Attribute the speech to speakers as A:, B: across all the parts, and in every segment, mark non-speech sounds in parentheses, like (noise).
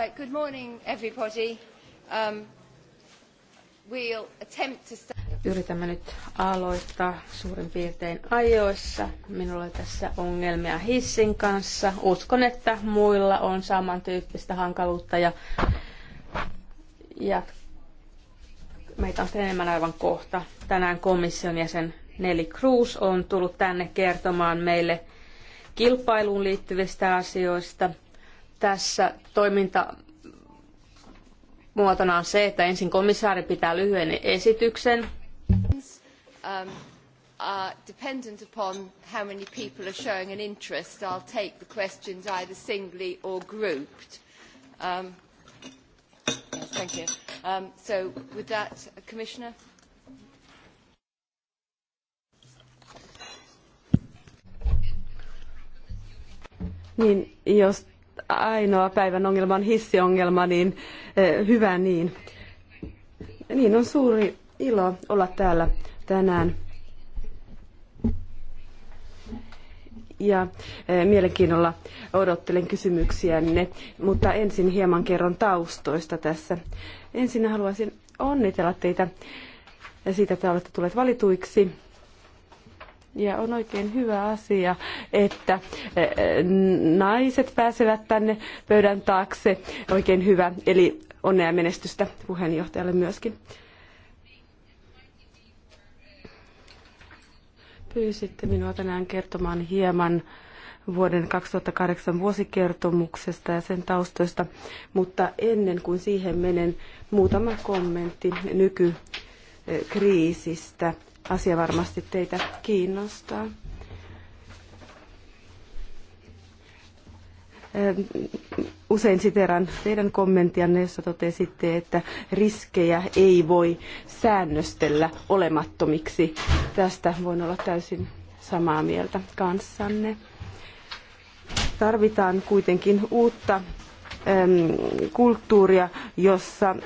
A: Right, good morning everybody. Um, we'll attempt to start.
B: Yritämme nyt aloittaa suurin piirtein ajoissa. Minulla on tässä ongelmia hissin kanssa. Uskon, että muilla on samantyyppistä hankaluutta ja, ja meitä on enemmän aivan kohta. Tänään komission jäsen Neli Cruz on tullut tänne kertomaan meille kilpailuun liittyvistä asioista – tässä toiminta muotona on se, että ensin komissaari pitää lyhyen esityksen.
A: Um, are dependent upon how many people are showing an interest, I'll take the questions either singly or grouped. Um, yes, thank you. Um, so with that, Commissioner?
C: Niin, jos ainoa päivän ongelma on hissiongelma, niin eh, hyvä niin. Niin on suuri ilo olla täällä tänään. ja eh, mielenkiinnolla odottelen kysymyksiänne, mutta ensin hieman kerron taustoista tässä. Ensin haluaisin onnitella teitä siitä, että olette tulleet valituiksi ja on oikein hyvä asia, että eh, naiset pääsevät tänne pöydän taakse. Oikein hyvä. Eli onnea ja menestystä puheenjohtajalle myöskin. Pyysitte minua tänään kertomaan hieman vuoden 2008 vuosikertomuksesta ja sen taustoista, mutta ennen kuin siihen menen, muutama kommentti nykykriisistä asia varmasti teitä kiinnostaa. Usein siteran teidän kommenttianne, jossa totesitte, että riskejä ei voi säännöstellä olemattomiksi. Tästä voin olla täysin samaa mieltä kanssanne tarvitaan kuitenkin uutta Ähm, kulttuuria, jossa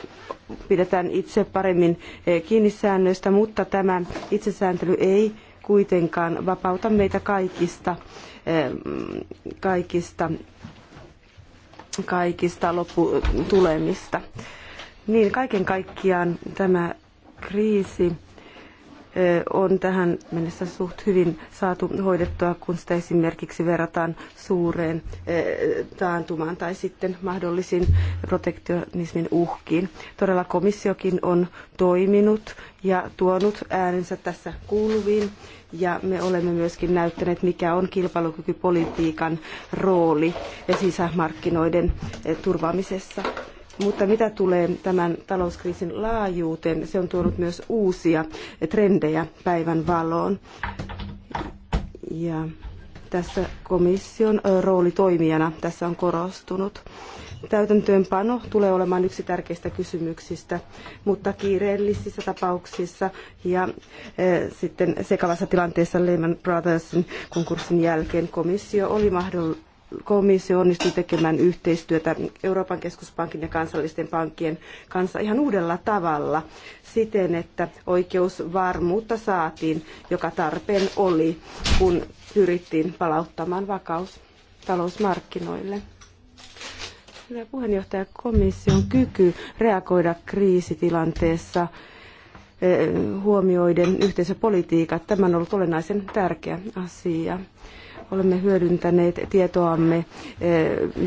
C: pidetään itse paremmin eh, kiinni säännöistä, mutta tämä itsesääntely ei kuitenkaan vapauta meitä kaikista, ähm, kaikista, kaikista lopputulemista. Niin kaiken kaikkiaan tämä kriisi on tähän mennessä suht hyvin saatu hoidettua, kun sitä esimerkiksi verrataan suureen taantumaan tai sitten mahdollisiin protektionismin uhkiin. Todella komissiokin on toiminut ja tuonut äänensä tässä kuuluviin ja me olemme myöskin näyttäneet, mikä on kilpailukykypolitiikan rooli sisämarkkinoiden turvaamisessa mutta mitä tulee tämän talouskriisin laajuuteen, se on tuonut myös uusia trendejä päivän valoon. Ja tässä komission rooli toimijana tässä on korostunut. Täytäntöönpano tulee olemaan yksi tärkeistä kysymyksistä, mutta kiireellisissä tapauksissa ja eh, sitten sekavassa tilanteessa Lehman Brothersin konkurssin jälkeen komissio oli mahdollista komissio onnistui tekemään yhteistyötä Euroopan keskuspankin ja kansallisten pankkien kanssa ihan uudella tavalla siten, että oikeusvarmuutta saatiin, joka tarpeen oli, kun pyrittiin palauttamaan vakaus talousmarkkinoille. Hyvä puheenjohtaja, komission kyky reagoida kriisitilanteessa eh, huomioiden yhteisöpolitiikat, tämä on ollut olennaisen tärkeä asia. Olemme hyödyntäneet tietoamme eh,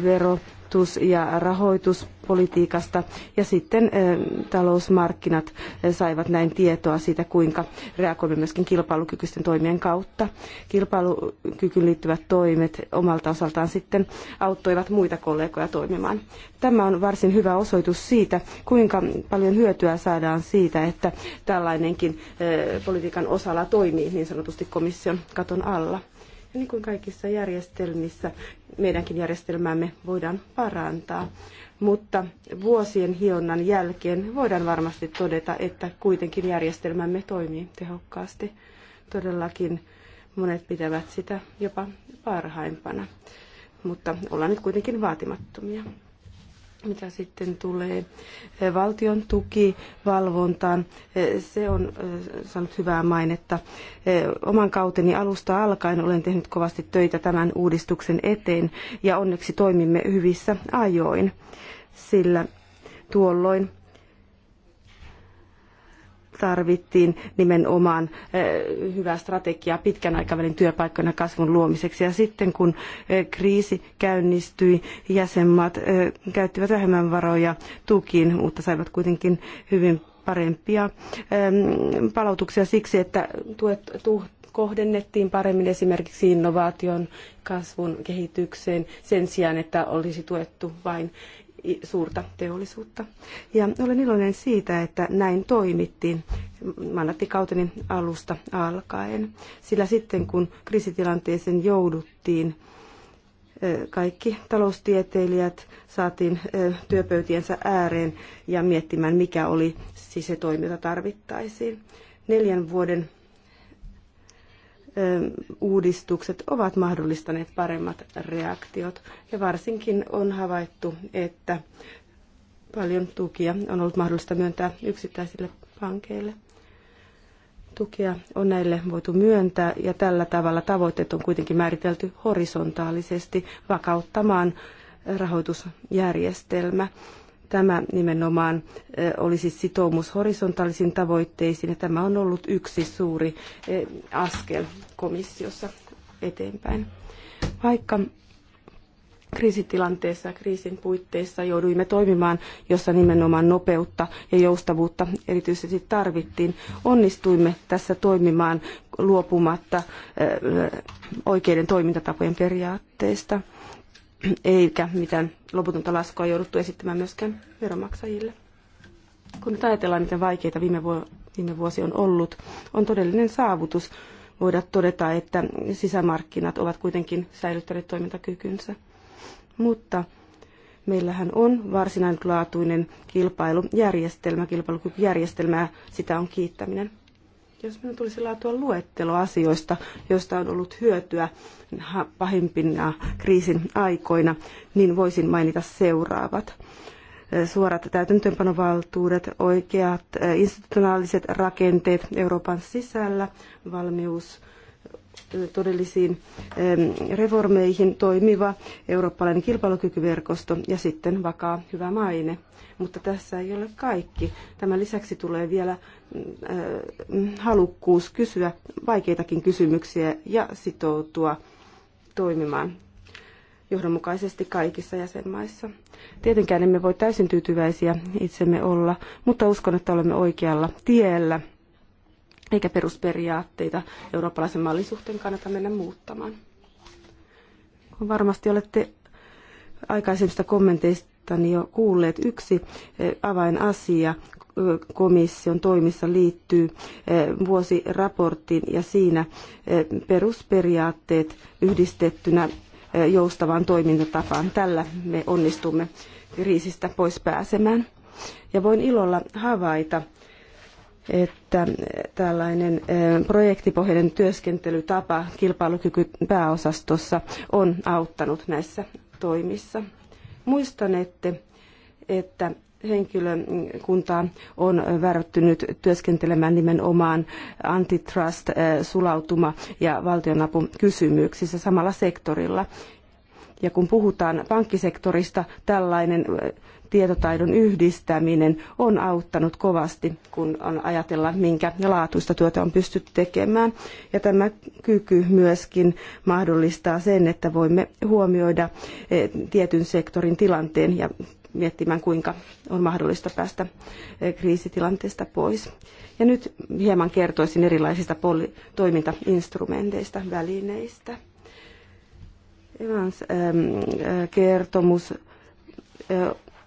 C: verotus- ja rahoituspolitiikasta ja sitten eh, talousmarkkinat eh, saivat näin tietoa siitä, kuinka reagoimme myöskin kilpailukykyisten toimien kautta. Kilpailukykyyn liittyvät toimet omalta osaltaan sitten auttoivat muita kollegoja toimimaan. Tämä on varsin hyvä osoitus siitä, kuinka paljon hyötyä saadaan siitä, että tällainenkin politiikan osala toimii niin sanotusti komission katon alla. Niin kuin kaikissa järjestelmissä, meidänkin järjestelmäämme voidaan parantaa, mutta vuosien hionnan jälkeen voidaan varmasti todeta, että kuitenkin järjestelmämme toimii tehokkaasti. Todellakin monet pitävät sitä jopa parhaimpana, mutta ollaan nyt kuitenkin vaatimattomia. Mitä sitten tulee eh, valtion tukivalvontaan, eh, se on eh, saanut hyvää mainetta. Oman kauteni alusta alkaen olen tehnyt kovasti töitä tämän uudistuksen eteen ja onneksi toimimme hyvissä ajoin, sillä tuolloin tarvittiin nimenomaan eh, hyvää strategiaa pitkän aikavälin työpaikkojen ja kasvun luomiseksi. Ja sitten kun eh, kriisi käynnistyi, jäsenmaat eh, käyttivät vähemmän varoja tukiin, mutta saivat kuitenkin hyvin parempia ehm, palautuksia siksi, että tuet kohdennettiin paremmin esimerkiksi innovaation, kasvun, kehitykseen sen sijaan, että olisi tuettu vain suurta teollisuutta. Ja olen iloinen siitä, että näin toimittiin mandattikauteni alusta alkaen. Sillä sitten kun kriisitilanteeseen jouduttiin, kaikki taloustieteilijät saatiin työpöytiensä ääreen ja miettimään, mikä oli siis se toiminta tarvittaisiin. Neljän vuoden uudistukset ovat mahdollistaneet paremmat reaktiot. Ja varsinkin on havaittu, että paljon tukia on ollut mahdollista myöntää yksittäisille pankeille. Tukea on näille voitu myöntää ja tällä tavalla tavoitteet on kuitenkin määritelty horisontaalisesti vakauttamaan rahoitusjärjestelmä Tämä nimenomaan olisi siis sitoumus horisontaalisiin tavoitteisiin ja tämä on ollut yksi suuri askel komissiossa eteenpäin. Vaikka kriisitilanteessa ja kriisin puitteissa jouduimme toimimaan, jossa nimenomaan nopeutta ja joustavuutta erityisesti tarvittiin. Onnistuimme tässä toimimaan luopumatta oikeiden toimintatapojen periaatteesta eikä mitään loputonta laskua jouduttu esittämään myöskään veromaksajille. Kun nyt ajatellaan, miten vaikeita viime, vu- viime vuosi on ollut, on todellinen saavutus voida todeta, että sisämarkkinat ovat kuitenkin säilyttäneet toimintakykynsä. Mutta meillähän on laatuinen kilpailujärjestelmä, kilpailukykyjärjestelmä, ja sitä on kiittäminen. Jos minun tulisi laatua luettelo asioista, joista on ollut hyötyä pahimpina kriisin aikoina, niin voisin mainita seuraavat suorat täytäntöönpanovaltuudet, oikeat institutionaaliset rakenteet Euroopan sisällä, valmius todellisiin reformeihin toimiva eurooppalainen kilpailukykyverkosto ja sitten vakaa hyvä maine. Mutta tässä ei ole kaikki. Tämän lisäksi tulee vielä halukkuus kysyä vaikeitakin kysymyksiä ja sitoutua toimimaan johdonmukaisesti kaikissa jäsenmaissa. Tietenkään emme voi täysin tyytyväisiä itsemme olla, mutta uskon, että olemme oikealla tiellä – eikä perusperiaatteita eurooppalaisen mallin suhteen kannata mennä muuttamaan. Kun varmasti olette aikaisemmista kommenteista niin jo kuulleet, yksi eh, avainasia eh, komission toimissa liittyy eh, vuosiraporttiin ja siinä perusperiaatteet yhdistettynä joustavaan toimintatapaan. Tällä me onnistumme kriisistä pois pääsemään. Ja voin ilolla havaita, että tällainen eh, projektipohjainen työskentelytapa kilpailukykypääosastossa on auttanut näissä toimissa. Muistanette, että henkilökuntaa on värvättynyt työskentelemään nimenomaan antitrust, eh, sulautuma ja valtionapukysymyksissä samalla sektorilla. Ja kun puhutaan pankkisektorista, tällainen eh, tietotaidon yhdistäminen on auttanut kovasti, kun on ajatella, minkä laatuista työtä on pystytty tekemään. Ja tämä kyky myöskin mahdollistaa sen, että voimme huomioida eh, tietyn sektorin tilanteen ja miettimään, kuinka on mahdollista päästä eh, kriisitilanteesta pois. Ja nyt hieman kertoisin erilaisista toimintainstrumenteista, välineistä. Evans ehm, eh, kertomus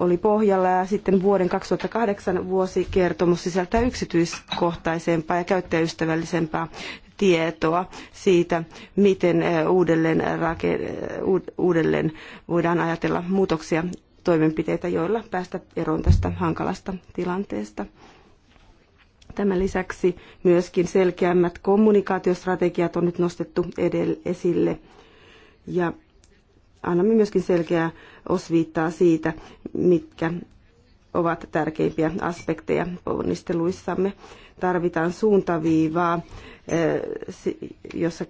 C: oli pohjalla ja sitten vuoden 2008 vuosikertomus sisältää yksityiskohtaisempaa ja käyttäjäystävällisempää tietoa siitä, miten eh, uudelleen, eh, uudelleen voidaan ajatella muutoksia toimenpiteitä, joilla päästä eroon tästä hankalasta tilanteesta. Tämän lisäksi myöskin selkeämmät kommunikaatiostrategiat on nyt nostettu edelle esille ja annamme myöskin selkeää osviittaa siitä, mitkä ovat tärkeimpiä aspekteja ponnisteluissamme. Tarvitaan suuntaviivaa, eh, jossa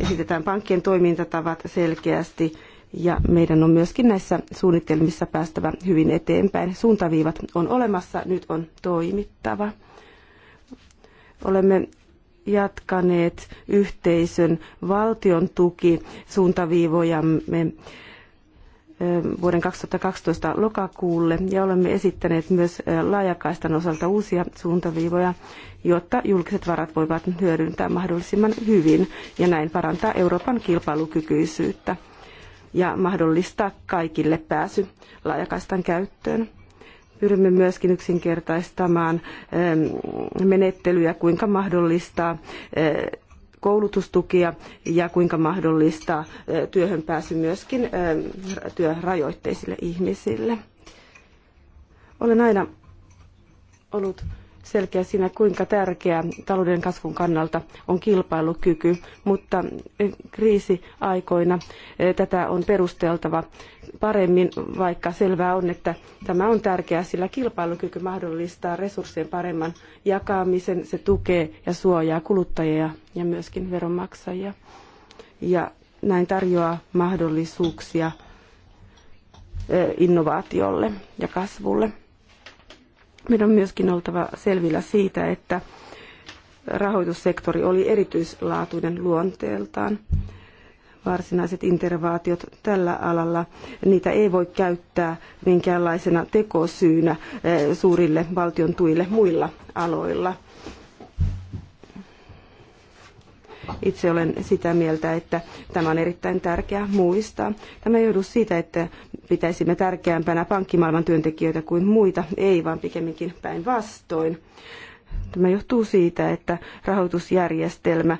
C: esitetään pankkien toimintatavat selkeästi ja meidän on myöskin näissä suunnitelmissa päästävä hyvin eteenpäin. Suuntaviivat on olemassa, nyt on toimittava. Olemme jatkaneet yhteisön valtion tuki suuntaviivojamme ähm, vuoden 2012 lokakuulle ja olemme esittäneet myös äh, laajakaistan osalta uusia suuntaviivoja, jotta julkiset varat voivat hyödyntää mahdollisimman hyvin ja näin parantaa Euroopan kilpailukykyisyyttä ja mahdollistaa kaikille pääsy laajakaistan käyttöön. Pyrimme myöskin yksinkertaistamaan menettelyjä, kuinka mahdollistaa e, koulutustukia ja kuinka mahdollistaa e, työhön pääsy myöskin e, työrajoitteisille ihmisille. Olen aina ollut selkeä siinä, kuinka tärkeä talouden kasvun kannalta on kilpailukyky, mutta eh, kriisiaikoina eh, tätä on perusteltava paremmin, vaikka selvää on, että tämä on tärkeää, sillä kilpailukyky mahdollistaa resurssien paremman jakamisen, se tukee ja suojaa kuluttajia ja myöskin veronmaksajia. Ja näin tarjoaa mahdollisuuksia eh, innovaatiolle ja kasvulle. Meidän on myöskin oltava selvillä siitä, että rahoitussektori oli erityislaatuinen luonteeltaan. Varsinaiset intervaatiot tällä alalla, niitä ei voi käyttää minkäänlaisena tekosyynä eh, suurille valtion tuille muilla aloilla. Itse olen sitä mieltä, että tämä on erittäin tärkeää muistaa. Tämä ei johdu siitä, että pitäisimme tärkeämpänä pankkimaailman työntekijöitä kuin muita, ei vaan pikemminkin päinvastoin. Tämä johtuu siitä, että rahoitusjärjestelmä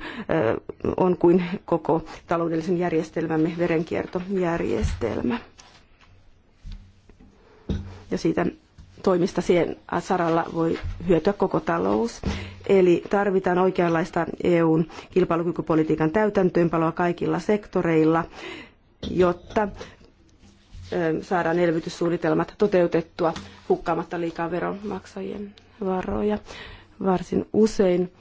C: on kuin koko taloudellisen järjestelmämme verenkiertojärjestelmä. Ja siitä toimista siihen saralla voi hyötyä koko talous. Eli tarvitaan oikeanlaista EUn kilpailukykypolitiikan täytäntöönpaloa kaikilla sektoreilla, jotta saadaan elvytyssuunnitelmat toteutettua hukkaamatta liikaa veronmaksajien varoja. Varsin usein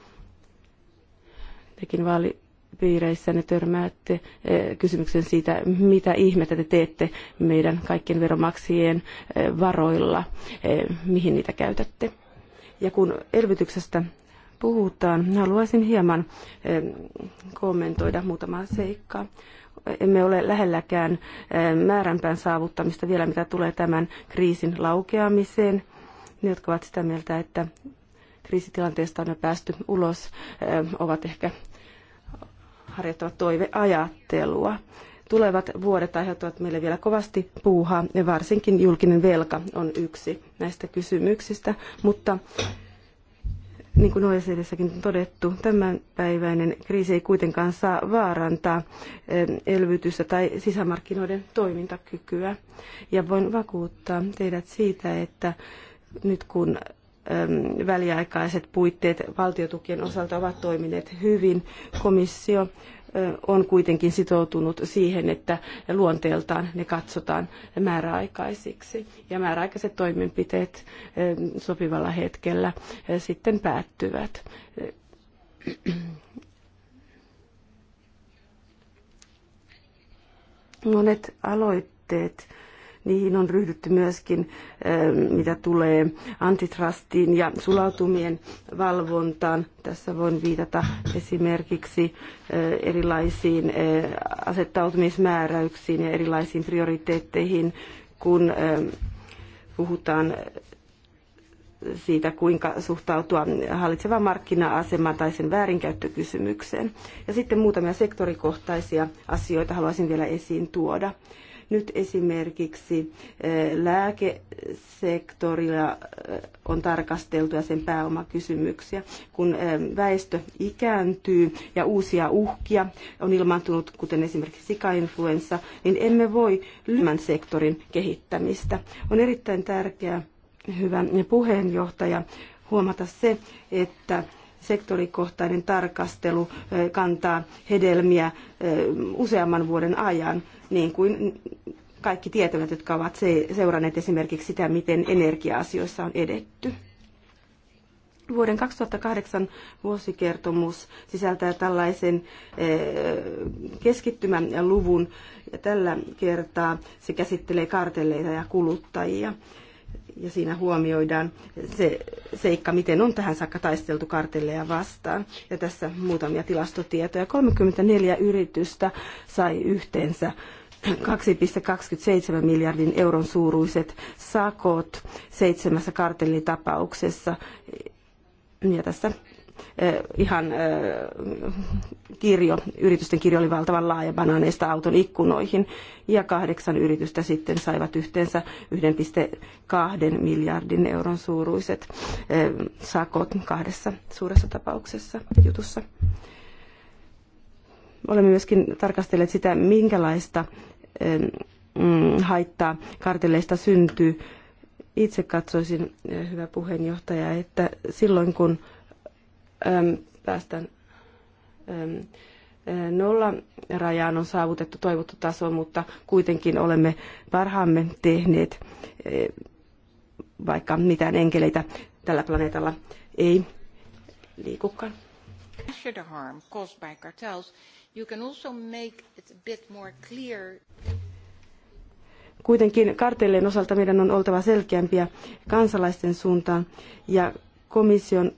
C: tekin vaali piireissä ne törmäätte eh, kysymyksen siitä, mitä ihmettä te teette meidän kaikkien veromaksien eh, varoilla, eh, mihin niitä käytätte. Ja kun elvytyksestä puhutaan, haluaisin hieman kommentoida muutamaa seikkaa. Emme ole lähelläkään määränpään saavuttamista vielä, mitä tulee tämän kriisin laukeamiseen. Ne, jotka ovat sitä mieltä, että kriisitilanteesta on jo päästy ulos, ovat ehkä harjoittavat toiveajattelua. Tulevat vuodet aiheuttavat meille vielä kovasti puuhaa ja varsinkin julkinen velka on yksi näistä kysymyksistä, mutta niin kuin OECDssäkin on todettu, tämänpäiväinen kriisi ei kuitenkaan saa vaarantaa eh, elvytystä tai sisämarkkinoiden toimintakykyä. Ja voin vakuuttaa teidät siitä, että nyt kun väliaikaiset puitteet valtiotukien osalta ovat toimineet hyvin. Komissio on kuitenkin sitoutunut siihen, että luonteeltaan ne katsotaan määräaikaisiksi. Ja määräaikaiset toimenpiteet sopivalla hetkellä sitten päättyvät. Monet aloitteet Niihin on ryhdytty myöskin, mitä tulee antitrustiin ja sulautumien valvontaan. Tässä voin viitata esimerkiksi erilaisiin asettautumismääräyksiin ja erilaisiin prioriteetteihin, kun puhutaan siitä, kuinka suhtautua hallitsevaan markkina-asemaan tai sen väärinkäyttökysymykseen. Ja sitten muutamia sektorikohtaisia asioita haluaisin vielä esiin tuoda. Nyt esimerkiksi eh, lääkesektorilla eh, on tarkasteltu ja sen pääomakysymyksiä. Kun eh, väestö ikääntyy ja uusia uhkia on ilmaantunut, kuten esimerkiksi sikainfluenssa, niin emme voi lyhyen sektorin kehittämistä. On erittäin tärkeää, hyvä puheenjohtaja, huomata se, että sektorikohtainen tarkastelu kantaa hedelmiä useamman vuoden ajan, niin kuin kaikki tietävät, jotka ovat seuranneet esimerkiksi sitä, miten energia-asioissa on edetty. Vuoden 2008 vuosikertomus sisältää tällaisen keskittymän ja luvun. Ja tällä kertaa se käsittelee kartelleita ja kuluttajia ja siinä huomioidaan se seikka, miten on tähän saakka taisteltu kartelleja vastaan. Ja tässä muutamia tilastotietoja. 34 yritystä sai yhteensä 2,27 miljardin euron suuruiset sakot seitsemässä kartellitapauksessa. Ja tässä Eh, ihan eh, kirjo, yritysten kirjo oli valtavan laaja banaaneista auton ikkunoihin. Ja kahdeksan yritystä sitten saivat yhteensä 1,2 miljardin euron suuruiset eh, sakot kahdessa suuressa tapauksessa jutussa. Olemme myöskin tarkastelleet sitä, minkälaista mm, haittaa kartelleista syntyy. Itse katsoisin, hyvä puheenjohtaja, että silloin kun äm, päästään äm, nolla rajaan on saavutettu toivottu taso, mutta kuitenkin olemme parhaamme tehneet, vaikka mitään enkeleitä tällä planeetalla ei liikukaan. Kuitenkin kartellien osalta meidän on oltava selkeämpiä kansalaisten suuntaan ja komission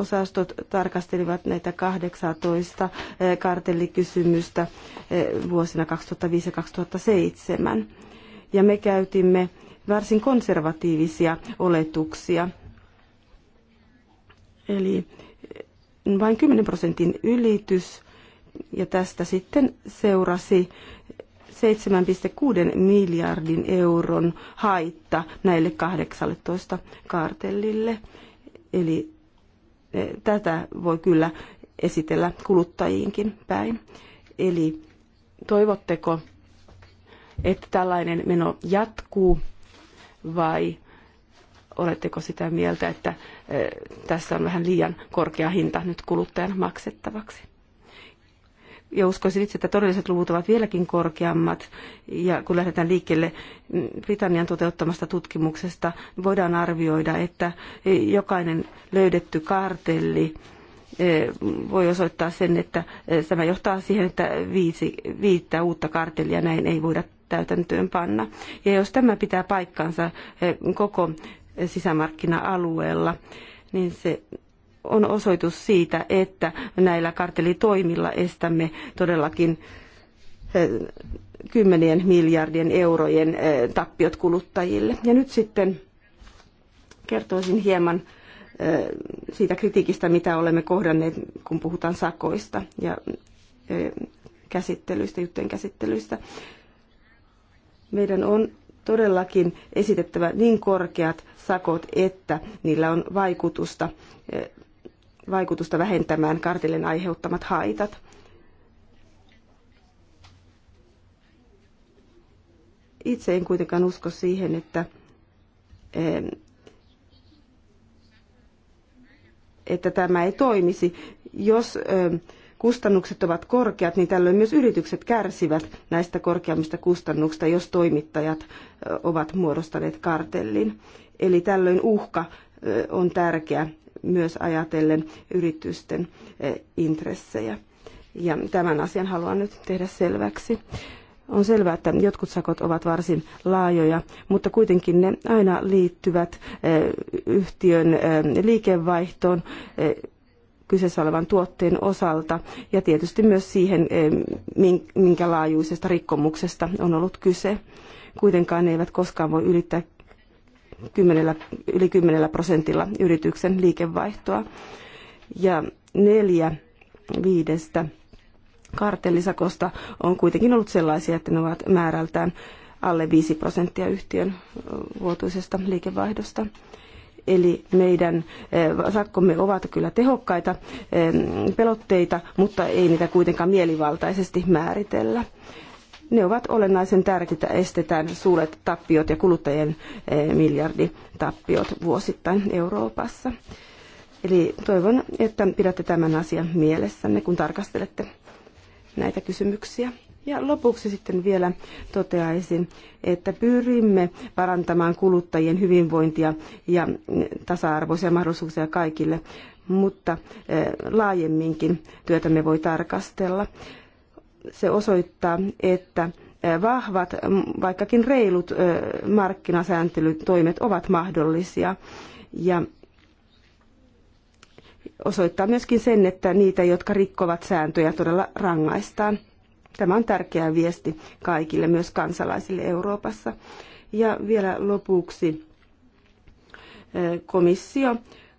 C: osastot tarkastelivat näitä 18 eh, kartellikysymystä eh, vuosina 2005 ja 2007. Ja me käytimme varsin konservatiivisia oletuksia. Eli eh, vain 10 prosentin ylitys ja tästä sitten seurasi 7,6 miljardin euron haitta näille 18 kartellille. Eli Eh, tätä voi kyllä esitellä kuluttajiinkin päin. Eli toivotteko, että tällainen meno jatkuu vai oletteko sitä mieltä, että eh, tässä on vähän liian korkea hinta nyt kuluttajan maksettavaksi? ja uskoisin itse, että todelliset luvut ovat vieläkin korkeammat. Ja kun lähdetään liikkeelle Britannian toteuttamasta tutkimuksesta, voidaan arvioida, että jokainen löydetty kartelli eh, voi osoittaa sen, että eh, tämä johtaa siihen, että viisi, viittä uutta kartellia näin ei voida täytäntöön panna. Ja jos tämä pitää paikkansa eh, koko sisämarkkina-alueella, niin se on osoitus siitä, että näillä kartelitoimilla estämme todellakin eh, kymmenien miljardien eurojen eh, tappiot kuluttajille. Ja nyt sitten kertoisin hieman eh, siitä kritiikistä, mitä olemme kohdanneet, kun puhutaan sakoista ja käsittelyistä, juttujen käsittelyistä. Meidän on todellakin esitettävä niin korkeat sakot, että niillä on vaikutusta vaikutusta vähentämään kartellin aiheuttamat haitat. Itse en kuitenkaan usko siihen, että että tämä ei toimisi. Jos kustannukset ovat korkeat, niin tällöin myös yritykset kärsivät näistä korkeammista kustannuksista, jos toimittajat ovat muodostaneet kartellin. Eli tällöin uhka on tärkeä myös ajatellen yritysten eh, intressejä. Ja tämän asian haluan nyt tehdä selväksi. On selvää, että jotkut sakot ovat varsin laajoja, mutta kuitenkin ne aina liittyvät eh, yhtiön eh, liikevaihtoon kyseessä olevan tuotteen osalta ja tietysti myös siihen, minkä laajuisesta rikkomuksesta on ollut kyse. Kuitenkaan ne eivät koskaan voi ylittää kymmenellä yli 10 prosentilla yrityksen liikevaihtoa. Ja neljä viidestä kartellisakosta on kuitenkin ollut sellaisia, että ne ovat määrältään alle 5 prosenttia yhtiön vuotuisesta liikevaihdosta. Eli meidän sakkomme ovat kyllä tehokkaita pelotteita, mutta ei niitä kuitenkaan mielivaltaisesti määritellä. Ne ovat olennaisen tärkeitä, estetään suuret tappiot ja kuluttajien eh, miljarditappiot vuosittain Euroopassa. Eli toivon, että pidätte tämän asian mielessänne, kun tarkastelette näitä kysymyksiä. Ja lopuksi sitten vielä toteaisin, että pyrimme parantamaan kuluttajien hyvinvointia ja mm, tasa-arvoisia mahdollisuuksia kaikille, mutta eh, laajemminkin työtämme voi tarkastella se osoittaa, että vahvat, vaikkakin reilut markkinasääntelytoimet ovat mahdollisia. Ja osoittaa myöskin sen, että niitä, jotka rikkovat sääntöjä, todella rangaistaan. Tämä on tärkeä viesti kaikille, myös kansalaisille Euroopassa. Ja vielä lopuksi komissio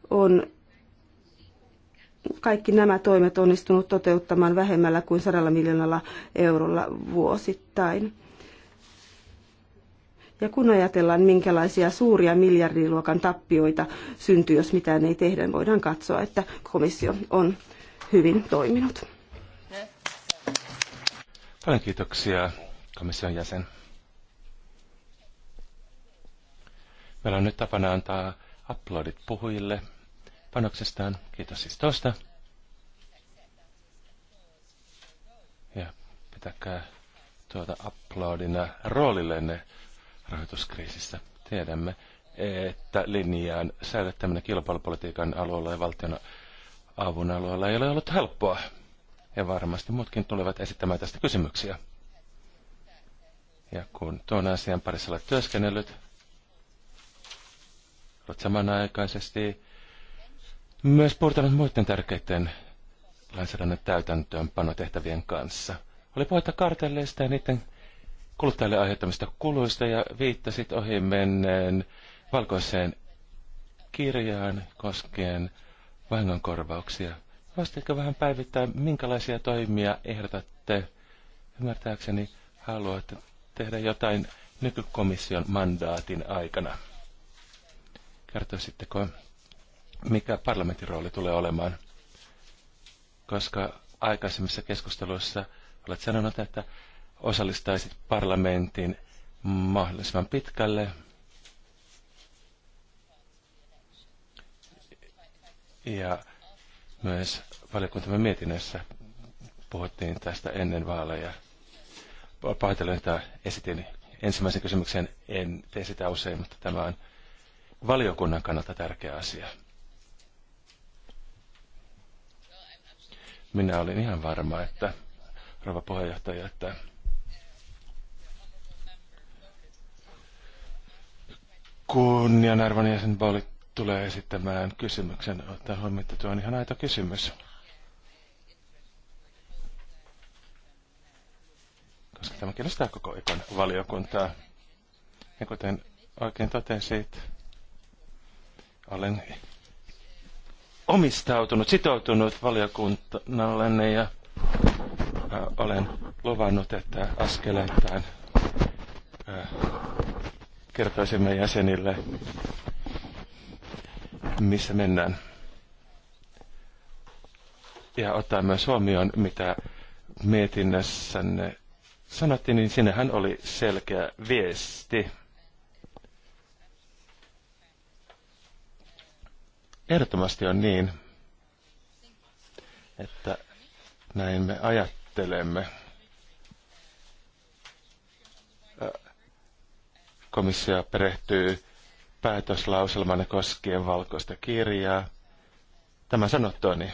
C: on kaikki nämä toimet onnistunut toteuttamaan vähemmällä kuin 100 miljoonalla eurolla vuosittain. Ja kun ajatellaan, minkälaisia suuria miljardiluokan tappioita syntyy, jos mitään ei tehdä, niin voidaan katsoa, että komissio on hyvin toiminut.
D: Paljon kiitoksia, komission jäsen. Meillä on nyt tapana antaa uploadit puhujille panoksestaan. Kiitos siis tuosta. Ja pitäkää tuota uploadina roolillenne rahoituskriisissä. Tiedämme, että linjaan säilyttäminen kilpailupolitiikan alueella ja valtion avun alueella ei ole ollut helppoa. Ja varmasti muutkin tulevat esittämään tästä kysymyksiä. Ja kun tuon asian parissa olet työskennellyt, olet samanaikaisesti myös purtanut muiden tärkeiden lainsäädännön täytäntöönpanotehtävien kanssa. Oli puhetta kartelleista ja niiden kuluttajille aiheuttamista kuluista ja viittasit ohi menneen valkoiseen kirjaan koskien vahingonkorvauksia. Voisitko vähän päivittää, minkälaisia toimia ehdotatte? Ymmärtääkseni haluatte tehdä jotain nykykomission mandaatin aikana. Kertoisitteko mikä parlamentin rooli tulee olemaan. Koska aikaisemmissa keskusteluissa olet sanonut, että osallistaisit parlamentin mahdollisimman pitkälle. Ja myös valiokuntamme mietinnössä puhuttiin tästä ennen vaaleja. Pahoittelen, että esitin ensimmäisen kysymyksen. En tee sitä usein, mutta tämä on valiokunnan kannalta tärkeä asia. Minä olin ihan varma, että rouva puheenjohtaja, että kunnianarvon jäsen Pauli tulee esittämään kysymyksen. Ottaa huomioon, että tuo on ihan aito kysymys. Koska tämä kiinnostaa koko ikon valiokuntaa. Ja kuten oikein totesit, olen omistautunut, sitoutunut valiokunnallenne ja olen luvannut, että askeleittain kertoisimme jäsenille, missä mennään. Ja ottaa myös huomioon, mitä mietinnässänne sanottiin, niin sinnehän oli selkeä viesti. Ehdottomasti on niin, että näin me ajattelemme. Komissio perehtyy päätöslauselmanne koskien valkoista kirjaa. Tämä sanottuani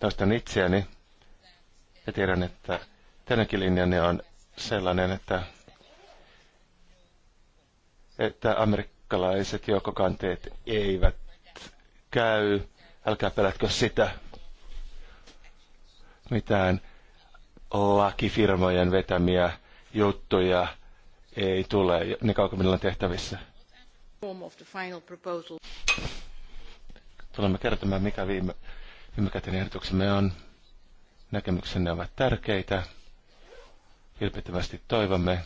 D: toistan itseäni ja tiedän, että teidänkin linjanne on sellainen, että, että amerikkalaiset joukkokanteet eivät käy, älkää pelätkö sitä. Mitään lakifirmojen vetämiä juttuja ei tule, ne kauan kuin on tehtävissä. Tulemme kertomaan, mikä viime, viime käteen ehdotuksemme on. Näkemyksenne ovat tärkeitä. Vilpittömästi toivomme,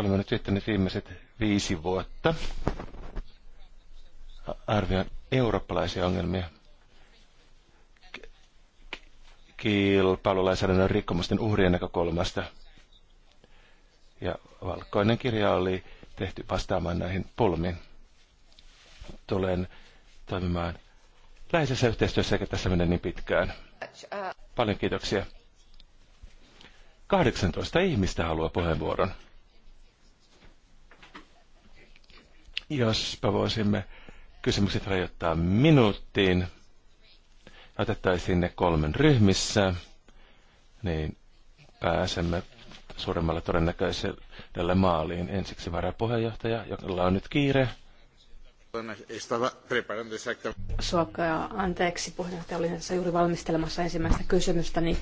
D: olemme nyt viettäneet viimeiset viisi vuotta arvioin eurooppalaisia ongelmia kilpailulainsäädännön rikkomusten uhrien näkökulmasta. Ja valkoinen kirja oli tehty vastaamaan näihin pulmiin. Tulen toimimaan läheisessä yhteistyössä, eikä tässä mene niin pitkään. Paljon kiitoksia. 18 ihmistä haluaa puheenvuoron. Jospa voisimme kysymykset rajoittaa minuuttiin, otettaisiin ne kolmen ryhmissä, niin pääsemme suuremmalla todennäköisellä maaliin. Ensiksi varapuheenjohtaja, jolla on nyt kiire.
B: Suokka, anteeksi puheenjohtaja, oli tässä juuri valmistelemassa ensimmäistä kysymystä, niin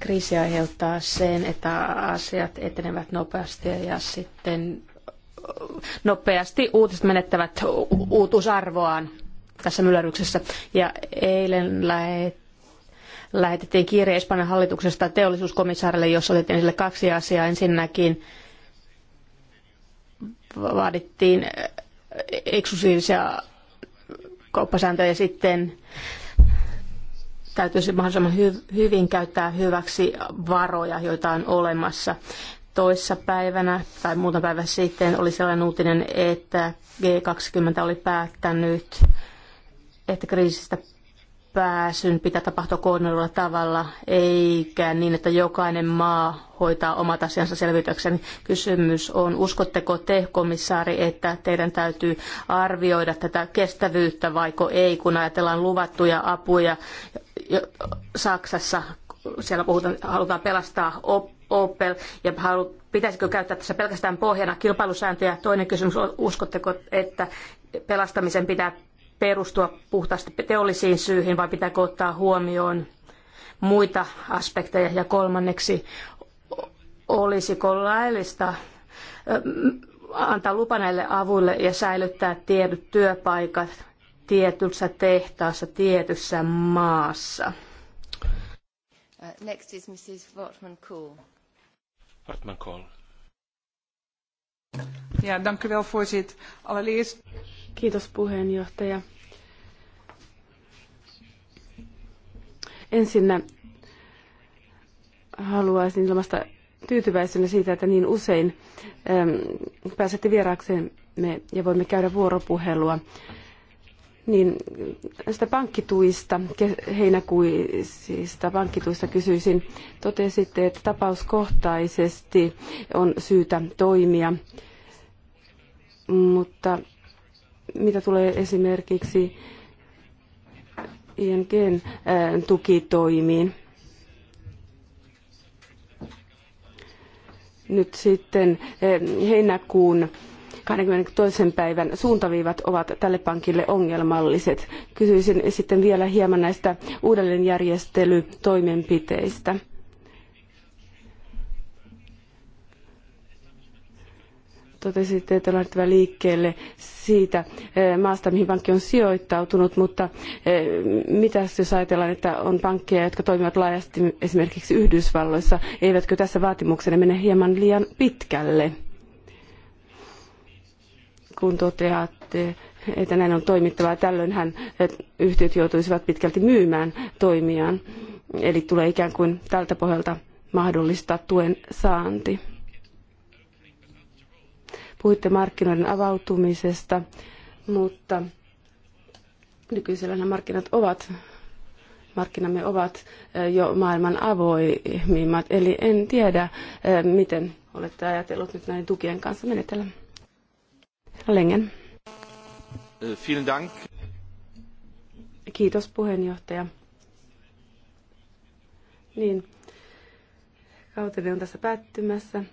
B: kriisi aiheuttaa sen, että asiat etenevät nopeasti ja sitten nopeasti uutiset menettävät uutuusarvoaan tässä myllerryksessä. Ja eilen lähet, lähetettiin kirje Espanjan hallituksesta teollisuuskomissaarille, jossa otettiin esille kaksi asiaa. Ensinnäkin vaadittiin eh, eksklusiivisia kauppasääntöjä ja sitten täytyisi mahdollisimman hyvin käyttää hyväksi varoja, joita on olemassa toissa päivänä tai muutama päivä sitten oli sellainen uutinen, että G20 oli päättänyt, että kriisistä pääsyn pitää tapahtua koordinoidulla tavalla, eikä niin, että jokainen maa hoitaa omat asiansa selvityksen. Kysymys on, uskotteko te, komissaari, että teidän täytyy arvioida tätä kestävyyttä vaiko ei, kun ajatellaan luvattuja apuja Saksassa, siellä puhutaan, halutaan pelastaa op Opel ja halu, pitäisikö käyttää tässä pelkästään pohjana kilpailusääntöjä? Toinen kysymys, uskotteko, että pelastamisen pitää perustua puhtaasti teollisiin syihin vai pitääkö ottaa huomioon muita aspekteja? Ja kolmanneksi, olisiko laillista antaa lupa näille avuille ja säilyttää tietyt työpaikat tietyssä tehtaassa tietyssä maassa?
A: Uh, next is Mrs.
D: Hartman
C: Ja, dank u wel, voorzitter. Allereerst... Kiitos puheenjohtaja. Ensinnä haluaisin ilmaista tyytyväisenä siitä, että niin usein äm, pääsette vieraaksemme ja voimme käydä vuoropuhelua niin näistä pankkituista, heinäkuisista pankkituista kysyisin. Totesitte, että tapauskohtaisesti on syytä toimia, mutta mitä tulee esimerkiksi INGn tukitoimiin, nyt sitten heinäkuun 22. päivän suuntaviivat ovat tälle pankille ongelmalliset. Kysyisin sitten vielä hieman näistä uudelleenjärjestelytoimenpiteistä. totesitte, että lähdettävä liikkeelle siitä eh, maasta, mihin pankki on sijoittautunut, mutta eh, mitä jos ajatellaan, että on pankkeja, jotka toimivat laajasti esimerkiksi Yhdysvalloissa, eivätkö tässä vaatimuksenne mene hieman liian pitkälle? kun toteatte, että näin on toimittava. Tällöinhän yhtiöt joutuisivat pitkälti myymään toimiaan, eli tulee ikään kuin tältä pohjalta mahdollistaa tuen saanti. Puhuitte markkinoiden avautumisesta, mutta nykyisellä markkinat ovat markkinamme ovat jo maailman avoimimmat, eli en tiedä, miten olette ajatellut nyt näiden tukien kanssa menetellä. Lengen.
E: Eh, vielen Dank.
C: Kiitos puheenjohtaja. Niin, kauteni on tässä päättymässä.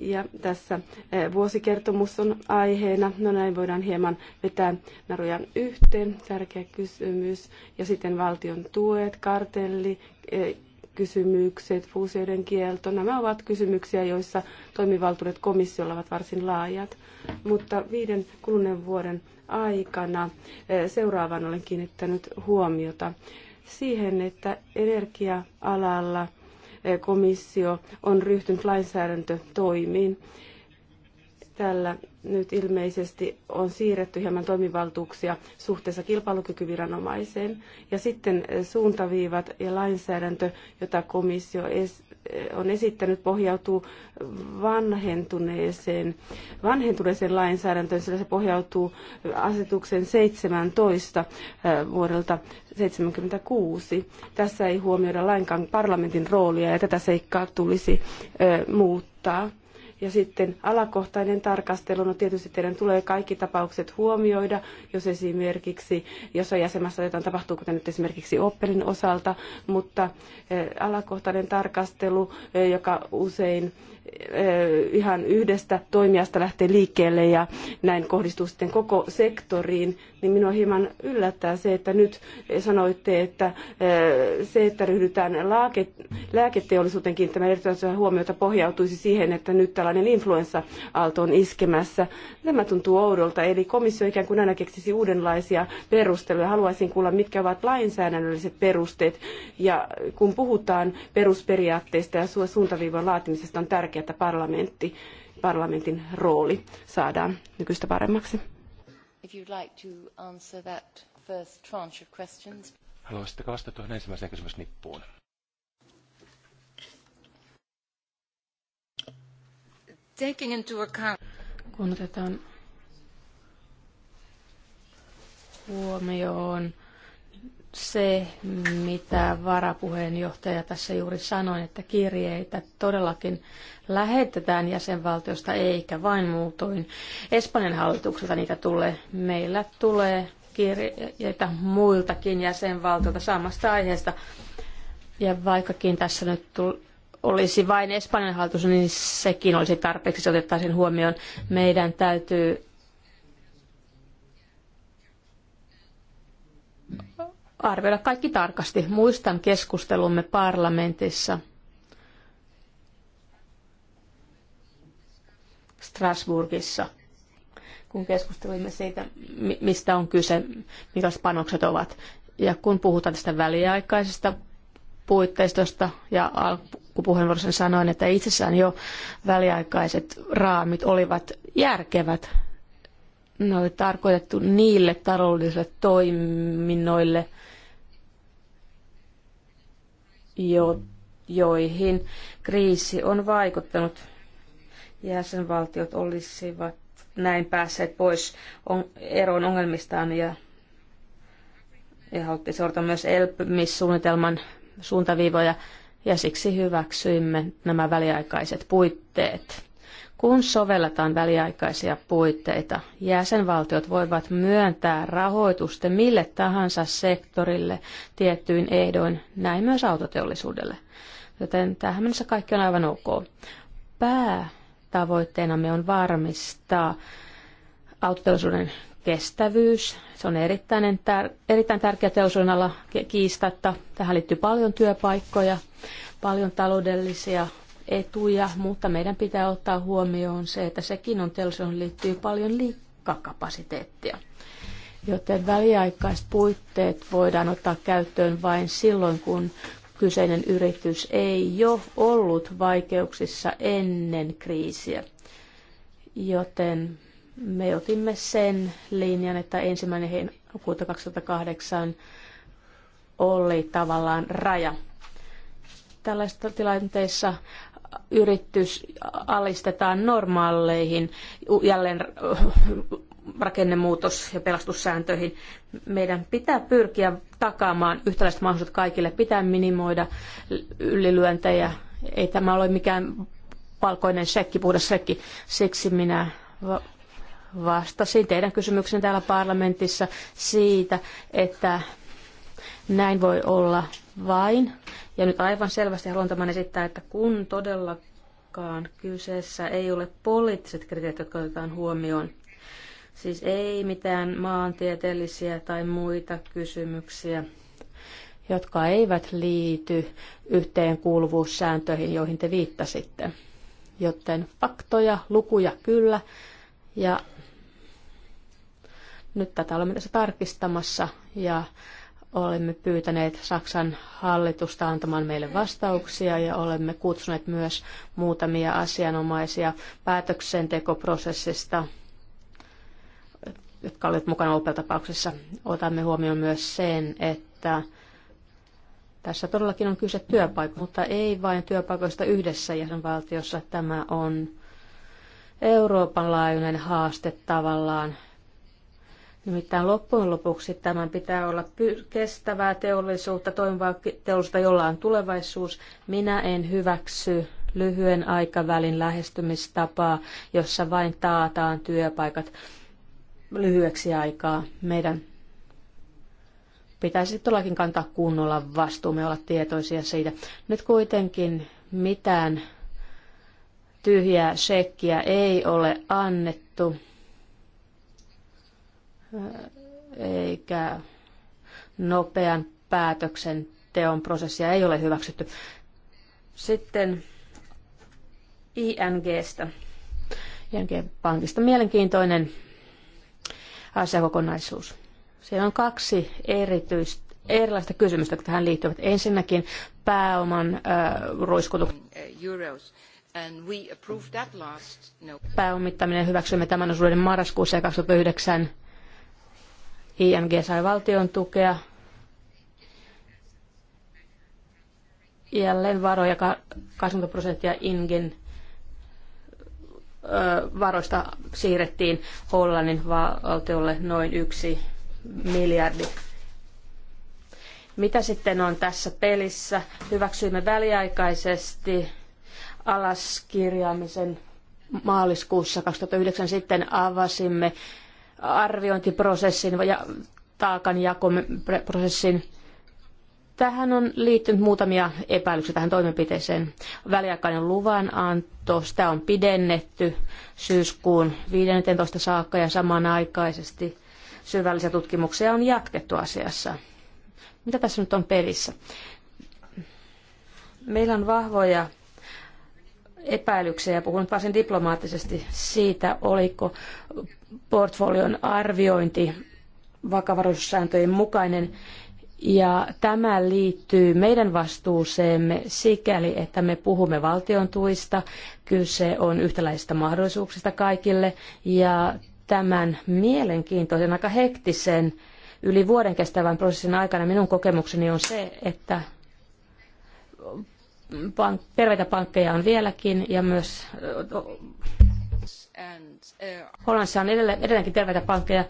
C: Ja tässä eh, vuosikertomus on aiheena. No näin voidaan hieman vetää narujan yhteen. Tärkeä kysymys. Ja sitten valtion tuet, kartelli, eh, kysymykset, fuusioiden kielto, nämä ovat kysymyksiä, joissa toimivaltuudet komissiolla ovat varsin laajat. Mutta viiden kuluneen vuoden aikana eh, seuraavaan olen kiinnittänyt huomiota siihen, että energia-alalla eh, komissio on ryhtynyt lainsäädäntötoimiin. Tällä nyt ilmeisesti on siirretty hieman toimivaltuuksia suhteessa kilpailukykyviranomaiseen. Ja sitten eh, suuntaviivat ja lainsäädäntö, jota komissio eh, on esittänyt, pohjautuu vanhentuneeseen, vanhentuneeseen lainsäädäntöön, sillä se pohjautuu eh, asetuksen 17 vuodelta 76. Tässä ei huomioida lainkaan parlamentin roolia ja tätä seikkaa tulisi muuttaa ja sitten alakohtainen tarkastelu, no tietysti teidän tulee kaikki tapaukset huomioida, jos esimerkiksi jossain jäsenmässä jotain tapahtuu, kuten nyt esimerkiksi Oppelin osalta, mutta eh, alakohtainen tarkastelu, eh, joka usein ihan yhdestä toimijasta lähtee liikkeelle ja näin kohdistuu sitten koko sektoriin, niin minua hieman yllättää se, että nyt sanoitte, että se, että ryhdytään laake, lääketeollisuuteen kiinnittämään erityisen huomiota pohjautuisi siihen, että nyt tällainen influenssa-aalto on iskemässä. Tämä tuntuu oudolta, eli komissio ikään kuin aina keksisi uudenlaisia perusteluja. Haluaisin kuulla, mitkä ovat lainsäädännölliset perusteet, ja kun puhutaan perusperiaatteista ja suuntaviivan laatimisesta, on tärkeää, tärkeää, että parlamentti, parlamentin rooli saadaan nykyistä paremmaksi.
A: Like
D: Haluaisitteko vastata tuohon ensimmäiseen kysymysnippuun?
A: Taking into account...
B: Kun otetaan huomioon se, mitä varapuheenjohtaja tässä juuri sanoi, että kirjeitä todellakin lähetetään jäsenvaltiosta eikä vain muutoin. Espanjan hallitukselta niitä tulee. Meillä tulee kirjeitä muiltakin jäsenvaltioilta samasta aiheesta. Ja vaikkakin tässä nyt olisi vain Espanjan hallitus, niin sekin olisi tarpeeksi, se otettaisiin huomioon. Meidän täytyy arvioida kaikki tarkasti. Muistan keskustelumme parlamentissa Strasbourgissa, kun keskustelimme siitä, mistä on kyse, mitä panokset ovat. Ja kun puhutaan tästä väliaikaisesta puitteistosta ja alkupuheenvuorossa sanoin, että itsessään jo väliaikaiset raamit olivat järkevät. Ne oli tarkoitettu niille taloudellisille toiminnoille, jo, joihin kriisi on vaikuttanut. Jäsenvaltiot olisivat näin päässeet pois on, eroon ongelmistaan ja, ja haluttiin seurata myös elpymissuunnitelman suuntaviivoja ja siksi hyväksyimme nämä väliaikaiset puitteet. Kun sovelletaan väliaikaisia puitteita, jäsenvaltiot voivat myöntää rahoitusta mille tahansa sektorille tiettyyn ehdoin, näin myös autoteollisuudelle. Joten tähän mennessä kaikki on aivan ok. Päätavoitteenamme on varmistaa autoteollisuuden kestävyys. Se on erittäin, tär- erittäin tärkeä teollisuudenala kiistatta. Tähän liittyy paljon työpaikkoja, paljon taloudellisia etuja, mutta meidän pitää ottaa huomioon se, että sekin on telsoon liittyy paljon liikkakapasiteettia. Joten väliaikaiset puitteet voidaan ottaa käyttöön vain silloin, kun kyseinen yritys ei jo ollut vaikeuksissa ennen kriisiä. Joten me otimme sen linjan, että ensimmäinen heinäkuuta 2008 oli tavallaan raja. Tällaisissa tilanteissa yritys alistetaan normaaleihin jälleen rakennemuutos- ja pelastussääntöihin. Meidän pitää pyrkiä takaamaan yhtäläiset mahdollisuudet kaikille, pitää minimoida ylilyöntejä. Ei tämä ole mikään valkoinen sekki, puhdas sekki. Siksi minä vastasin teidän kysymyksen täällä parlamentissa siitä, että näin voi olla vain, ja nyt aivan selvästi haluan tämän esittää, että kun todellakaan kyseessä ei ole poliittiset kriteerit, jotka otetaan huomioon, siis ei mitään maantieteellisiä tai muita kysymyksiä, jotka eivät liity yhteenkuuluvuussääntöihin, joihin te viittasitte. Joten faktoja, lukuja kyllä. Ja nyt tätä olemme tässä tarkistamassa ja Olemme pyytäneet Saksan hallitusta antamaan meille vastauksia ja olemme kutsuneet myös muutamia asianomaisia päätöksentekoprosessista, jotka olivat mukana opel Otamme huomioon myös sen, että tässä todellakin on kyse työpaikoista, mutta ei vain työpaikoista yhdessä jäsenvaltiossa. Tämä on Euroopan laajuinen haaste tavallaan Nimittäin loppujen lopuksi tämän pitää olla kestävää teollisuutta, toimivaa teollisuutta, jolla on tulevaisuus. Minä en hyväksy lyhyen aikavälin lähestymistapaa, jossa vain taataan työpaikat lyhyeksi aikaa. Meidän pitäisi todellakin kantaa kunnolla vastuumme olla tietoisia siitä. Nyt kuitenkin mitään tyhjää sekkiä ei ole annettu eikä nopean päätöksen teon prosessia ei ole hyväksytty. Sitten INGstä, ING-pankista. Mielenkiintoinen asiakokonaisuus. Siellä on kaksi erityistä erilaista kysymystä, jotka tähän liittyvät. Ensinnäkin pääoman äh, ruiskutuksen no- Pääomittaminen hyväksyimme tämän osuuden marraskuussa 2009 IMG sai valtion tukea. Jälleen varoja 80 prosenttia Ingen varoista siirrettiin Hollannin valtiolle noin yksi miljardi. Mitä sitten on tässä pelissä? Hyväksyimme väliaikaisesti alaskirjaamisen maaliskuussa 2009 sitten avasimme arviointiprosessin ja taakanjakoprosessin. Tähän on liittynyt muutamia epäilyksiä tähän toimenpiteeseen. Väliaikainen luvananto, sitä on pidennetty syyskuun 15. saakka ja samanaikaisesti syvällisiä tutkimuksia on jatkettu asiassa. Mitä tässä nyt on pelissä? Meillä on vahvoja epäilyksiä ja puhun nyt varsin diplomaattisesti siitä, oliko portfolion arviointi vakavaraisuussääntöjen mukainen. Ja tämä liittyy meidän vastuuseemme sikäli, että me puhumme valtion tuista, kyse on yhtäläisistä mahdollisuuksista kaikille ja tämän mielenkiintoisen, aika hektisen, yli vuoden kestävän prosessin aikana minun kokemukseni on se, että pank, terveitä pankkeja on vieläkin ja myös Hollannissa on edelleenkin terveitä pankkeja.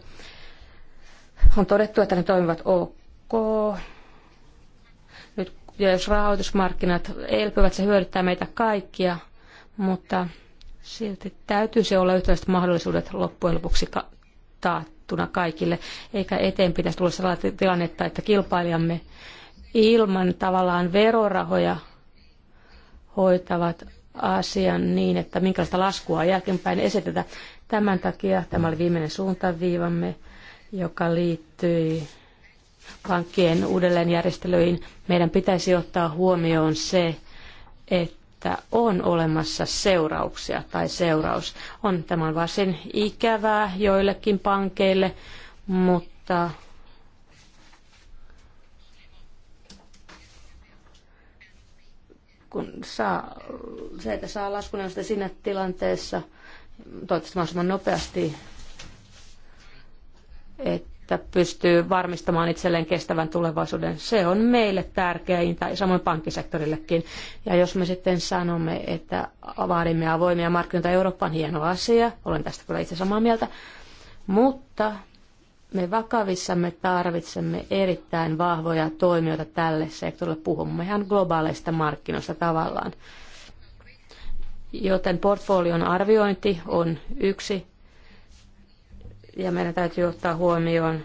B: On todettu, että ne toimivat ok. Nyt jos rahoitusmarkkinat elpyvät, se hyödyttää meitä kaikkia, mutta silti täytyy se olla yhtäläiset mahdollisuudet loppujen lopuksi taattuna kaikille, eikä eteen pitäisi tulla sellaista tilannetta, että kilpailijamme ilman tavallaan verorahoja hoitavat asian niin, että minkälaista laskua jälkeenpäin esitetä. Tämän takia tämä oli viimeinen suuntaviivamme, joka liittyi pankkien uudelleenjärjestelyihin. Meidän pitäisi ottaa huomioon se, että on olemassa seurauksia tai seuraus. On, tämä on varsin ikävää joillekin pankeille, mutta kun saa, se, että saa laskuneuvosta niin siinä tilanteessa, toivottavasti mahdollisimman nopeasti, että pystyy varmistamaan itselleen kestävän tulevaisuuden. Se on meille tärkeintä, samoin pankkisektorillekin. Ja jos me sitten sanomme, että vaadimme avoimia markkinoita Eurooppaan, hieno asia, olen tästä kyllä itse samaa mieltä, mutta me vakavissamme tarvitsemme erittäin vahvoja toimijoita tälle sektorille. ihan globaaleista markkinoista tavallaan. Joten portfolion arviointi on yksi. Ja meidän täytyy ottaa huomioon,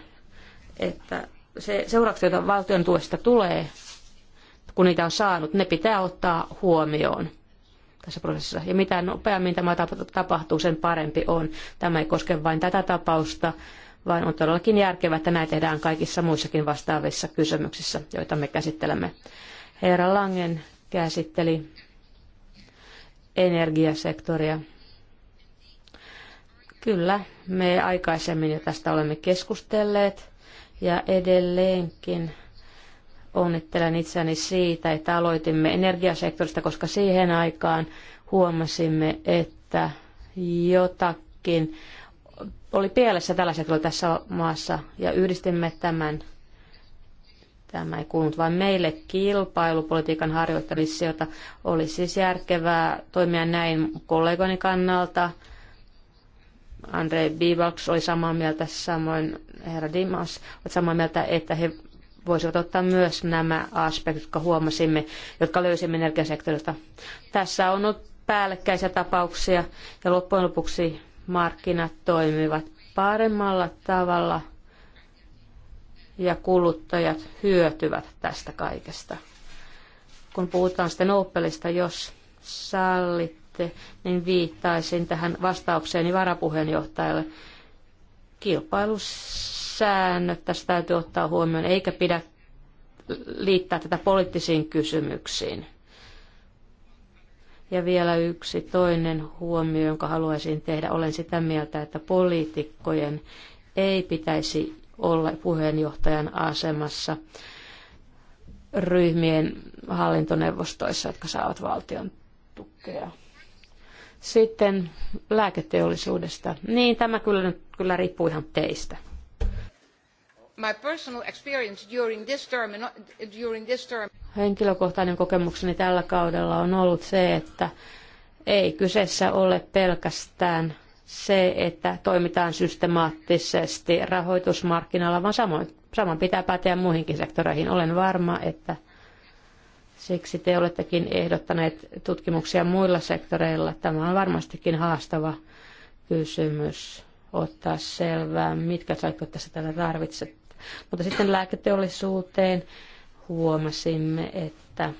B: että se seuraukset, joita valtion tuesta tulee, kun niitä on saanut, ne pitää ottaa huomioon tässä prosessissa. Ja mitä nopeammin tämä tapahtuu, sen parempi on. Tämä ei koske vain tätä tapausta, vaan on todellakin järkevää, että näin tehdään kaikissa muissakin vastaavissa kysymyksissä, joita me käsittelemme. Herra Langen käsitteli energiasektoria. Kyllä, me aikaisemmin jo tästä olemme keskustelleet ja edelleenkin onnittelen itseäni siitä, että aloitimme energiasektorista, koska siihen aikaan huomasimme, että jotakin oli pielessä tällä hetkellä tässä maassa ja yhdistimme tämän. Tämä ei kuulunut vain meille kilpailupolitiikan jota olisi siis järkevää toimia näin kollegoni kannalta. Andre Bivax oli samaa mieltä, samoin herra Dimas, oli samaa mieltä, että he voisivat ottaa myös nämä aspektit, jotka huomasimme, jotka löysimme energiasektorilta. Tässä on ollut päällekkäisiä tapauksia ja loppujen lopuksi markkinat toimivat paremmalla tavalla ja kuluttajat hyötyvät tästä kaikesta. Kun puhutaan sitten Opelista, jos sallitte, niin viittaisin tähän vastaukseeni varapuheenjohtajalle. Kilpailusäännöt tästä täytyy ottaa huomioon, eikä pidä liittää tätä poliittisiin kysymyksiin ja vielä yksi toinen huomio, jonka haluaisin tehdä. Olen sitä mieltä, että poliitikkojen ei pitäisi olla puheenjohtajan asemassa ryhmien hallintoneuvostoissa, jotka saavat valtion tukea. Sitten lääketeollisuudesta. Niin, tämä kyllä, kyllä riippuu ihan teistä.
A: My personal experience during this term, during this term.
B: Henkilökohtainen kokemukseni tällä kaudella on ollut se, että ei kyseessä ole pelkästään se, että toimitaan systemaattisesti rahoitusmarkkinoilla, vaan samoin, saman pitää päteä muihinkin sektoreihin. Olen varma, että siksi te olettekin ehdottaneet tutkimuksia muilla sektoreilla. Tämä on varmastikin haastava kysymys ottaa selvää, mitkä kaikki tässä tällä tarvitset, mutta sitten lääketeollisuuteen huomasimme, että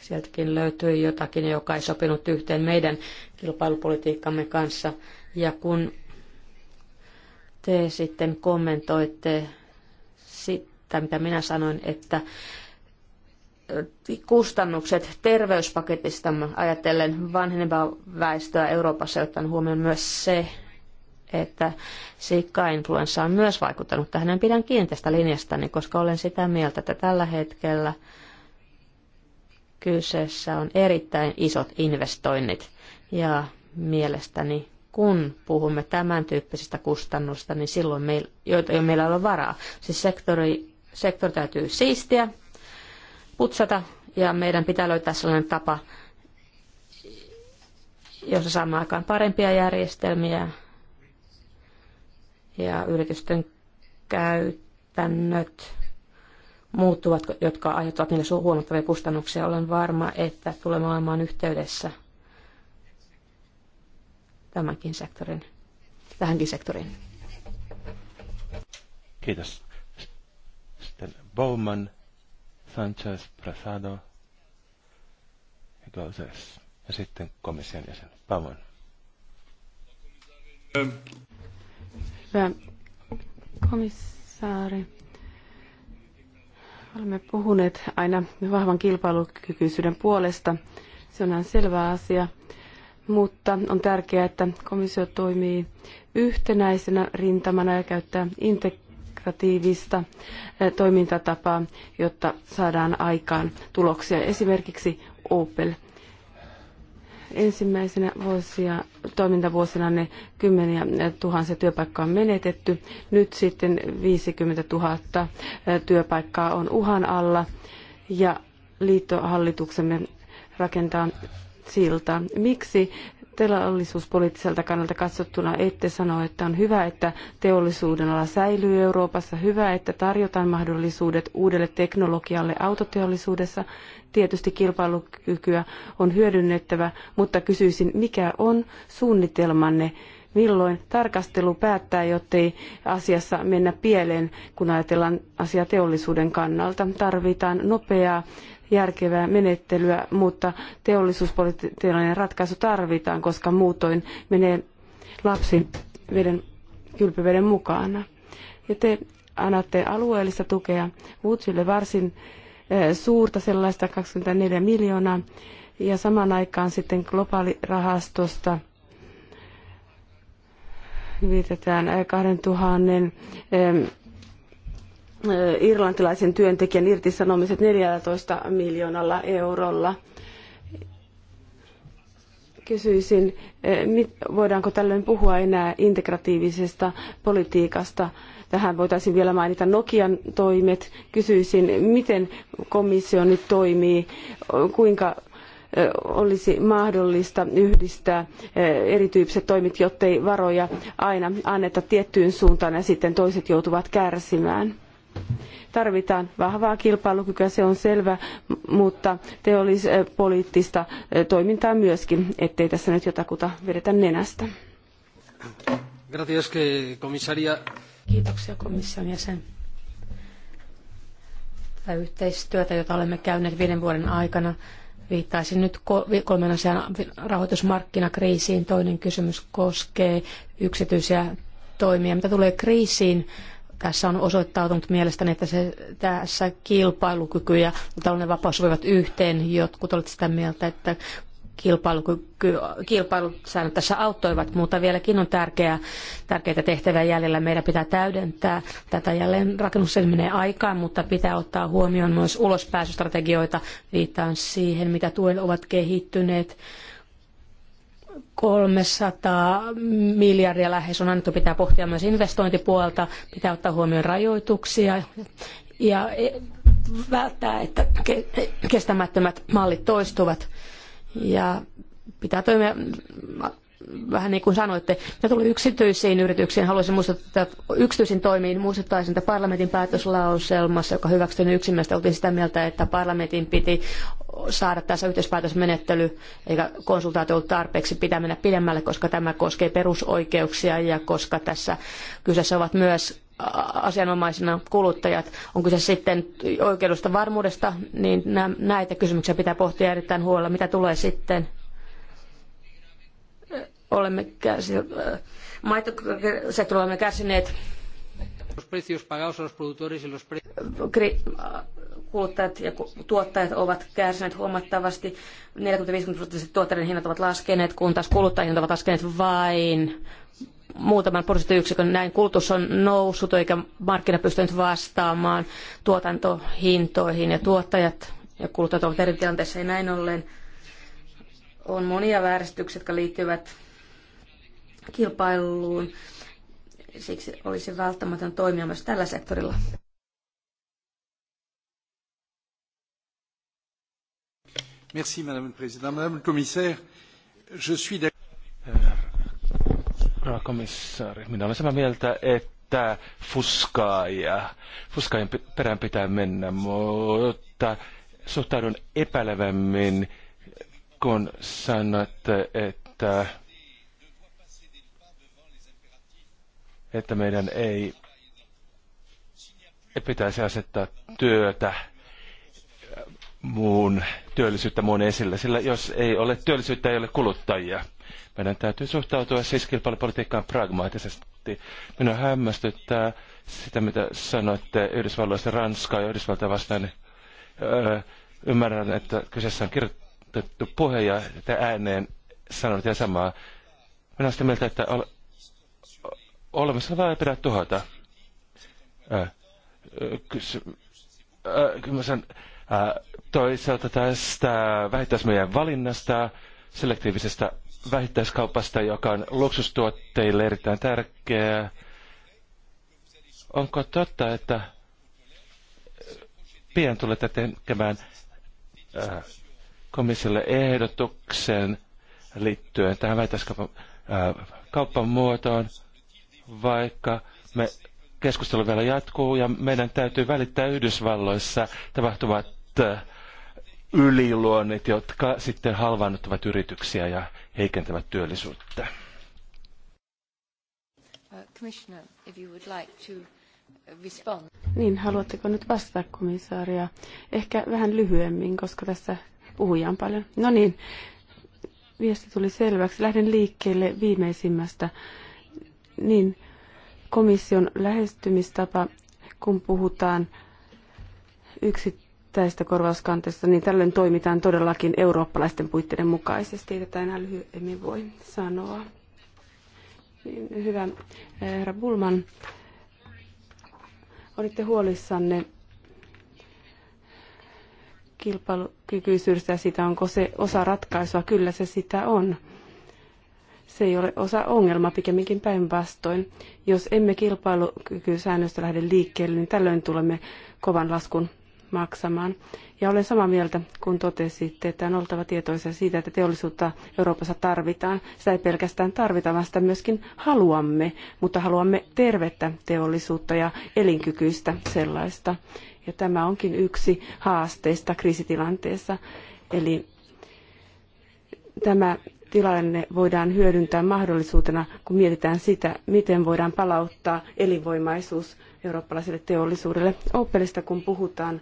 B: sieltäkin löytyi jotakin, joka ei sopinut yhteen meidän kilpailupolitiikkamme kanssa. Ja kun te sitten kommentoitte sitä, mitä minä sanoin, että kustannukset terveyspaketista, ajatellen vanhenevaa väestöä Euroopassa, ottaen huomioon myös se, että sikka-influenssa on myös vaikuttanut tähän. En pidän kiinni tästä linjastani, koska olen sitä mieltä, että tällä hetkellä kyseessä on erittäin isot investoinnit. Ja mielestäni kun puhumme tämän tyyppisistä kustannusta, niin silloin meillä, joita ei meillä ole varaa. Siis sektori, sektori täytyy siistiä, putsata ja meidän pitää löytää sellainen tapa, jossa saamme aikaan parempia järjestelmiä, ja yritysten käytännöt muuttuvat, jotka aiheuttavat niille huomattavia kustannuksia. Olen varma, että tulemme olemaan yhteydessä tämänkin sektorin, tähänkin sektoriin.
D: Kiitos. Sitten Bowman, Sanchez, Prasado ja Gauzes. Ja sitten komission jäsen Pamon.
C: Hyvä komissaari. Olemme puhuneet aina vahvan kilpailukykyisyyden puolesta. Se on ihan selvä asia. Mutta on tärkeää, että komissio toimii yhtenäisenä rintamana ja käyttää integratiivista eh, toimintatapaa, jotta saadaan aikaan tuloksia. Esimerkiksi Opel ensimmäisenä vuosia, toimintavuosina ne kymmeniä eh, tuhansia työpaikkaa on menetetty. Nyt sitten 50 000 eh, työpaikkaa on uhan alla ja liittohallituksemme rakentaa siltaa. Miksi teollisuuspoliittiselta kannalta katsottuna ette sano, että on hyvä, että teollisuuden ala säilyy Euroopassa, hyvä, että tarjotaan mahdollisuudet uudelle teknologialle autoteollisuudessa. Tietysti kilpailukykyä on hyödynnettävä, mutta kysyisin, mikä on suunnitelmanne, milloin tarkastelu päättää, jottei asiassa mennä pieleen, kun ajatellaan asiaa teollisuuden kannalta. Tarvitaan nopeaa järkevää menettelyä, mutta teollisuuspoliittinen ratkaisu tarvitaan, koska muutoin menee lapsi veden, kylpyveden mukana. Ja te annatte alueellista tukea Utsille varsin eh, suurta sellaista 24 miljoonaa ja samaan aikaan sitten globaalirahastosta viitetään 2000 eh, irlantilaisen työntekijän irtisanomiset 14 miljoonalla eurolla. Kysyisin, voidaanko tällöin puhua enää integratiivisesta politiikasta? Tähän voitaisiin vielä mainita Nokian toimet. Kysyisin, miten komissio nyt toimii, kuinka olisi mahdollista yhdistää erityyppiset toimet, jottei varoja aina anneta tiettyyn suuntaan ja sitten toiset joutuvat kärsimään. Tarvitaan vahvaa kilpailukykyä, se on selvä, mutta teollispoliittista eh, eh, toimintaa myöskin, ettei tässä nyt jotakuta vedetä nenästä.
E: Gracias, komissaria. Kiitoksia
B: komission jäsen. Tätä yhteistyötä, jota olemme käyneet viiden vuoden aikana, viittaisin nyt kolmen asian rahoitusmarkkinakriisiin. Toinen kysymys koskee yksityisiä toimia. Mitä tulee kriisiin, tässä on osoittautunut mielestäni, että se, tässä kilpailukyky ja talouden vapaus voivat yhteen. Jotkut olivat sitä mieltä, että kilpailukyky, kilpailusäännöt tässä auttoivat, mutta vieläkin on tärkeää, tärkeitä tehtäviä jäljellä. Meidän pitää täydentää tätä jälleen rakennukselle menee aikaan, mutta pitää ottaa huomioon myös ulospääsystrategioita. Viittaan siihen, mitä tuen ovat kehittyneet 300 miljardia lähes on annettu, pitää pohtia myös investointipuolta, pitää ottaa huomioon rajoituksia ja e, välttää, että kestämättömät mallit toistuvat. Ja pitää toimia vähän niin kuin sanoitte. Mitä tuli yksityisiin yrityksiin, haluaisin muistuttaa, että yksityisiin toimiin muistuttaisin, että parlamentin päätöslauselmassa, joka hyväksyttiin yksimielisesti, oltiin sitä mieltä, että parlamentin piti saada tässä yhteispäätösmenettely eikä konsultaatio ollut tarpeeksi pitää mennä pidemmälle, koska tämä koskee perusoikeuksia ja koska tässä kyseessä ovat myös asianomaisina kuluttajat. On kyse sitten oikeudesta varmuudesta, niin näitä kysymyksiä pitää pohtia erittäin huolella. Mitä tulee sitten olemme kärsineet, olemme kärsineet kuluttajat ja tuottajat ovat kärsineet huomattavasti. 40-50 prosenttiset tuotteiden hinnat ovat laskeneet, kun taas kuluttajien hinnat ovat laskeneet vain muutaman prosenttiyksikön. Näin kulutus on noussut eikä markkina pystynyt vastaamaan tuotantohintoihin ja tuottajat ja kuluttajat ovat eri tilanteissa ja näin ollen on monia vääristyksiä, jotka liittyvät kilpailuun. Siksi olisi välttämätön toimia myös tällä sektorilla.
E: Merci, Madame la Présidente. Madame la Commissaire, je suis
D: Hyvä komissaari, minä olen samaa mieltä, että fuskaaja, fuskaajien perään pitää mennä, mutta suhtaudun epäilevämmin, kun sanot, että että meidän ei, pitäisi asettaa työtä äh, muun työllisyyttä muun esillä, sillä jos ei ole työllisyyttä, ei ole kuluttajia. Meidän täytyy suhtautua siis kilpailupolitiikkaan pragmaattisesti. Minua hämmästyttää sitä, mitä sanoitte Yhdysvalloista Ranskaa ja Yhdysvaltain vastaan. Öö, ymmärrän, että kyseessä on kirjoitettu puhe ja ääneen sanoit ja samaa. Minä olen sitä mieltä, että olemassa vai ei pidä tuhota. Kysymys on toisaalta tästä vähittäismyyjän valinnasta, selektiivisestä vähittäiskaupasta, joka on luksustuotteille erittäin tärkeää. Onko totta, että pian tulette tekemään komissiolle ehdotuksen liittyen tähän väitöskaupan muotoon? vaikka me keskustelu vielä jatkuu ja meidän täytyy välittää Yhdysvalloissa tapahtuvat äh, yliluonnit, jotka sitten halvaannuttavat yrityksiä ja heikentävät työllisyyttä.
A: Uh,
C: niin, haluatteko nyt vastata komissaaria? Ehkä vähän lyhyemmin, koska tässä puhuja on paljon. No niin, viesti tuli selväksi. Lähden liikkeelle viimeisimmästä niin komission lähestymistapa, kun puhutaan yksittäistä korvauskanteesta, niin tällöin toimitaan todellakin eurooppalaisten puitteiden mukaisesti. Tätä enää lyhyemmin voi sanoa. Niin, hyvä eh, herra Bulman, olitte huolissanne kilpailukykyisyydestä ja siitä, onko se osa ratkaisua. Kyllä se sitä on se ei ole osa ongelmaa, pikemminkin päinvastoin. Jos emme kilpailukykysäännöstä lähde liikkeelle, niin tällöin tulemme kovan laskun maksamaan. Ja olen samaa mieltä, kun totesitte, että on oltava tietoisia siitä, että teollisuutta Euroopassa tarvitaan. Sitä ei pelkästään tarvita, vaan sitä myöskin haluamme, mutta haluamme tervettä teollisuutta ja elinkykyistä sellaista. Ja tämä onkin yksi haasteista kriisitilanteessa. Eli tämä tilanne voidaan hyödyntää mahdollisuutena, kun mietitään sitä, miten voidaan palauttaa elinvoimaisuus eurooppalaiselle teollisuudelle. Opelista kun puhutaan,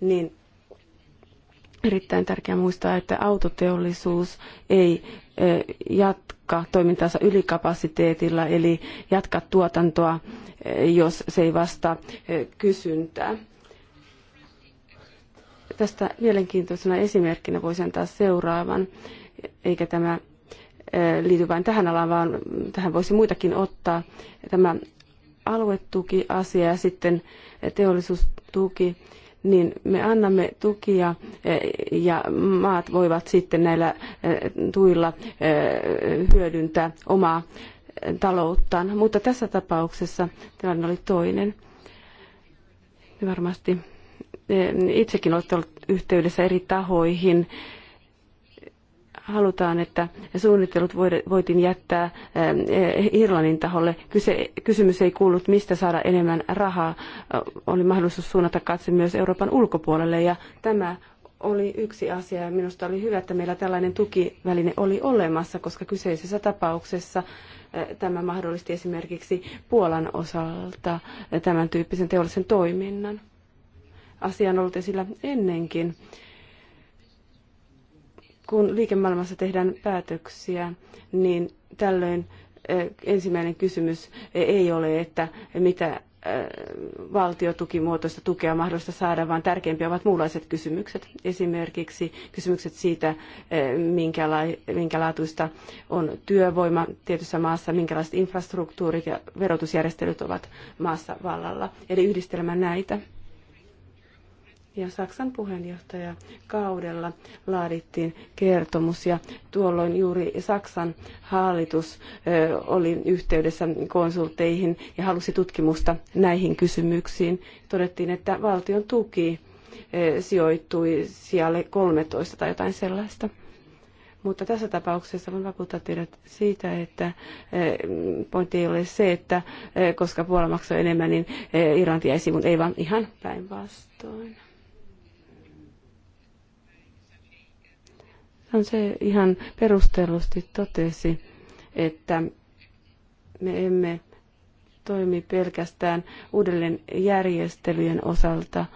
C: niin erittäin tärkeää muistaa, että autoteollisuus ei e, jatka toimintaansa ylikapasiteetilla, eli jatka tuotantoa, e, jos se ei vastaa e, kysyntää. Tästä mielenkiintoisena esimerkkinä voisin antaa seuraavan, eikä tämä Eh, liity vain tähän alaan, vaan tähän voisi muitakin ottaa. Tämä aluetukiasia ja sitten eh, teollisuustuki, niin me annamme tukia eh, ja maat voivat sitten näillä tuilla hyödyntää omaa talouttaan. Mutta tässä tapauksessa tilanne oli toinen. Varmasti itsekin olette olleet yhteydessä eri tahoihin halutaan, että suunnittelut voitiin jättää ähm, eh, Irlannin taholle. Kyse, kysymys ei kuullut, mistä saada enemmän rahaa. Oli mahdollisuus suunnata katse myös Euroopan ulkopuolelle ja tämä oli yksi asia ja minusta oli hyvä, että meillä tällainen tukiväline oli olemassa, koska kyseisessä tapauksessa tämä mahdollisti esimerkiksi Puolan osalta tämän tyyppisen teollisen toiminnan. Asia on ollut esillä ennenkin kun liikemaailmassa tehdään päätöksiä, niin tällöin eh, ensimmäinen kysymys eh, ei ole, että mitä eh, valtiotukimuotoista tukea mahdollista saada, vaan tärkeimpiä ovat muunlaiset kysymykset. Esimerkiksi kysymykset siitä, minkälaatuista on työvoima tietyssä maassa, minkälaiset infrastruktuurit ja verotusjärjestelyt ovat maassa vallalla. Eli yhdistelmä näitä ja Saksan puheenjohtajakaudella laadittiin kertomus ja tuolloin juuri Saksan hallitus oli yhteydessä konsultteihin ja halusi tutkimusta näihin kysymyksiin. Todettiin, että valtion tuki sijoittui siellä 13 tai jotain sellaista. Mutta tässä tapauksessa voin vakuuttaa teidät siitä, että pointti ei ole se, että koska Puola maksoi enemmän, niin Irlanti jäi sivun, Ei vaan ihan päinvastoin. on se ihan perustellusti totesi, että me emme toimi pelkästään uudelleen järjestelyjen osalta,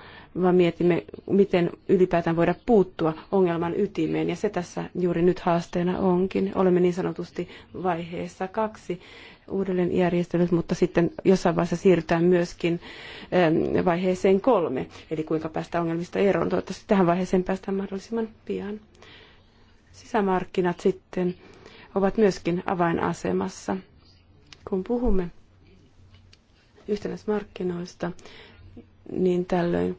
C: vaan mietimme, miten ylipäätään voida puuttua ongelman ytimeen. Ja se tässä juuri nyt haasteena onkin. Olemme niin sanotusti vaiheessa kaksi uudelleenjärjestelyt, mutta sitten jossain vaiheessa siirrytään myöskin ähm, vaiheeseen kolme, eli kuinka päästä ongelmista eroon. Toivottavasti tähän vaiheeseen päästään mahdollisimman pian sisämarkkinat sitten ovat myöskin avainasemassa. Kun puhumme yhtenäismarkkinoista, niin tällöin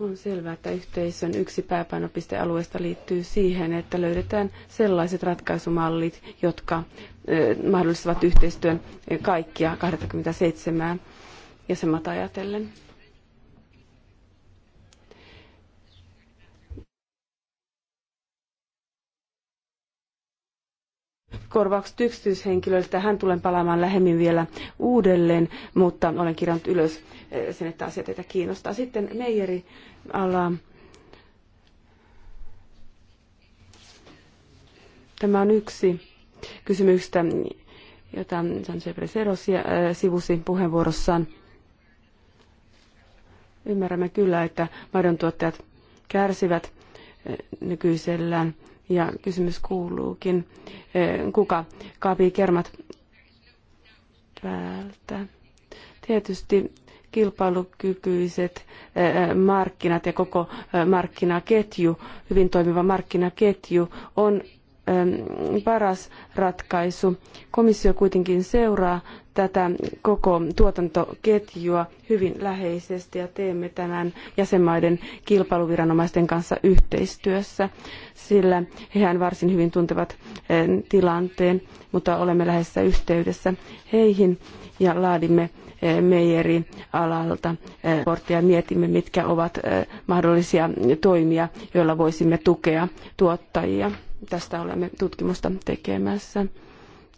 C: on selvää, että yhteisön yksi pääpainopistealueesta liittyy siihen, että löydetään sellaiset ratkaisumallit, jotka mahdollistavat yhteistyön kaikkia 27 jäsenmaata ajatellen. korvaukset yksityishenkilöiltä. Hän tulen palaamaan lähemmin vielä uudelleen, mutta olen kirjannut ylös eh, sen, että asia teitä kiinnostaa. Sitten Meijeri ala. Tämä on yksi kysymyksistä, jota Sanchez Presero eh, sivusi puheenvuorossaan. Ymmärrämme kyllä, että tuottajat kärsivät eh, nykyisellään – ja kysymys kuuluukin, eh, kuka kaapii kermat päältä. Tietysti kilpailukykyiset eh, eh, markkinat ja koko markkinaketju, hyvin toimiva markkinaketju on paras ratkaisu. Komissio kuitenkin seuraa tätä koko tuotantoketjua hyvin läheisesti ja teemme tämän jäsenmaiden kilpailuviranomaisten kanssa yhteistyössä, sillä hehän varsin hyvin tuntevat tilanteen, mutta olemme läheisessä yhteydessä heihin ja laadimme alalta raporttia ja mietimme, mitkä ovat mahdollisia toimia, joilla voisimme tukea tuottajia. Tästä olemme tutkimusta tekemässä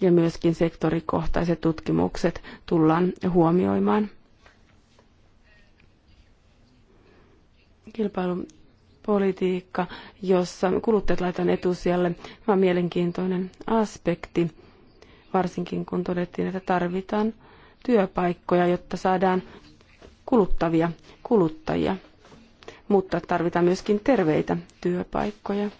C: ja myöskin sektorikohtaiset tutkimukset tullaan huomioimaan. Kilpailupolitiikka, jossa kuluttajat laitetaan etusijalle, on mielenkiintoinen aspekti, varsinkin kun todettiin, että tarvitaan työpaikkoja, jotta saadaan kuluttavia kuluttajia, mutta tarvitaan myöskin terveitä työpaikkoja.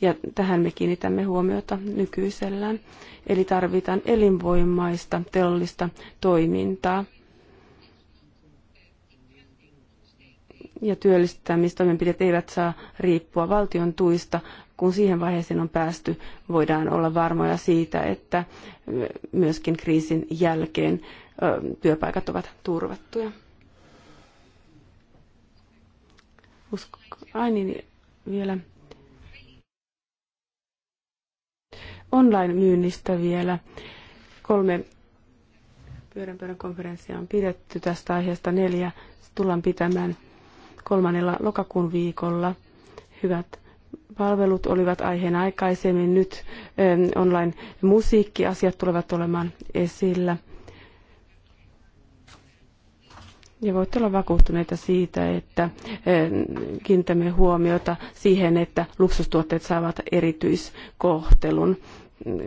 C: Ja tähän me kiinnitämme huomiota nykyisellään. Eli tarvitaan elinvoimaista teollista toimintaa. Ja työllistämistoimenpiteet eivät saa riippua valtion tuista. Kun siihen vaiheeseen on päästy, voidaan olla varmoja siitä, että myöskin kriisin jälkeen työpaikat ovat turvattuja. Usko, ai niin, vielä online-myynnistä vielä. Kolme pyörän konferenssia on pidetty tästä aiheesta. Neljä se tullaan pitämään kolmannella lokakuun viikolla. Hyvät palvelut olivat aiheen aikaisemmin. Nyt online-musiikkiasiat tulevat olemaan esillä – ja voitte olla vakuuttuneita siitä, että eh, kiinnitämme huomiota siihen, että luksustuotteet saavat erityiskohtelun. Mm,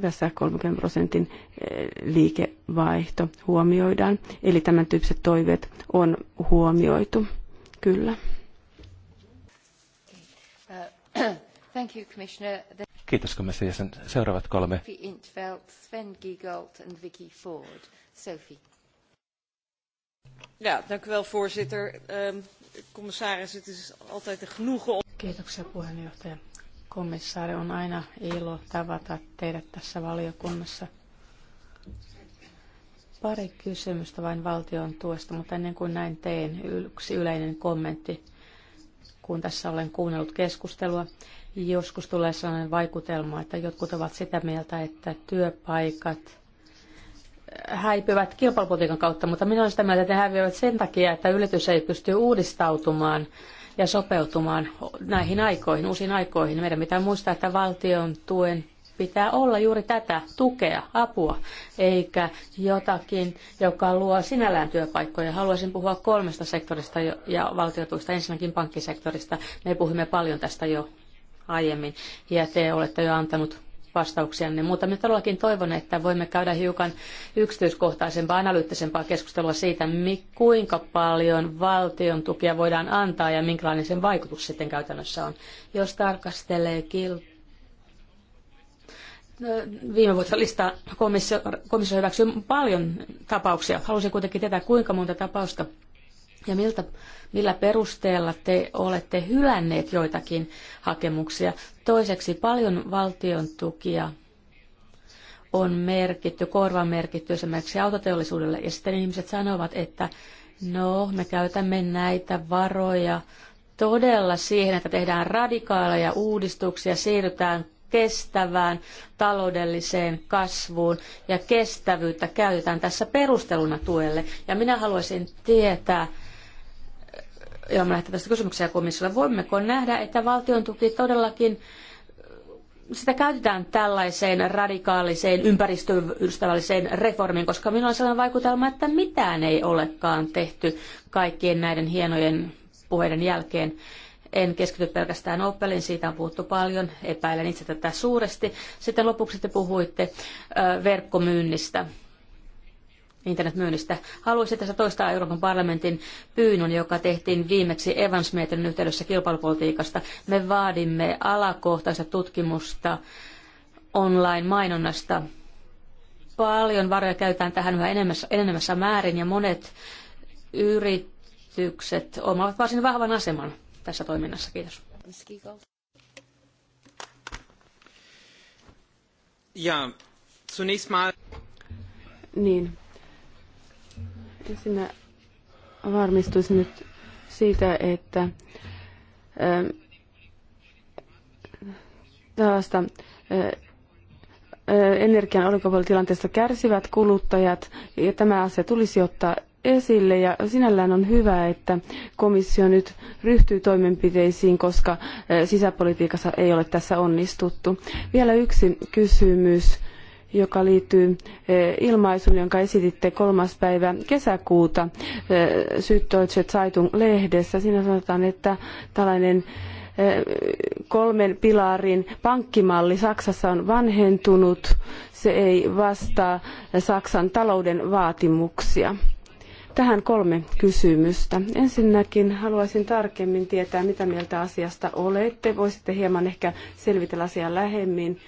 C: tässä 30 prosentin eh, liikevaihto huomioidaan. Eli tämän tyyppiset toiveet on huomioitu. Kyllä.
A: (coughs) Thank you, Commissioner.
D: Kiitos komission jäsen. Seuraavat kolme.
A: Sophie Intveld, Sven Giegold and Vicky Ford. Sophie. Ja, dank u wel, voorzitter. Um, commissaris, het is altijd een genoegen om...
B: Kiitoksia puheenjohtaja. Komissaari, on aina ilo tavata teidät tässä valiokunnassa. Pari kysymystä vain valtion tuesta, mutta ennen kuin näin teen, yksi yleinen kommentti, kun tässä olen kuunnellut keskustelua. Joskus tulee sellainen vaikutelma, että jotkut ovat sitä mieltä, että työpaikat – häipyvät kilpailupolitiikan kautta, mutta minä olen sitä mieltä, että ne häviävät sen takia, että yritys ei pysty uudistautumaan ja sopeutumaan näihin aikoihin, uusiin aikoihin. Meidän pitää muistaa, että valtion tuen pitää olla juuri tätä tukea, apua, eikä jotakin, joka luo sinällään työpaikkoja. Haluaisin puhua kolmesta sektorista ja valtiotuista, ensinnäkin pankkisektorista. Me puhumme paljon tästä jo aiemmin, ja te olette jo antanut vastauksianne, mutta minä todellakin toivon, että voimme käydä hiukan yksityiskohtaisempaa, analyyttisempaa keskustelua siitä, kuinka paljon valtion tukia voidaan antaa ja minkälainen sen vaikutus sitten käytännössä on. Jos tarkastelee kil. viime vuotta listaa komissio, komissio hyväksyy paljon tapauksia. Haluaisin kuitenkin tietää, kuinka monta tapausta ja miltä, millä perusteella te olette hylänneet joitakin hakemuksia? Toiseksi paljon valtion tukia on merkitty, merkitty esimerkiksi autoteollisuudelle, ja sitten ihmiset sanovat, että no, me käytämme näitä varoja todella siihen, että tehdään radikaaleja uudistuksia, siirrytään kestävään taloudelliseen kasvuun ja kestävyyttä käytetään tässä perusteluna tuelle. Ja minä haluaisin tietää, Ilman tästä kysymyksiä komissiolle. Voimmeko nähdä, että valtion tuki todellakin äh, sitä käytetään tällaiseen radikaaliseen ympäristöystävälliseen reformiin, koska minulla on sellainen vaikutelma, että mitään ei olekaan tehty kaikkien näiden hienojen puheiden jälkeen. En keskity pelkästään Opelin, siitä on puhuttu paljon, epäilen itse tätä suuresti. Sitten lopuksi te puhuitte äh, verkkomyynnistä internetmyynnistä. Haluaisin tässä toistaa Euroopan parlamentin pyynnön, joka tehtiin viimeksi Evans-mietinnön yhteydessä kilpailupolitiikasta. Me vaadimme alakohtaista tutkimusta online-mainonnasta. Paljon varoja käytetään tähän yhä enemmässä, enemmässä määrin ja monet yritykset omaavat varsin vahvan aseman tässä toiminnassa. Kiitos.
D: Ja, zunächst mal...
B: Niin,
C: sinä varmistuisin nyt siitä, että ähm, tällaista äh, äh, energian oligopolitilanteesta kärsivät kuluttajat, ja tämä asia tulisi ottaa esille ja sinällään on hyvä, että komissio nyt ryhtyy toimenpiteisiin, koska äh, sisäpolitiikassa ei ole tässä onnistuttu. Vielä yksi kysymys joka liittyy eh, ilmaisuun, jonka esititte kolmas päivä kesäkuuta eh, Syddeutsche Zeitung-lehdessä. Siinä sanotaan, että tällainen eh, kolmen pilarin pankkimalli Saksassa on vanhentunut. Se ei vastaa Saksan talouden vaatimuksia. Tähän kolme kysymystä. Ensinnäkin haluaisin tarkemmin tietää, mitä mieltä asiasta olette. Voisitte hieman ehkä selvitellä asiaa lähemmin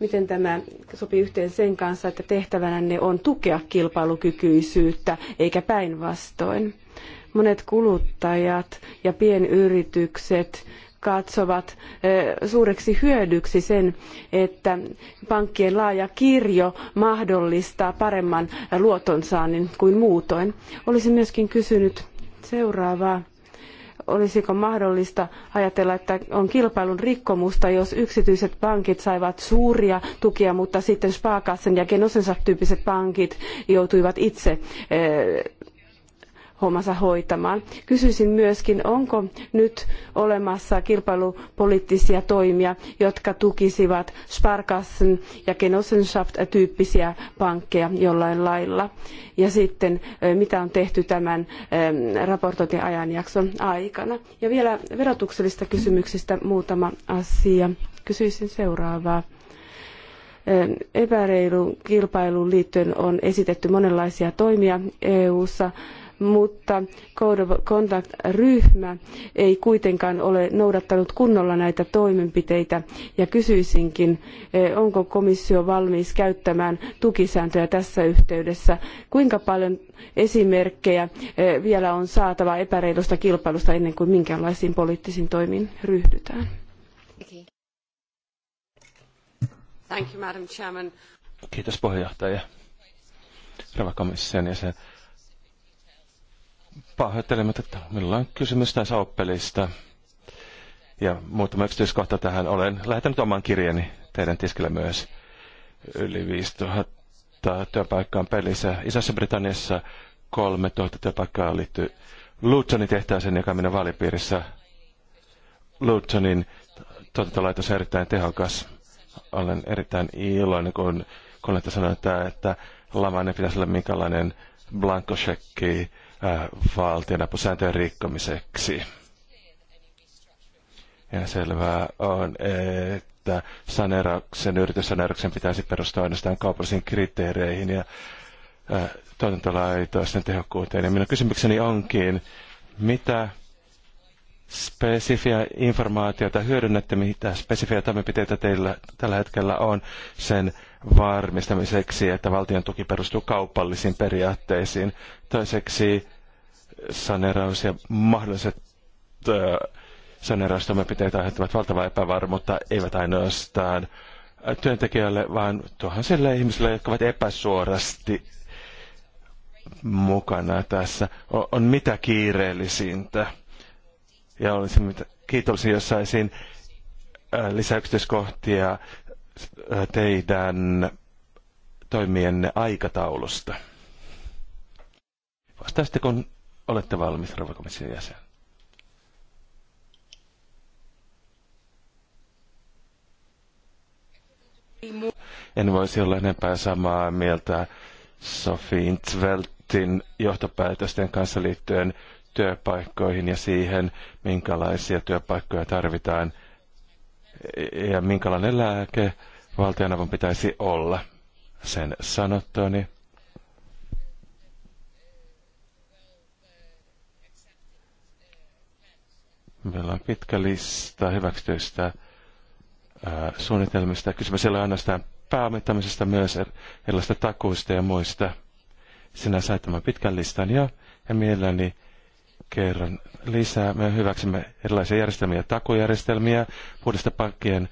C: miten tämä sopii yhteen sen kanssa, että tehtävänänne on tukea kilpailukykyisyyttä eikä päinvastoin. Monet kuluttajat ja pienyritykset katsovat eh, suureksi hyödyksi sen, että pankkien laaja kirjo mahdollistaa paremman luotonsaannin kuin muutoin. Olisin myöskin kysynyt seuraavaa olisiko mahdollista ajatella, että on kilpailun rikkomusta, jos yksityiset pankit saivat suuria tukia, mutta sitten Sparkassen ja Genosenschaft-tyyppiset pankit joutuivat itse eh, hommansa hoitamaan. Kysyisin myöskin, onko nyt olemassa kilpailupoliittisia toimia, jotka tukisivat Sparkassen ja Genossenschaft-tyyppisiä pankkeja jollain lailla. Ja sitten, mitä on tehty tämän ähm, ajanjakson aikana. Ja vielä verotuksellista kysymyksistä muutama asia. Kysyisin seuraavaa ähm, epäreiluun kilpailuun liittyen on esitetty monenlaisia toimia EU-ssa mutta Code of Conduct-ryhmä ei kuitenkaan ole noudattanut kunnolla näitä toimenpiteitä ja kysyisinkin, eh, onko komissio valmis käyttämään tukisääntöjä tässä yhteydessä. Kuinka paljon esimerkkejä eh, vielä on saatava epäreilusta kilpailusta ennen kuin minkäänlaisiin poliittisiin toimiin ryhdytään?
A: Thank you, Madam Chairman.
D: Kiitos puheenjohtaja. Rava komission jäsen pahoittelemat, että minulla on kysymys näissä oppelista. Ja muutama yksityiskohta tähän. Olen lähettänyt oman kirjani teidän tiskille myös. Yli 5000 työpaikkaa on pelissä. Isossa Britanniassa 3000 työpaikkaa liittyy Lutonin tehtäisen joka minun vaalipiirissä. Lutonin tuotantolaitos on erittäin tehokas. Olen erittäin iloinen, kun kollega sanoi, että, että laman ei pitäisi olla minkälainen blankkoshekki Äh, valtionapusääntöjen rikkomiseksi. Ja selvää on, että saneerauksen, yrityssaneerauksen pitäisi perustua ainoastaan kaupallisiin kriteereihin ja äh, tuotantolaitosten tehokkuuteen. Ja minun kysymykseni onkin, mitä spesifiä informaatiota hyödynnätte, mitä spesifiä toimenpiteitä teillä tällä hetkellä on sen varmistamiseksi, että valtion tuki perustuu kaupallisiin periaatteisiin. Toiseksi saneraus ja mahdolliset saneeraustoimenpiteet aiheuttavat valtavaa epävarmuutta, eivät ainoastaan työntekijöille, vaan tuhansille ihmisille, jotka ovat epäsuorasti mukana tässä. On, on mitä kiireellisintä. Ja olisin mitä, kiitollisin, jos saisin lisäyksityiskohtia teidän toimienne aikataulusta? Vastaisitte, kun olette valmis, Rauhakomission jäsen. En voisi olla enempää samaa mieltä Sofiin Tveltin johtopäätösten kanssa liittyen työpaikkoihin ja siihen, minkälaisia työpaikkoja tarvitaan – ja minkälainen lääke valtionavun pitäisi olla. Sen sanottuani. Meillä on pitkä lista hyväksytyistä suunnitelmista. Kysymys ei ole ainoastaan pääomittamisesta, myös er-, erilaisista takuista ja muista. Sinä sait tämän pitkän listan jo, ja mielelläni kerran lisää. Me hyväksymme erilaisia järjestelmiä, takujärjestelmiä, puhdista pankkien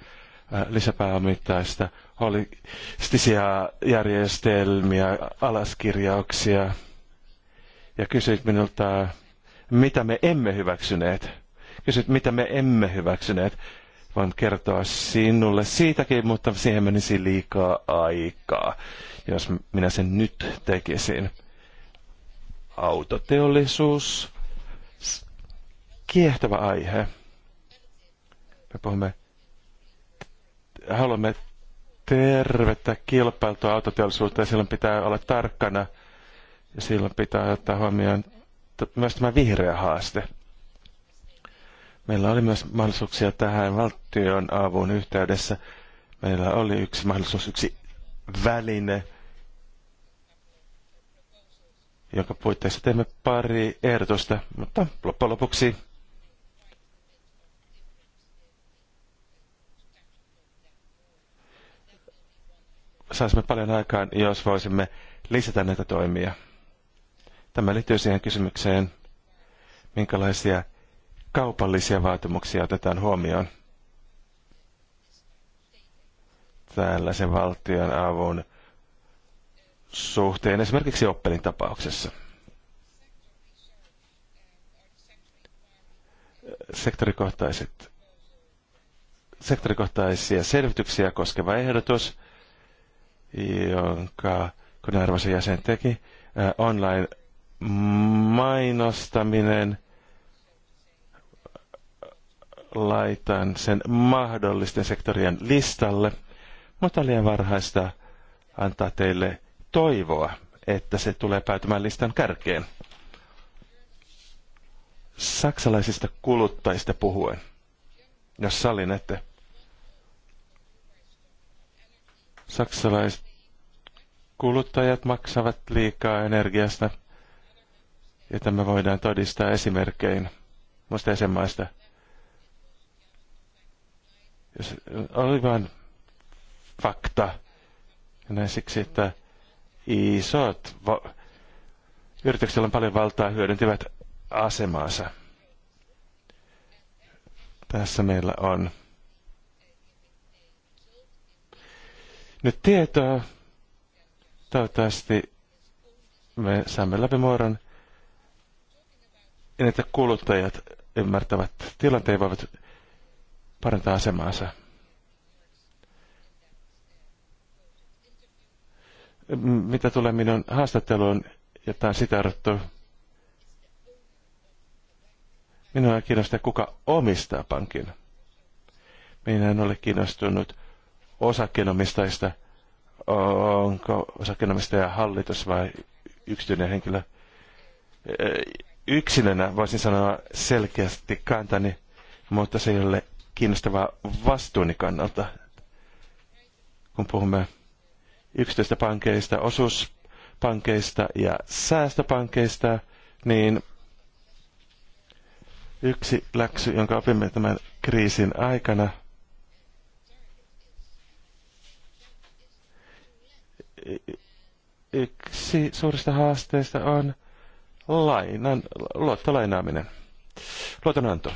D: äh, lisäpääomittaista, holistisia järjestelmiä, alaskirjauksia. Ja kysyit minulta, mitä me emme hyväksyneet. Kysyit, mitä me emme hyväksyneet. Voin kertoa sinulle siitäkin, mutta siihen menisi liikaa aikaa, jos minä sen nyt tekisin. Autoteollisuus, kiehtova aihe. Me puhumme, haluamme tervettä kilpailtua autoteollisuutta ja silloin pitää olla tarkkana ja silloin pitää ottaa huomioon myös tämä vihreä haaste. Meillä oli myös mahdollisuuksia tähän valtion avun yhteydessä. Meillä oli yksi mahdollisuus, yksi väline, jonka puitteissa teemme pari ehdotusta, mutta loppujen lopuksi saisimme paljon aikaan, jos voisimme lisätä näitä toimia. Tämä liittyy siihen kysymykseen, minkälaisia kaupallisia vaatimuksia otetaan huomioon tällaisen valtion avun suhteen, esimerkiksi Oppelin tapauksessa. Sektorikohtaiset, sektorikohtaisia selvityksiä koskeva ehdotus – jonka kun jäsen teki, äh, online mainostaminen, laitan sen mahdollisten sektorien listalle, mutta liian varhaista antaa teille toivoa, että se tulee päätymään listan kärkeen. Saksalaisista kuluttajista puhuen, jos sallinette. Saksalaiset kuluttajat maksavat liikaa energiasta, ja tämä voidaan todistaa esimerkkein muista jäsenmaista. Jos oli vain fakta, näin siksi, että isot va- yrityksillä on paljon valtaa hyödyntivät asemaansa. Tässä meillä on nyt tietoa Toivottavasti me saamme läpimuodon, niin että kuluttajat ymmärtävät tilanteen voivat parantaa asemaansa. Mitä tulee minun haastatteluun, jotain sitä odottu. Minua kiinnostaa, kuka omistaa pankin. Minä en ole kiinnostunut osakkeenomistajista – onko osakkeenomistaja hallitus vai yksityinen henkilö. Yksilönä voisin sanoa selkeästi kantani, mutta se ei ole kiinnostavaa vastuuni kannalta. Kun puhumme yksityistä pankeista, osuuspankeista ja säästöpankeista, niin yksi läksy, jonka opimme tämän kriisin aikana – yksi suurista haasteista on lainan, luottolainaaminen, luotonanto.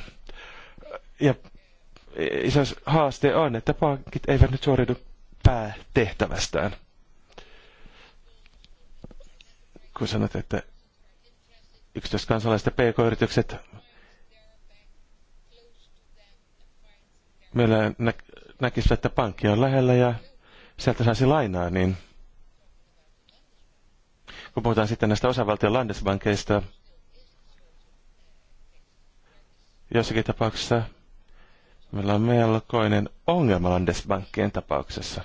D: Ja iso haaste on, että pankit eivät nyt suoriudu päätehtävästään. Kun sanot, että yksityiset kansalaiset pk-yritykset, meillä nä- näkisivät, että pankki on lähellä ja sieltä saisi lainaa, niin – kun puhutaan sitten näistä osavaltion landesbankeista, jossakin tapauksessa meillä on melkoinen ongelma landesbankkien tapauksessa.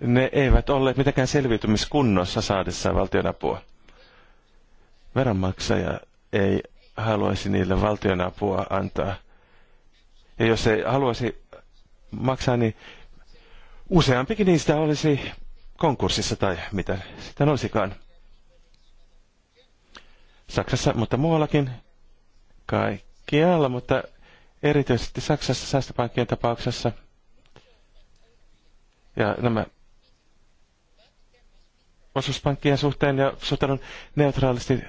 D: Ne eivät olleet mitenkään selviytymiskunnossa saadessaan valtionapua. Veronmaksaja ei haluaisi niille valtionapua antaa. Ja jos ei haluaisi maksaa, niin Useampikin niistä olisi konkurssissa tai mitä sitten olisikaan. Saksassa, mutta muuallakin kaikkialla, mutta erityisesti Saksassa säästöpankkien tapauksessa. Ja nämä osuuspankkien suhteen ja suhtaudun neutraalisti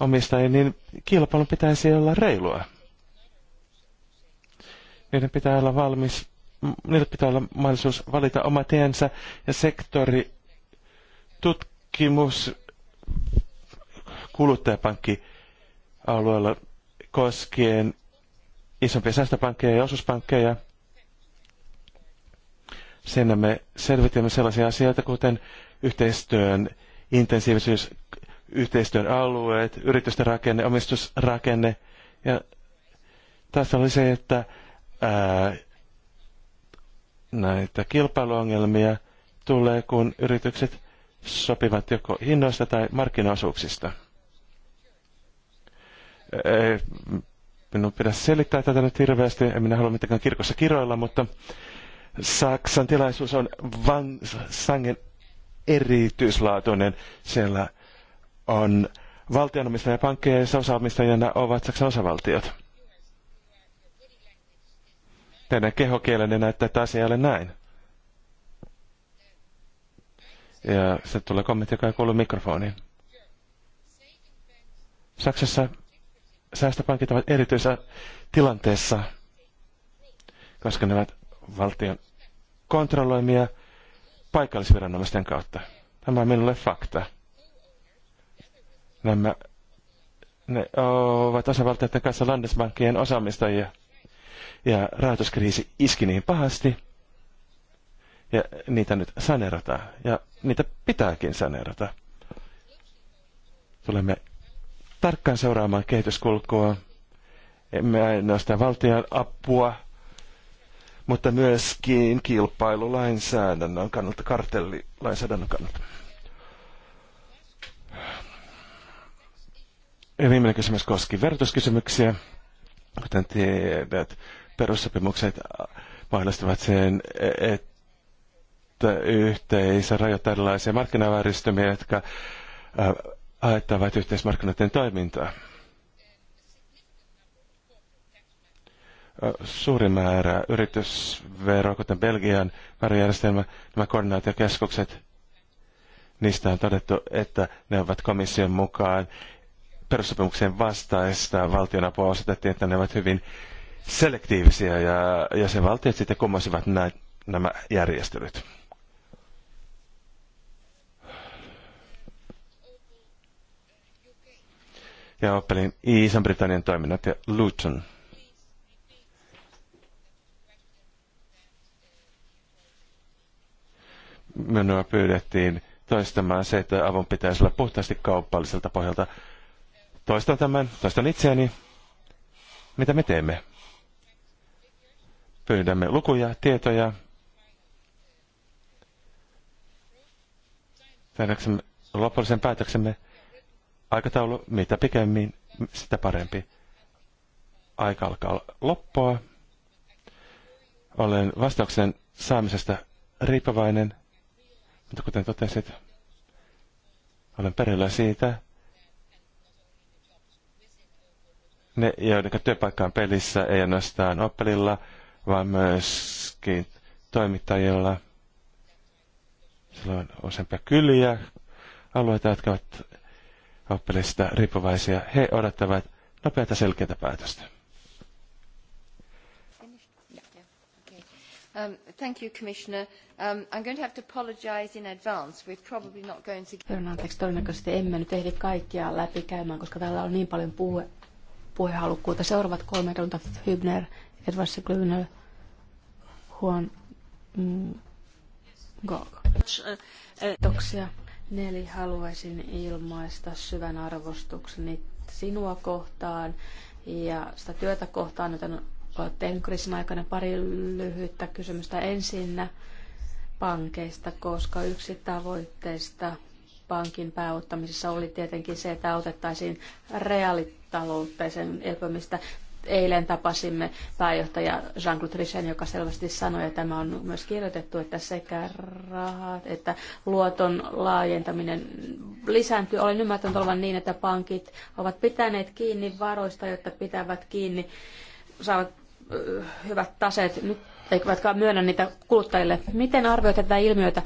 D: omistajien, niin kilpailun pitäisi olla reilua. Niiden pitää olla valmis niillä pitää olla mahdollisuus valita oma tiensä ja sektori, tutkimus, kuluttajapankki alueella koskien isompia säästöpankkeja ja osuuspankkeja. Sen me selvitimme sellaisia asioita, kuten yhteistyön intensiivisyys, yhteistyön alueet, yritysten rakenne, omistusrakenne. Ja tässä oli se, että ää, näitä kilpailuongelmia tulee, kun yritykset sopivat joko hinnoista tai markkinaosuuksista. Ei minun pidä selittää tätä nyt hirveästi, en minä halua mitenkään kirkossa kiroilla, mutta Saksan tilaisuus on van, sangen erityislaatuinen. Siellä on pankkeja ja osaomistajana ovat Saksan osavaltiot teidän kehokielenne näyttää, että asia ei ole näin. Ja se tulee kommentti, joka ei kuulu mikrofoniin. Saksassa säästöpankit ovat erityisessä tilanteessa, koska ne ovat valtion kontrolloimia paikallisviranomaisten kautta. Tämä on minulle fakta. Nämä ne ovat osavaltioiden kanssa Landesbankien osaamistajia ja rahoituskriisi iski niin pahasti, ja niitä nyt saneerataan, ja niitä pitääkin saneerata. Tulemme tarkkaan seuraamaan kehityskulkua, emme ainoastaan valtion apua, mutta myöskin kilpailulainsäädännön kannalta, kartellilainsäädännön kannalta. Ja viimeinen kysymys koski verotuskysymyksiä. Kuten tiedät, perussopimukset mahdollistavat sen, että yhteisö rajoittaa erilaisia markkinavääristymiä, jotka äh, haettavat yhteismarkkinoiden toimintaa. Äh, suuri määrä yritysveroa, kuten Belgian verojärjestelmä, nämä koordinaatiokeskukset, niistä on todettu, että ne ovat komission mukaan perussopimuksen vastaista valtionapua osoitettiin, että ne ovat hyvin selektiivisiä ja jäsenvaltiot sitten kummasivat nä- nämä järjestelyt. Ja oppelin iisan britannian toiminnat ja Luton. Minua pyydettiin toistamaan se, että avun pitäisi olla puhtaasti kaupalliselta pohjalta Toistan tämän, toistan itseäni. Mitä me teemme? Pyydämme lukuja, tietoja. Tehdäksemme lopullisen päätöksemme aikataulu, mitä pikemmin, sitä parempi. Aika alkaa loppua. Olen vastauksen saamisesta riippuvainen, mutta kuten totesit, olen perillä siitä, ne, joiden työpaikka on pelissä, ei ainoastaan Opelilla, vaan myöskin toimittajilla. Sillä on useampia kyliä, alueita, jotka ovat Opelista riippuvaisia. He odottavat nopeata selkeää päätöstä.
A: Um, thank you, Commissioner. Um, I'm going to have to apologize in advance. We're probably not going to...
B: anteeksi, todennäköisesti emme nyt ehdi kaikkia läpi käymään, koska täällä on niin paljon puhe, puhehalukkuutta. Seuraavat kolme edunta Hübner, Edward Glüner, Juan mm, Gog. Kiitoksia. Neli, haluaisin ilmaista syvän arvostukseni sinua kohtaan ja sitä työtä kohtaan, jota olet tehnyt kriisin aikana pari lyhyttä kysymystä ensinnä pankeista, koska yksi tavoitteista pankin pääottamisessa oli tietenkin se, että autettaisiin reaalit taloutta ja sen elpymistä. Eilen tapasimme pääjohtaja Jean-Claude Richen, joka selvästi sanoi, ja tämä on myös kirjoitettu, että sekä rahat että luoton laajentaminen lisääntyy. Olen ymmärtänyt olevan niin, että pankit ovat pitäneet kiinni varoista, jotta pitävät kiinni, saavat hyvät taseet. Nyt eivätkä myönnä niitä kuluttajille. Miten arvioit tätä ilmiötä?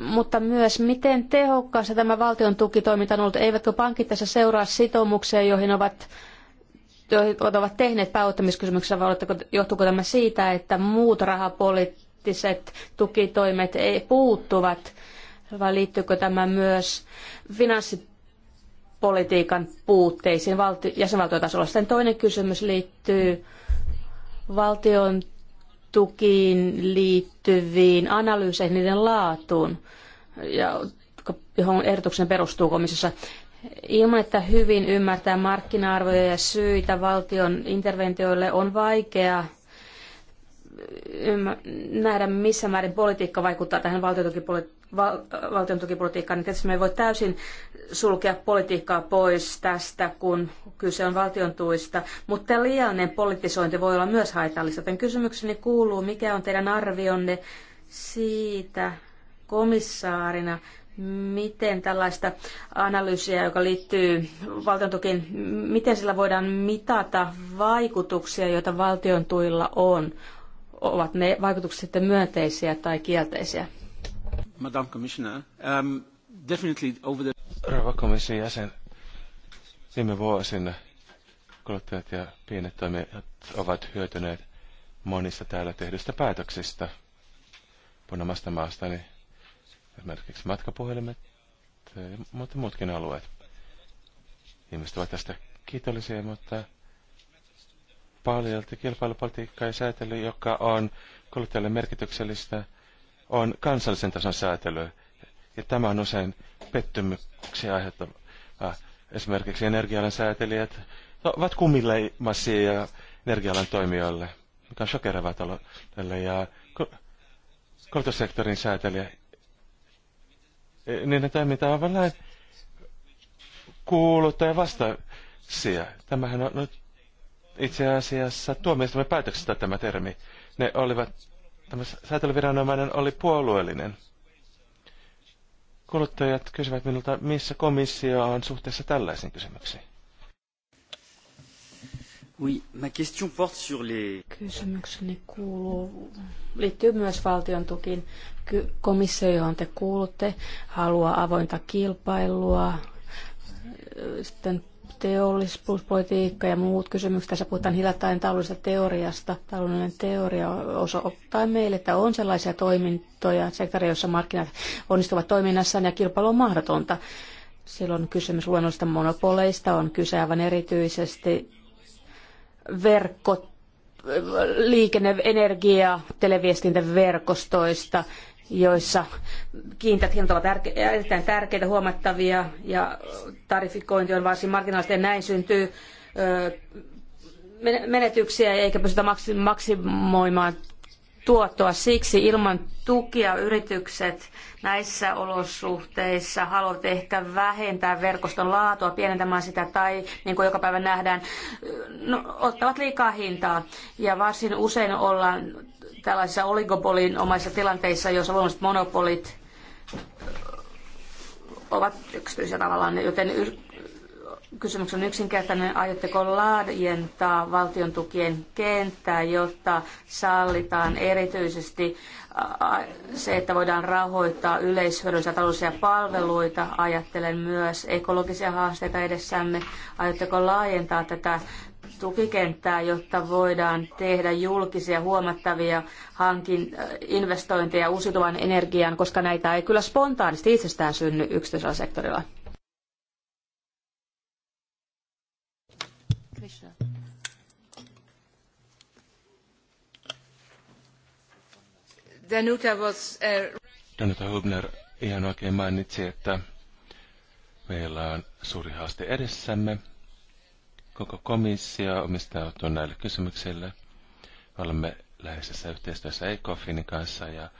B: Mutta myös, miten tehokkaassa tämä valtion tukitoiminta on ollut? Eivätkö pankit tässä seuraa sitoumuksia, joihin ovat joihin ovat tehneet pääottamiskysymyksessä, vai johtuuko tämä siitä, että muut rahapoliittiset tukitoimet ei, puuttuvat, vai liittyykö tämä myös finanssipolitiikan puutteisiin valti- jäsenvaltiotasolla? Sitten toinen kysymys liittyy valtion tukiin liittyviin analyyseihin, niiden laatuun, ja, johon ehdotuksen perustuu komissiossa. Ilman, että hyvin ymmärtää markkina-arvoja ja syitä valtion interventioille on vaikea nähdä, missä määrin politiikka vaikuttaa tähän valtiontukipolitiikkaan, niin tietysti me ei voi täysin sulkea politiikkaa pois tästä, kun kyse on valtion tuista, mutta liiallinen politisointi voi olla myös haitallista. Joten kysymykseni kuuluu, mikä on teidän arvionne siitä komissaarina, miten tällaista analyysiä, joka liittyy valtiontukiin, miten sillä voidaan mitata vaikutuksia, joita valtion tuilla on ovat ne vaikutukset sitten myönteisiä tai kielteisiä?
F: Madam
E: Commissioner,
D: um, definitely over the... Rauha komission jäsen, viime vuosina kuluttajat ja pienet toimijat ovat hyötyneet monista täällä tehdyistä päätöksistä punomasta maastani, niin esimerkiksi matkapuhelimet, eh, mutta muutkin alueet. Ihmiset ovat tästä kiitollisia, mutta Paljolti kilpailupolitiikka ja säätely, joka on kuluttajalle merkityksellistä, on kansallisen tason säätely. Ja tämä on usein pettymyksiä aiheuttava. Esimerkiksi energialan säätelijät ovat kumileimaisia ja energialan toimijoille, mikä on shokeravaa taloudelle. Ja koulutussektorin säätelijä, niiden toiminta on vain näin kuuluttaja vastaisia. Tämähän on nyt itse asiassa tuomioistamme päätöksestä tämä termi. Ne olivat, tämä säätelyviranomainen oli puolueellinen. Kuluttajat kysyvät minulta, missä komissio on suhteessa tällaisiin kysymyksiin.
E: Oui, ma question porte sur les... Kysymykseni
B: kuuluu, liittyy myös valtion tukiin. Komissio, johon te kuulutte, haluaa avointa kilpailua, sitten teollisuuspolitiikka ja muut kysymykset. Tässä puhutaan hiljattain taloudellisesta teoriasta. Taloudellinen teoria osoittaa meille, että on sellaisia toimintoja, sektoreja, joissa markkinat onnistuvat toiminnassaan ja kilpailu on mahdotonta. Silloin kysymys luonnollisista monopoleista, on kyse aivan erityisesti verkko, liikenne, energia, televiestintäverkostoista – joissa kiinteät hinnat ovat erittäin tärkeitä, huomattavia ja tarifikointi on varsin marginaalista ja näin syntyy menetyksiä eikä pystytä maksimoimaan tuottoa. Siksi ilman tukia yritykset näissä olosuhteissa haluavat ehkä vähentää verkoston laatua, pienentämään sitä tai niin kuin joka päivä nähdään, no, ottavat liikaa hintaa. Ja varsin usein ollaan tällaisissa oligopolin omaisissa tilanteissa, joissa luonnolliset monopolit ovat yksityisiä tavallaan, joten kysymys on yksinkertainen. Aiotteko laajentaa valtion tukien kenttää, jotta sallitaan erityisesti se, että voidaan rahoittaa yleishyödyllisiä taloudellisia palveluita? Ajattelen myös ekologisia haasteita edessämme. Aiotteko laajentaa tätä tukikenttää, jotta voidaan tehdä julkisia huomattavia hankin äh, investointeja uusiutuvan energiaan, koska näitä ei kyllä spontaanisti itsestään synny yksityisellä sektorilla.
A: Danuta, was, uh...
D: Danuta Hubner ihan oikein mainitsi, että meillä on suuri haaste edessämme – Koko komissio omistautuu näille kysymyksille. Olemme läheisessä yhteistyössä ECOFINin kanssa ja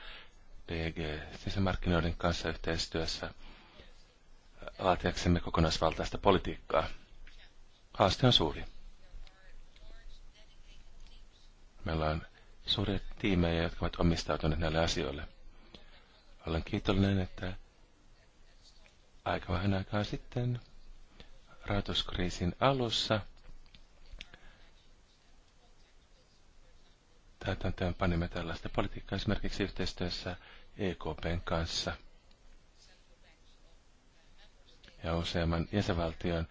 D: DG sisämarkkinoiden kanssa yhteistyössä laatiaksemme kokonaisvaltaista politiikkaa. Haaste on suuri. Meillä on suuria tiimejä, jotka ovat omistautuneet näille asioille. Olen kiitollinen, että aika vähän aikaa sitten rahoituskriisin alussa. Täytäntöön panimme tällaista politiikkaa esimerkiksi yhteistyössä EKPn kanssa ja useamman jäsenvaltion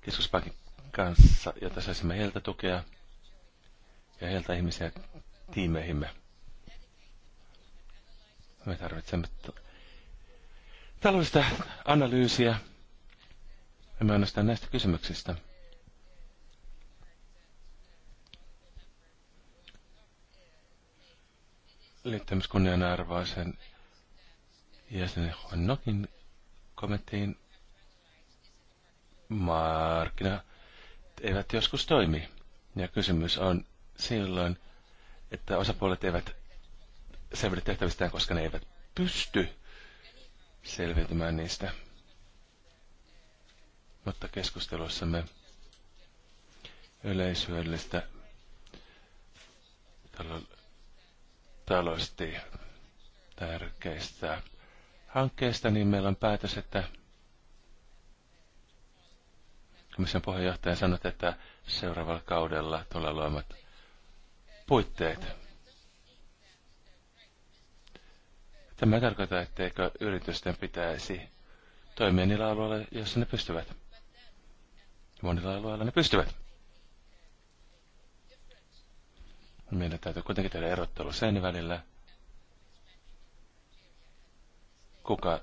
D: keskuspankin kanssa, jota saisimme heiltä tukea ja heiltä ihmisiä tiimeihimme. Me tarvitsemme taloudellista analyysiä emme ainoastaan näistä kysymyksistä. arvoisen jäsenen Honnokin kommenttiin markkina eivät joskus toimi. Ja kysymys on silloin, että osapuolet eivät selvitä tehtävistään, koska ne eivät pysty selviytymään niistä mutta keskustelussamme yleisyydellistä talosti tärkeistä hankkeista, niin meillä on päätös, että komission puheenjohtaja sanoi, että seuraavalla kaudella tulee luomat puitteet. Tämä tarkoittaa, etteikö yritysten pitäisi toimia niillä alueilla, joissa ne pystyvät. Monilla alueilla ne pystyvät. Meidän täytyy kuitenkin tehdä erottelu sen välillä, kuka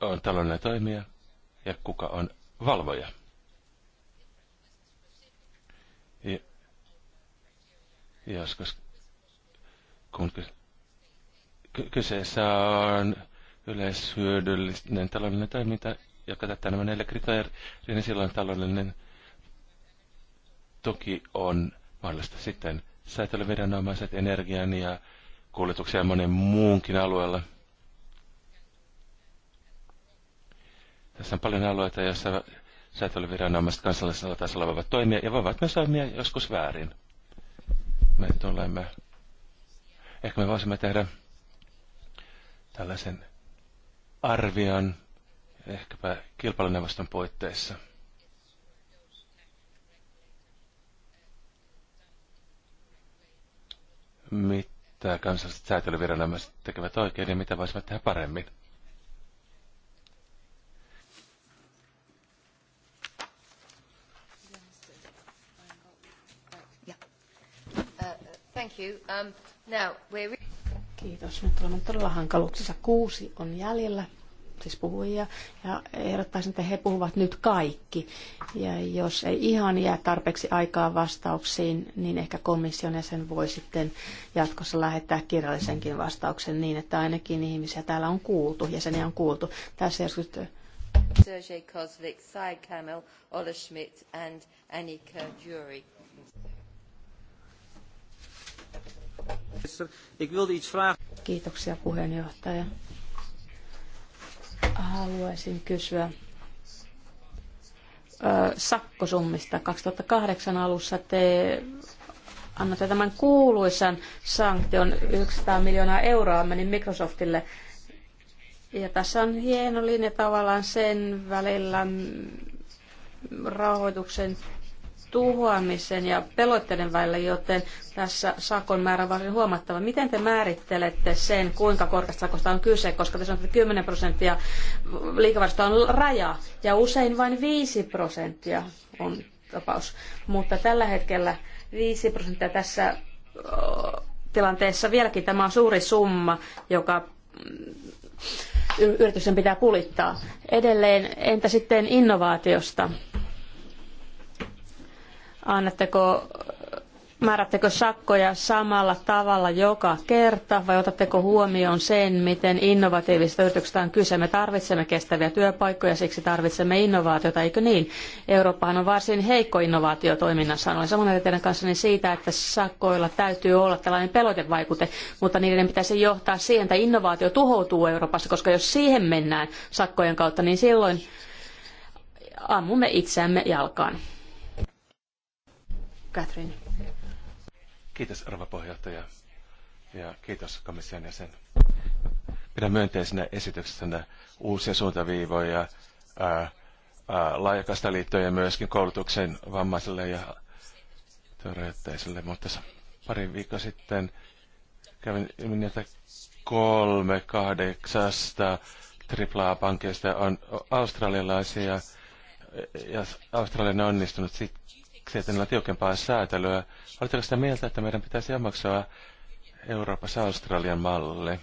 D: on taloudellinen toimija ja kuka on valvoja. Ja joskus, kun kyseessä on yleishyödyllinen taloudellinen toiminta, joka täyttää nämä neljä kriteeriä, niin silloin taloudellinen tuki on mahdollista. Sitten viranomaiset energian ja kuljetuksia ja monen muunkin alueella. Tässä on paljon alueita, joissa säätelyviranomaiset kansallisella tasolla voivat toimia ja voivat myös toimia joskus väärin. Me tulemme, ehkä me voisimme tehdä tällaisen arvion ehkäpä kilpailuneuvoston puitteissa. Mitä kansalliset säätelyviranomaiset tekevät oikein ja mitä voisivat tehdä paremmin?
A: Um, Kiitos. Nyt olemme
B: todella hankaluuksissa. Kuusi on jäljellä siis puhujia, ja ehdottaisin, että he puhuvat nyt kaikki. Ja jos ei ihan jää tarpeeksi aikaa vastauksiin, niin ehkä komission jäsen voi sitten jatkossa lähettää kirjallisenkin vastauksen niin, että ainakin ihmisiä täällä on kuultu, jäseniä on kuultu. Tässä jos
A: Sergei Kozlik, Sai Kamel, Ola Schmidt and Annika Jury.
B: Kiitoksia puheenjohtaja. Haluaisin kysyä sakkosummista. 2008 alussa te annatte tämän kuuluisan sanktion 900 miljoonaa euroa meni Microsoftille. Ja tässä on hieno linja tavallaan sen välillä rahoituksen tuhoamisen ja pelotteiden välillä, joten tässä sakon määrä on varsin huomattava. Miten te määrittelette sen, kuinka korkeasta sakosta on kyse, koska te sanotte, että 10 prosenttia liikavarista on raja ja usein vain 5 prosenttia on tapaus. Mutta tällä hetkellä 5 prosenttia tässä tilanteessa vieläkin tämä on suuri summa, joka mm, yritysten pitää pulittaa. Edelleen, entä sitten innovaatiosta? Annatteko, määrättekö sakkoja samalla tavalla joka kerta vai otatteko huomioon sen, miten innovatiivista yrityksestä on kyse? Me tarvitsemme kestäviä työpaikkoja, siksi tarvitsemme innovaatiota, eikö niin? Eurooppahan on varsin heikko innovaatio toiminnassa. Olen samaa mieltä teidän kanssanne siitä, että sakkoilla täytyy olla tällainen pelotevaikute, mutta niiden pitäisi johtaa siihen, että innovaatio tuhoutuu Euroopassa, koska jos siihen mennään sakkojen kautta, niin silloin ammumme itseämme jalkaan. Catherine.
D: Kiitos, arva puheenjohtaja. Ja kiitos komission jäsen. Pidän myönteisenä esityksenä uusia suuntaviivoja ää, laajakasta ja myöskin koulutuksen vammaisille ja työrajoitteisille, Mutta pari viikkoa sitten kävin ilmi, niin, että kolme kahdeksasta AAA-pankeista on australialaisia ja Australian on onnistunut sitten sietämällä tiukempaa säätelyä. Oletteko sitä mieltä, että meidän pitäisi maksaa Euroopassa Australian malli?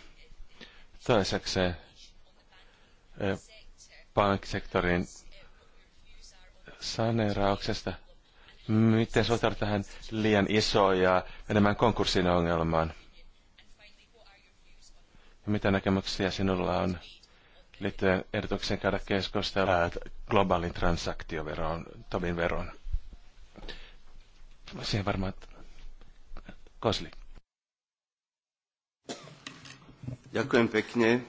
D: Toiseksi pankkisektorin saneerauksesta. Miten suhtaudut tähän liian isoon ja enemmän konkurssin ongelmaan? Ja mitä näkemyksiä sinulla on liittyen ehdotukseen käydä keskustelua globaalin transaktioveroon, Tobin veron? siihen varmaan Kosli.
F: Ďakujem pekne.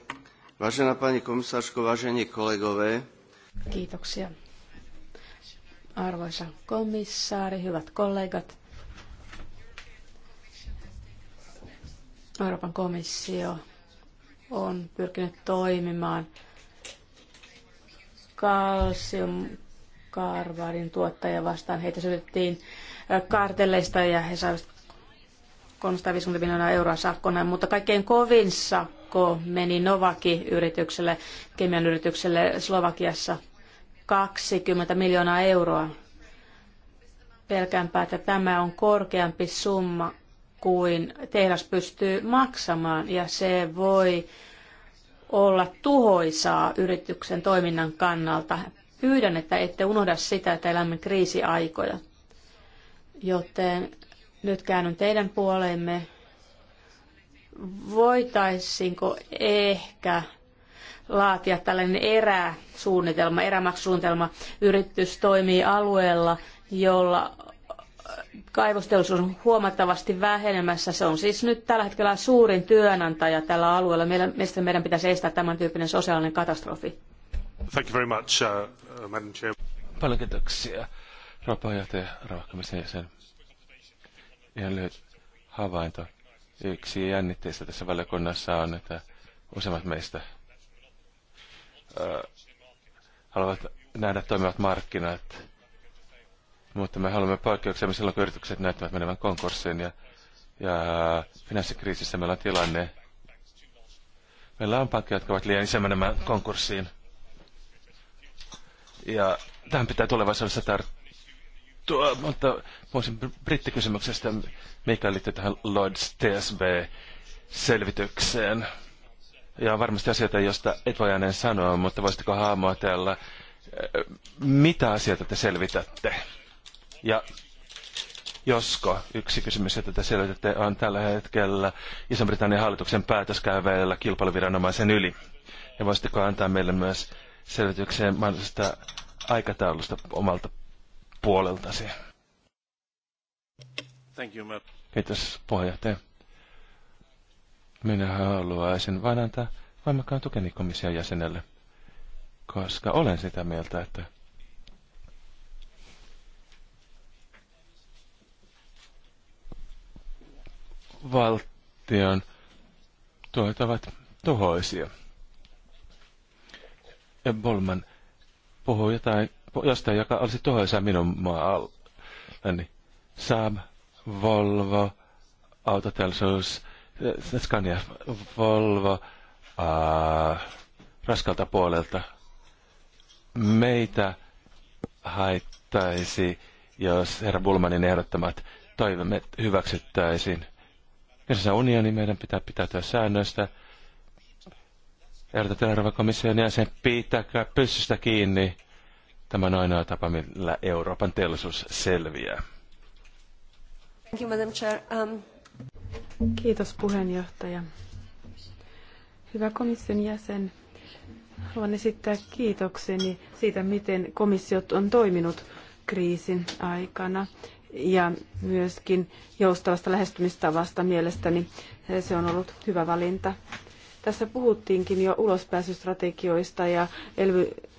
F: Vážená pani komisársko, vážení kolegové.
B: Kiitoksia. Arvoisa komissaari, hyvät kollegat. Euroopan komissio on pyrkinyt toimimaan kalsiumkarvaadin tuottajia vastaan. Heitä syytettiin kartelleista ja he saivat 350 miljoonaa euroa sakkona, mutta kaikkein kovin sakko meni Novaki-yritykselle, kemian yritykselle Slovakiassa 20 miljoonaa euroa. Pelkäänpä, että tämä on korkeampi summa kuin tehdas pystyy maksamaan ja se voi olla tuhoisaa yrityksen toiminnan kannalta. Pyydän, että ette unohda sitä, että elämme kriisiaikoja. Joten nyt käännyn teidän puoleemme. Voitaisinko ehkä laatia tällainen eräsuunnitelma, erämaksuunnitelma, Yritys toimii alueella, jolla äh, kaivosteollisuus on huomattavasti vähenemässä. Se on siis nyt tällä hetkellä suurin työnantaja tällä alueella. Meillä, meidän pitäisi estää tämän tyyppinen sosiaalinen katastrofi.
D: Thank you very much, uh, uh Madam Chair. Paljon kiitoksia. Rouva puheenjohtaja, rouva jäsen. Ihan lyhyt havainto. Yksi jännitteistä tässä valiokunnassa on, että useimmat meistä äh, haluavat nähdä toimivat markkinat, mutta me haluamme poikkeuksia silloin, kun yritykset näyttävät menevän konkurssiin ja, ja finanssikriisissä meillä on tilanne. Meillä on pankkeja, jotka ovat liian iso menemään konkurssiin. Ja tähän pitää tulevaisuudessa tarttua Tuo, mutta voisin brittikysymyksestä, mikä liittyy tähän Lloyds TSB-selvitykseen. Ja varmasti asioita, josta et voi ääneen sanoa, mutta voisitteko hahmotella, eh, mitä asioita te selvitätte? Ja josko yksi kysymys, jota te selvitätte, on tällä hetkellä Iso-Britannian hallituksen päätös käveillä kilpailuviranomaisen yli. Ja voisitteko antaa meille myös selvitykseen mahdollisesta aikataulusta omalta puoleltasi. Thank you, Matt. Kiitos puheenjohtaja. Minä haluaisin vain antaa voimakkaan tukeni komission jäsenelle, koska olen sitä mieltä, että valtion tuet ovat tuhoisia. Ja Bolman puhuu jotain jostain, joka olisi tuhoisa minun Niin. Saab, Volvo, autoteollisuus, Scania, Volvo, ää, raskalta puolelta. Meitä haittaisi, jos herra Bulmanin ehdottamat toivomme hyväksyttäisiin. Kansan unioni meidän pitää pitäytyä säännöistä. Ehdotetaan Euroopan komission jäsen, pitäkää pyssystä kiinni. Tämä on ainoa tapa, millä Euroopan teollisuus selviää.
F: Thank you, Madam Chair. Um...
C: Kiitos puheenjohtaja. Hyvä komission jäsen, haluan esittää kiitokseni siitä, miten komissiot on toiminut kriisin aikana ja myöskin joustavasta lähestymistavasta mielestäni se on ollut hyvä valinta. Tässä puhuttiinkin jo ulospääsystrategioista ja elvy-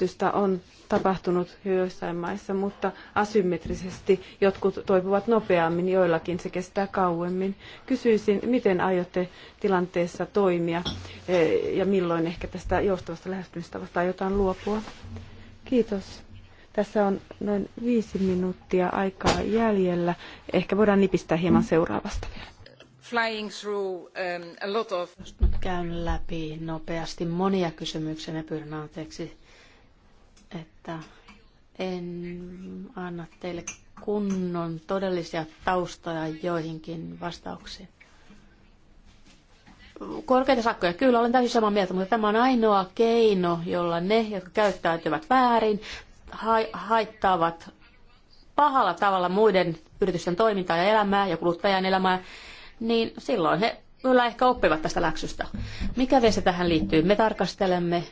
C: kehitystä on tapahtunut joissain maissa, mutta asymmetrisesti jotkut toipuvat nopeammin, joillakin se kestää kauemmin. Kysyisin, miten aiotte tilanteessa toimia e, ja milloin ehkä tästä joustavasta lähestymistavasta aiotaan luopua? Kiitos. Tässä on noin viisi minuuttia aikaa jäljellä. Ehkä voidaan nipistää hieman seuraavasta vielä.
A: Flying through um, a lot of... Nyt käyn
B: läpi nopeasti monia kysymyksiä ja pyydän anteeksi että en anna teille kunnon todellisia taustoja joihinkin vastauksiin. Korkeita sakkoja, kyllä olen täysin samaa mieltä, mutta tämä on ainoa keino, jolla ne, jotka käyttäytyvät väärin, haittaavat pahalla tavalla muiden yritysten toimintaa ja elämää ja kuluttajan elämää, niin silloin he kyllä ehkä oppivat tästä läksystä. Mikä vielä se tähän liittyy? Me tarkastelemme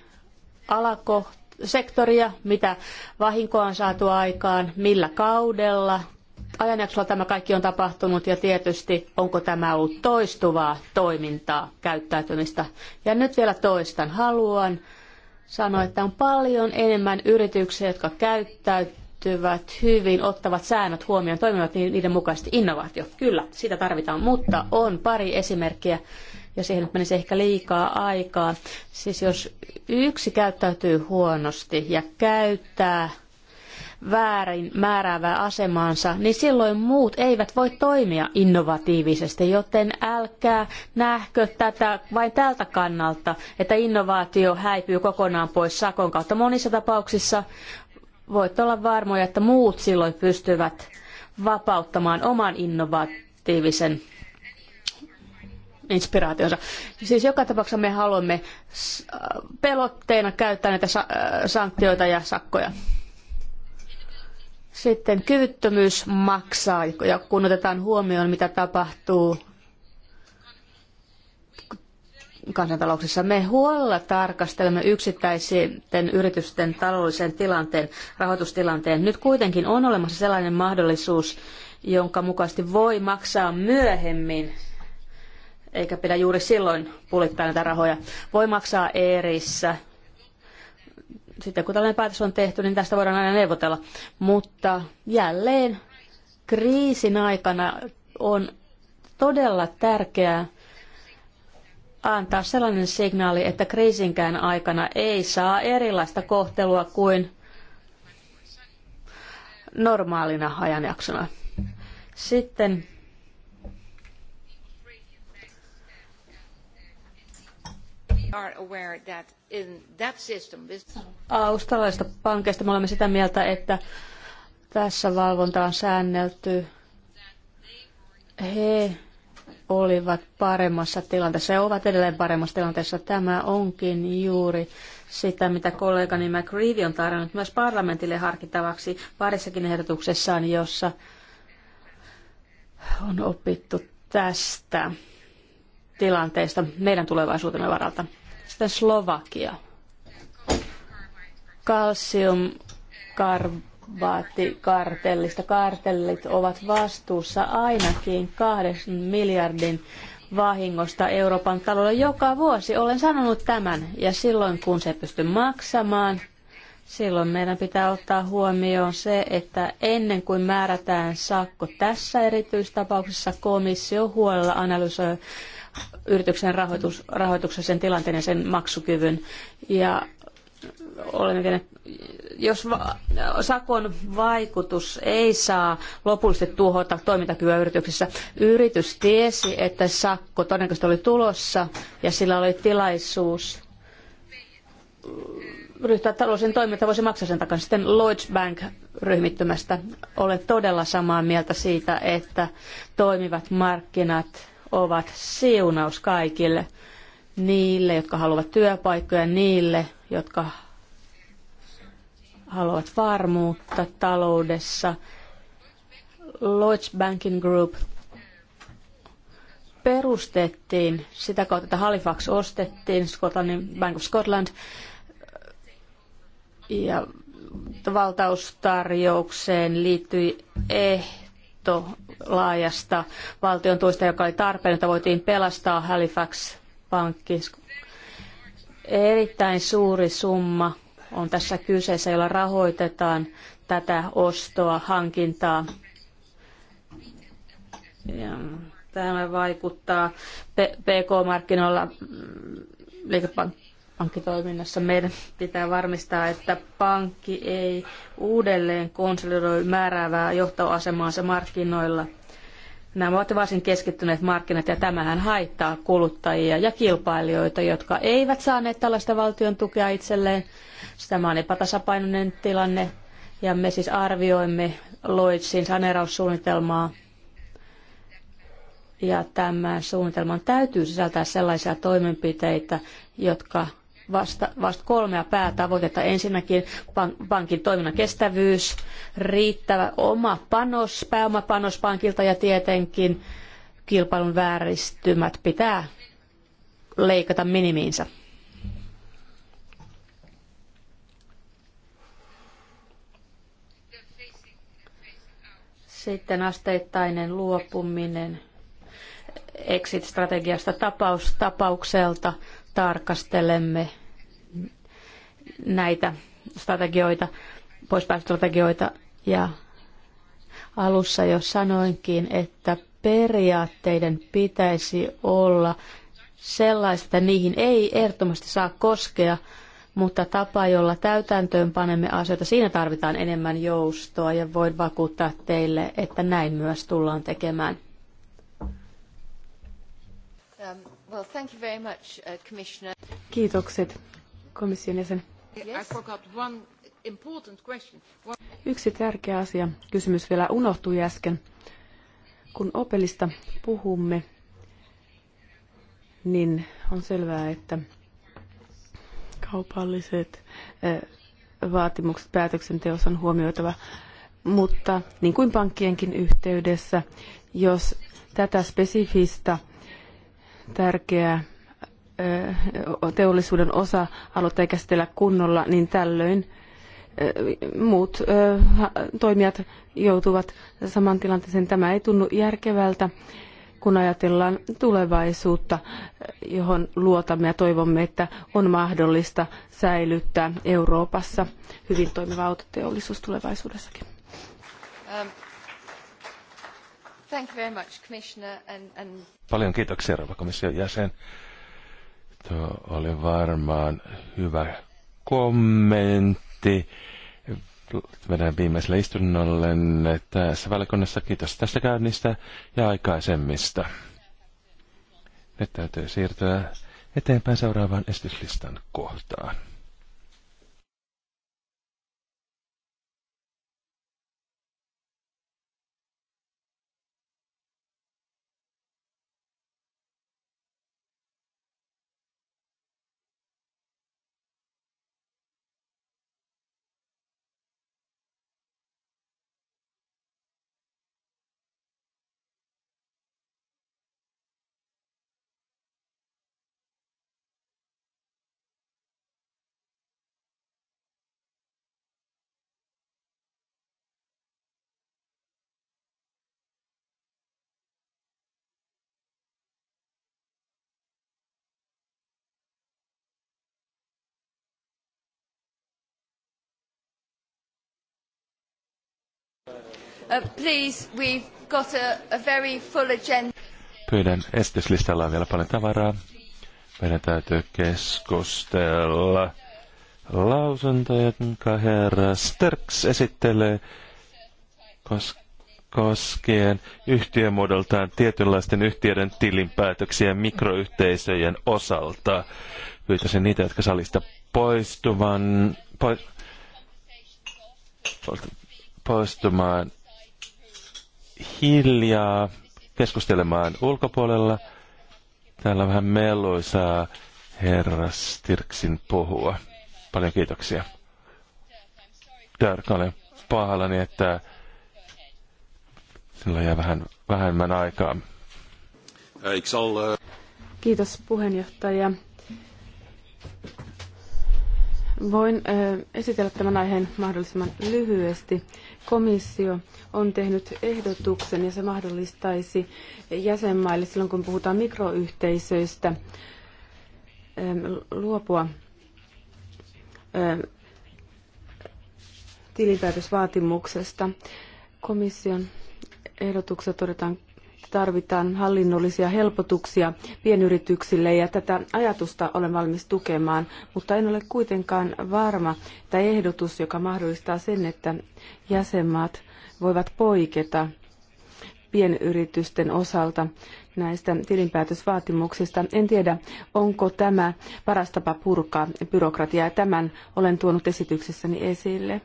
B: alakohtaa sektoria, mitä vahinkoa on saatu aikaan, millä kaudella, ajanjaksolla tämä kaikki on tapahtunut ja tietysti onko tämä ollut toistuvaa toimintaa, käyttäytymistä. Ja nyt vielä toistan. Haluan sanoa, että on paljon enemmän yrityksiä, jotka käyttäytyvät hyvin, ottavat säännöt huomioon, toimivat niiden mukaisesti innovaatio. Kyllä, sitä tarvitaan, mutta on pari esimerkkiä, ja siihen nyt menisi ehkä liikaa aikaa. Siis jos yksi käyttäytyy huonosti ja käyttää väärin määräävää asemaansa, niin silloin muut eivät voi toimia innovatiivisesti, joten älkää nähkö tätä vain tältä kannalta, että innovaatio häipyy kokonaan pois sakon kautta. Monissa tapauksissa voit olla varmoja, että muut silloin pystyvät vapauttamaan oman innovatiivisen inspiraationsa. Siis joka tapauksessa me haluamme äh, pelotteena käyttää näitä äh, sanktioita ja sakkoja. Sitten kyvyttömyys maksaa, ja kun otetaan huomioon, mitä tapahtuu kansantalouksissa. Me huolella tarkastelemme yksittäisten yritysten taloudellisen tilanteen, rahoitustilanteen. Nyt kuitenkin on olemassa sellainen mahdollisuus, jonka mukaisesti voi maksaa myöhemmin eikä pidä juuri silloin pulittaa näitä rahoja. Voi maksaa erissä. Sitten kun tällainen päätös on tehty, niin tästä voidaan aina neuvotella. Mutta jälleen kriisin aikana on todella tärkeää antaa sellainen signaali, että kriisinkään aikana ei saa erilaista kohtelua kuin normaalina ajanjaksona. Sitten Australialaisista pankeista me olemme sitä mieltä, että tässä valvonta on säännelty. He olivat paremmassa tilanteessa ja ovat edelleen paremmassa tilanteessa. Tämä onkin juuri sitä, mitä kollegani McReevy on tarjonnut myös parlamentille harkittavaksi parissakin ehdotuksessaan, jossa on opittu tästä tilanteesta meidän tulevaisuutemme varalta. Sitten Slovakia. Kalsium kartellista. Kartellit ovat vastuussa ainakin kahdeksan miljardin vahingosta Euroopan talolla joka vuosi. Olen sanonut tämän ja silloin kun se pystyy maksamaan, silloin meidän pitää ottaa huomioon se, että ennen kuin määrätään sakko tässä erityistapauksessa komissio huolella analysoi yrityksen rahoitus, rahoituksen, sen tilanteen ja sen maksukyvyn. Ja olen vielä, jos va- sakon vaikutus ei saa lopullisesti tuhota toimintakyvyä yrityksessä, yritys tiesi, että sakko todennäköisesti oli tulossa ja sillä oli tilaisuus ryhtyä taloudellisen toimintaan, voisi maksaa sen takaisin. Sitten Lloyds Bank ryhmittymästä olen todella samaa mieltä siitä, että toimivat markkinat ovat siunaus kaikille niille, jotka haluavat työpaikkoja, niille, jotka haluavat varmuutta taloudessa. Lloyds Banking Group perustettiin sitä kautta, että Halifax ostettiin, Scotlandin Bank of Scotland, ja valtaustarjoukseen liittyi ehto tieto laajasta valtion tuista, joka oli tarpeen, että voitiin pelastaa Halifax-pankki. Erittäin suuri summa on tässä kyseessä, jolla rahoitetaan tätä ostoa, hankintaa. Ja tämä vaikuttaa PK-markkinoilla mm, liikepankkiin pankkitoiminnassa meidän pitää varmistaa, että pankki ei uudelleen konsolidoi määräävää johtoasemaansa markkinoilla. Nämä ovat varsin keskittyneet markkinat ja tämähän haittaa kuluttajia ja kilpailijoita, jotka eivät saaneet tällaista valtion tukea itselleen. Tämä on epätasapainoinen tilanne ja me siis arvioimme Lloydsin saneeraussuunnitelmaa ja tämän suunnitelman täytyy sisältää sellaisia toimenpiteitä, jotka vasta, vasta kolmea päätavoitetta. Ensinnäkin pankin toiminnan kestävyys, riittävä oma panos, pääomapanos pankilta ja tietenkin kilpailun vääristymät pitää leikata minimiinsä. Sitten asteittainen luopuminen exit-strategiasta tapaus tapaukselta tarkastelemme näitä strategioita, poispäästrategioita. Ja alussa jo sanoinkin, että periaatteiden pitäisi olla sellaista, että niihin ei ehdottomasti saa koskea, mutta tapa, jolla täytäntöön panemme asioita, siinä tarvitaan enemmän joustoa ja voin vakuuttaa teille, että näin myös tullaan tekemään.
A: Um, uh,
C: Kiitokset komission jäsen. Yksi tärkeä asia, kysymys vielä unohtui äsken. Kun Opelista puhumme, niin on selvää, että kaupalliset eh, vaatimukset päätöksenteossa on huomioitava. Mutta niin kuin pankkienkin yhteydessä, jos tätä spesifistä tärkeää teollisuuden osa-aluetta ei käsitellä kunnolla, niin tällöin muut toimijat joutuvat saman tilanteeseen. Tämä ei tunnu järkevältä, kun ajatellaan tulevaisuutta, johon luotamme ja toivomme, että on mahdollista säilyttää Euroopassa hyvin toimiva autoteollisuus tulevaisuudessakin.
A: Um,
D: Paljon kiitoksia, rouva komission jäsen. Tuo oli varmaan hyvä kommentti meidän viimeiselle istunnolle tässä valiokunnassa. Kiitos tästä käynnistä ja aikaisemmista. Nyt täytyy siirtyä eteenpäin seuraavaan
F: esityslistan kohtaan.
A: Uh, please, we've got a, a very full agenda.
D: Pyydän, esityslistalla on vielä paljon tavaraa. Meidän täytyy keskustella lausuntoja, jonka herra Sterks esittelee kos- koskien yhtiömuodoltaan tietynlaisten yhtiöiden tilinpäätöksiä mikroyhteisöjen osalta. Pyytäisin niitä, jotka salista poistuvan, po- poistumaan hiljaa keskustelemaan ulkopuolella. Täällä on vähän meluisaa herra Stirksin puhua. Paljon kiitoksia. Dirk, olen pahallani, että sillä jää vähän vähemmän
E: aikaa.
C: Kiitos puheenjohtaja. Voin esitellä tämän aiheen mahdollisimman lyhyesti komissio on tehnyt ehdotuksen ja se mahdollistaisi jäsenmaille silloin, kun puhutaan mikroyhteisöistä, ähm, luopua ähm, tilinpäätösvaatimuksesta. Komission ehdotuksessa todetaan tarvitaan hallinnollisia helpotuksia pienyrityksille ja tätä ajatusta olen valmis tukemaan, mutta en ole kuitenkaan varma, että ehdotus, joka mahdollistaa sen, että jäsenmaat voivat poiketa pienyritysten osalta näistä tilinpäätösvaatimuksista. En tiedä, onko tämä paras tapa purkaa byrokratiaa ja tämän olen tuonut esityksessäni esille.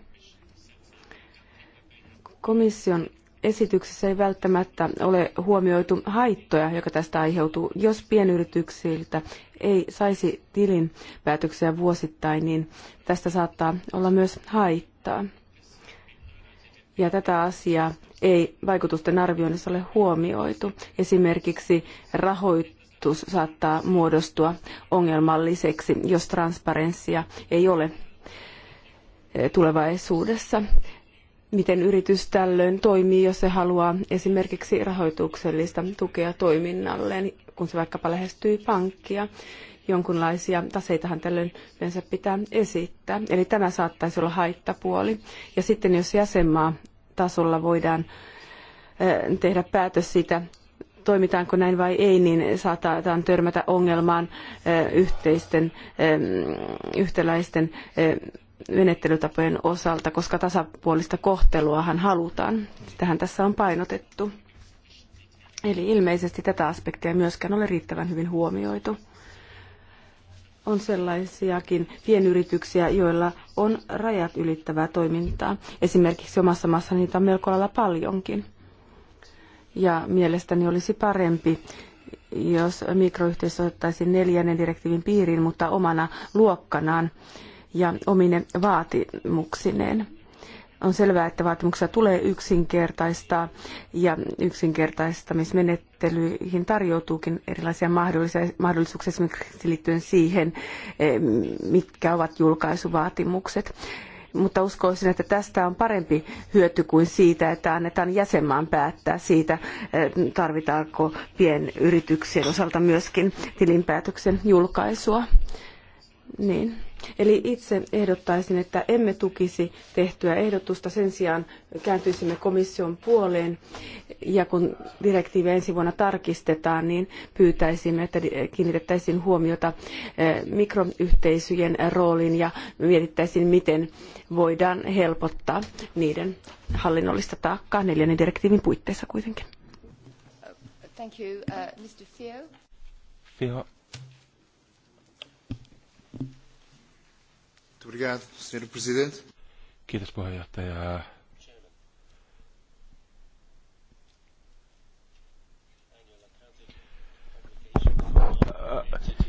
C: Komission esityksessä ei välttämättä ole huomioitu haittoja, joka tästä aiheutuu. Jos pienyrityksiltä ei saisi tilinpäätöksiä vuosittain, niin tästä saattaa olla myös haittaa. Ja tätä asiaa ei vaikutusten arvioinnissa ole huomioitu. Esimerkiksi rahoitus saattaa muodostua ongelmalliseksi, jos transparenssia ei ole eh, tulevaisuudessa miten yritys tällöin toimii, jos se haluaa esimerkiksi rahoituksellista tukea toiminnalleen, kun se vaikkapa lähestyy pankkia. Jonkunlaisia taseitahan tällöin yleensä pitää esittää. Eli tämä saattaisi olla haittapuoli. Ja sitten jos jäsenmaa tasolla voidaan tehdä päätös siitä, toimitaanko näin vai ei, niin saatetaan törmätä ongelmaan yhteisten, yhtäläisten menettelytapojen osalta, koska tasapuolista kohteluahan halutaan. Tähän tässä on painotettu. Eli ilmeisesti tätä aspektia myöskään ole riittävän hyvin huomioitu. On sellaisiakin pienyrityksiä, joilla on rajat ylittävää toimintaa. Esimerkiksi omassa maassa niitä on melko lailla paljonkin. Ja mielestäni olisi parempi, jos mikroyhteisö ottaisiin neljännen direktiivin piiriin, mutta omana luokkanaan ja omine vaatimuksineen. On selvää, että vaatimuksia tulee yksinkertaistaa ja yksinkertaistamismenettelyihin tarjoutuukin erilaisia mahdollisuuksia esimerkiksi liittyen siihen, eh, mitkä ovat julkaisuvaatimukset mutta uskoisin, että tästä on parempi hyöty kuin siitä, että annetaan jäsenmaan päättää siitä, eh, tarvitaanko pienyrityksien osalta myöskin tilinpäätöksen julkaisua. Niin. Eli itse ehdottaisin, että emme tukisi tehtyä ehdotusta, sen sijaan kääntyisimme komission puoleen ja kun direktiivi ensi vuonna tarkistetaan, niin pyytäisimme, että kiinnitettäisiin huomiota eh, mikroyhteisöjen rooliin ja mietittäisiin, miten voidaan helpottaa niiden hallinnollista taakkaa neljännen direktiivin puitteissa kuitenkin.
A: Thank you, uh, Mr. Fio.
D: Fio Kiitos puheenjohtaja.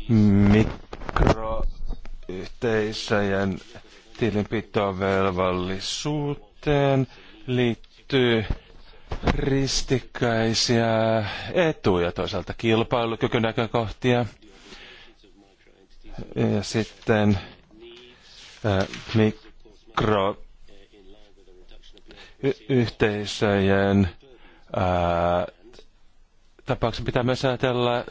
D: Mikroyhteisöjen tilinpitovelvollisuuteen liittyy ristikkäisiä etuja, toisaalta kilpailukykynäkökohtia ja sitten mikroyhteisöjen tapauksessa pitää myös ajatella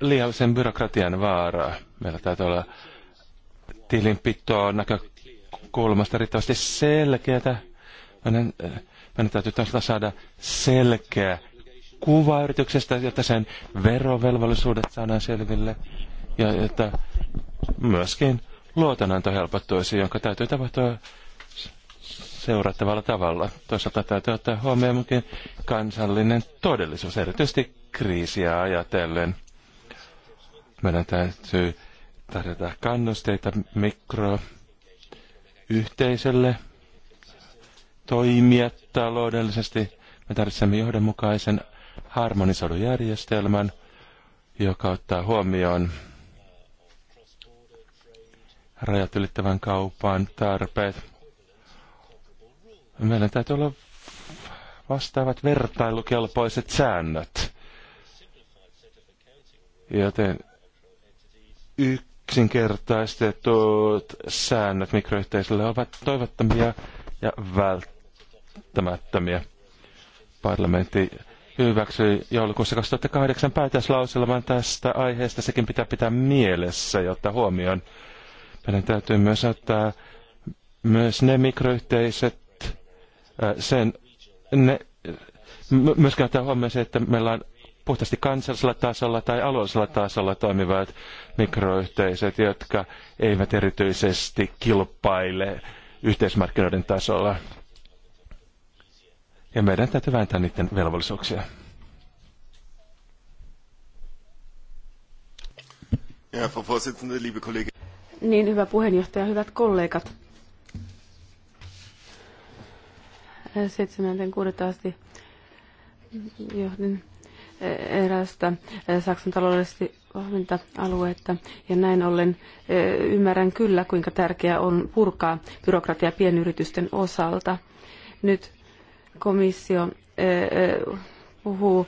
D: liiallisen byrokratian vaaraa. Meillä täytyy olla tilinpitoa näkökulmasta riittävästi selkeätä. Meidän, meidän täytyy saada selkeä kuva yrityksestä, jotta sen verovelvollisuudet saadaan selville ja jotta myöskin luotonanto helpottuisi, jonka täytyy tapahtua seurattavalla tavalla. Toisaalta täytyy ottaa huomioon kansallinen todellisuus, erityisesti kriisiä ajatellen. Meidän täytyy tarjota kannusteita mikroyhteisölle toimia taloudellisesti. Me tarvitsemme johdonmukaisen harmonisoidun järjestelmän, joka ottaa huomioon rajat ylittävän kaupan tarpeet. Meillä täytyy olla vastaavat vertailukelpoiset säännöt. Joten yksinkertaistetut säännöt mikroyhteisölle ovat toivottomia ja välttämättömiä. Parlamentti hyväksyi joulukuussa 2008 päätöslauselman tästä aiheesta. Sekin pitää pitää mielessä jotta huomioon meidän täytyy myös ottaa myös ne mikroyhteiset, sen, ne, myös käyttää huomioon se, että meillä on puhtaasti kansallisella tasolla tai alueellisella tasolla toimivat mikroyhteisöt, jotka eivät erityisesti kilpaile yhteismarkkinoiden tasolla. Ja meidän täytyy vähentää niiden velvollisuuksia. Ja, Frau Vorsitzende, liebe
C: niin, hyvä puheenjohtaja, hyvät kollegat. 7.6. asti johdin erästä Saksan taloudellisesti vahvinta aluetta. Ja näin ollen e, ymmärrän kyllä, kuinka tärkeää on purkaa byrokratia pienyritysten osalta. Nyt komissio e, e, puhuu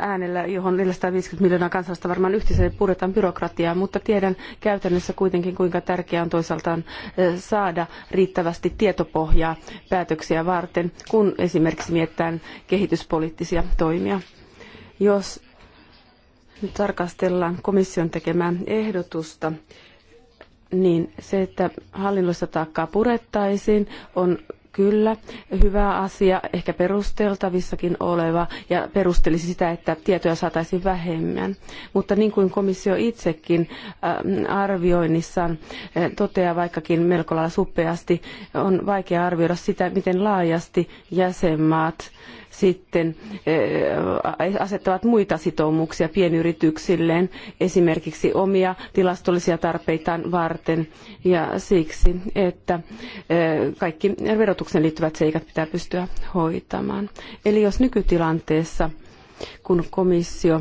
C: äänellä, johon 450 miljoonaa kansalaista varmaan yhteensä puretaan byrokratiaa, mutta tiedän käytännössä kuitenkin, kuinka tärkeää on toisaalta saada riittävästi tietopohjaa päätöksiä varten, kun esimerkiksi mietitään kehityspoliittisia toimia. Jos nyt tarkastellaan komission tekemää ehdotusta, niin se, että hallinnollista taakkaa purettaisiin, on kyllä hyvä asia, ehkä perusteltavissakin oleva, ja perustelisi sitä, että tietoja saataisiin vähemmän. Mutta niin kuin komissio itsekin ähm, arvioinnissaan äh, toteaa vaikkakin melko lailla suppeasti, on vaikea arvioida sitä, miten laajasti jäsenmaat sitten eh, asettavat muita sitoumuksia pienyrityksilleen, esimerkiksi omia tilastollisia tarpeitaan varten ja siksi, että eh, kaikki verotuksen liittyvät seikat pitää pystyä hoitamaan. Eli jos nykytilanteessa, kun komissio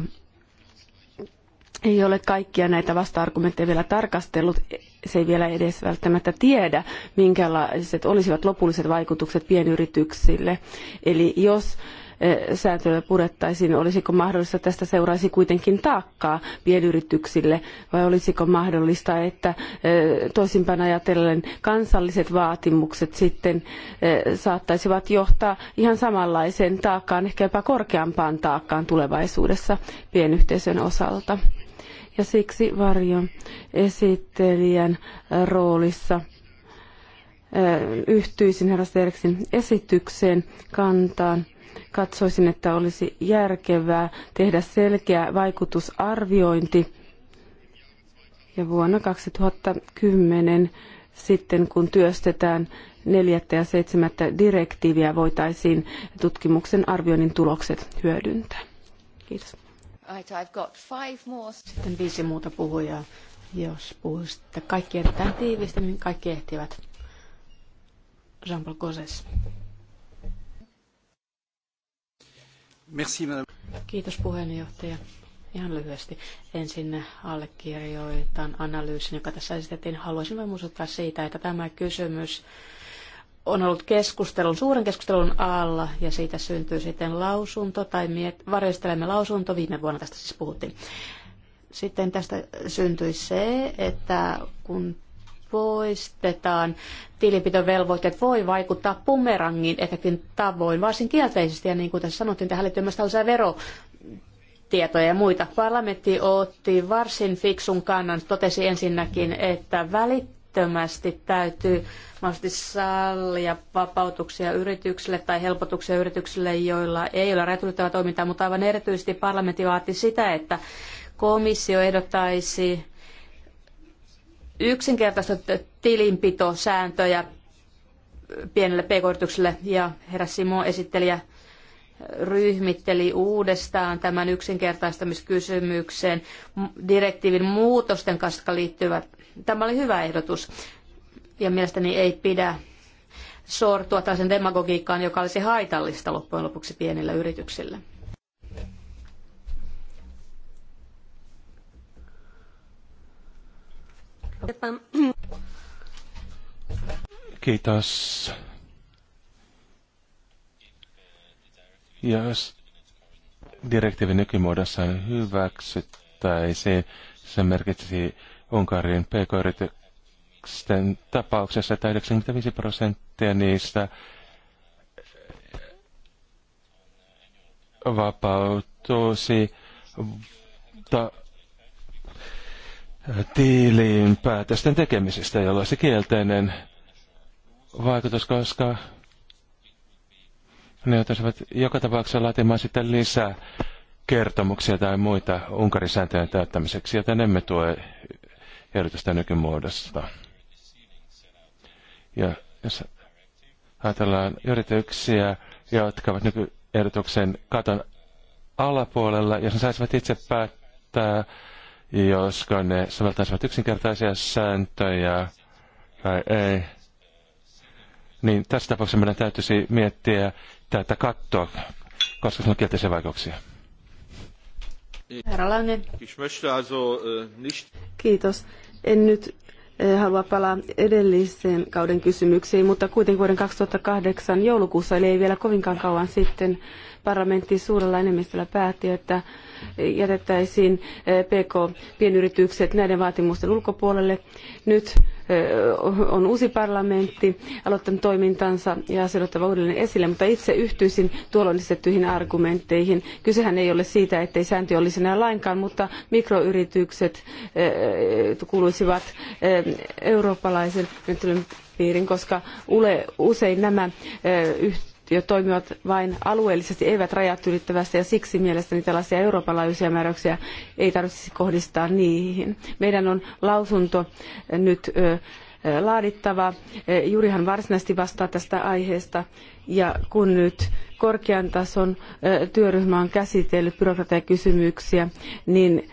C: ei ole kaikkia näitä vasta-argumentteja vielä tarkastellut, se ei vielä edes välttämättä tiedä, minkälaiset olisivat lopulliset vaikutukset pienyrityksille. Eli jos e, sääntelyä purettaisiin, olisiko mahdollista, että tästä seuraisi kuitenkin taakkaa pienyrityksille, vai olisiko mahdollista, että e, toisinpäin ajatellen kansalliset vaatimukset sitten e, saattaisivat johtaa ihan samanlaiseen taakkaan, ehkä jopa korkeampaan taakkaan tulevaisuudessa pienyhteisön osalta ja siksi varjon esittelijän äh, roolissa äh, yhtyisin herra Sterksin esitykseen kantaan. Katsoisin, että olisi järkevää tehdä selkeä vaikutusarviointi ja vuonna 2010 sitten, kun työstetään neljättä ja seitsemättä direktiiviä, voitaisiin tutkimuksen arvioinnin tulokset hyödyntää. Kiitos.
A: Sitten
B: viisi muuta puhujaa. Jos
F: puhuisitte
B: kaikki erittäin tiiviisti, niin kaikki ehtivät. Jean-Paul Gosses. Merci, madame. Kiitos puheenjohtaja. Ihan lyhyesti. Ensin allekirjoitan analyysin, joka tässä esitettiin. Haluaisin vain muistuttaa siitä, että tämä kysymys on ollut keskustelun, suuren keskustelun alla ja siitä syntyy sitten lausunto tai miet, varjostelemme lausunto, viime vuonna tästä siis puhuttiin. Sitten tästä syntyi se, että kun poistetaan, tilinpitovelvoitteet voi vaikuttaa pumerangin efektin tavoin, varsin kielteisesti, ja niin kuin tässä sanottiin, tähän liittyy myös tällaisia vero, tietoja ja muita. Parlamentti otti varsin fiksun kannan, totesi ensinnäkin, että välit välittömästi täytyy mahdollisesti sallia vapautuksia yrityksille tai helpotuksia yrityksille, joilla ei ole räätylyttävää toimintaa, mutta aivan erityisesti parlamentti vaati sitä, että komissio ehdottaisi yksinkertaista tilinpitosääntöjä pienelle pk-yritykselle ja herra Simo esittelijä ryhmitteli uudestaan tämän yksinkertaistamiskysymyksen direktiivin muutosten kanssa, jotka liittyvät Tämä oli hyvä ehdotus ja mielestäni ei pidä sortua tällaisen demagogiikkaan, joka olisi haitallista loppujen lopuksi pienillä yrityksillä.
D: Kiitos. Jos direktiivi nykymuodossa hyväksyttäisiin, se merkitsisi Unkarin pk-yritysten tapauksessa, että 95 prosenttia niistä vapautuisi ta- tiiliin päätösten tekemisestä, jolla olisi kielteinen vaikutus, koska ne joutuisivat joka tapauksessa laatimaan sitten lisää kertomuksia tai muita Unkarin sääntöjen täyttämiseksi, joten emme tue ehdotusta nykymuodosta. Ja jos ajatellaan yrityksiä, jotka ovat nykyehdotuksen katon alapuolella, jos ne saisivat itse päättää, josko ne soveltaisivat yksinkertaisia sääntöjä tai ei, niin tässä tapauksessa meidän täytyisi miettiä tätä kattoa, koska se on kielteisiä vaikeuksia.
E: Herra Lange. Äh,
C: Kiitos. En nyt eh, halua palaa edelliseen kauden kysymyksiin, mutta kuitenkin vuoden 2008 joulukuussa, eli ei vielä kovinkaan kauan sitten, parlamentti suurella enemmistöllä päätti, että jätettäisiin eh, PK-pienyritykset näiden vaatimusten ulkopuolelle. Nyt eh, on uusi parlamentti aloittanut toimintansa ja se otettava uudelleen esille, mutta itse yhtyisin tuolloin esitettyihin argumentteihin. Kysehän ei ole siitä, ettei sääntöjä olisi enää lainkaan, mutta mikroyritykset eh, kuuluisivat eurooppalaisen menettelyn piirin, koska usein nämä yhtiöt toimivat vain alueellisesti, eivät rajat ylittävästi ja siksi mielestäni tällaisia Euroopan laajuisia määräyksiä ei tarvitsisi kohdistaa niihin. Meidän on lausunto nyt laadittava. E, Jurihan varsinaisesti vastaa tästä aiheesta. Ja kun nyt korkean tason työryhmä on käsitellyt byrokratiakysymyksiä, niin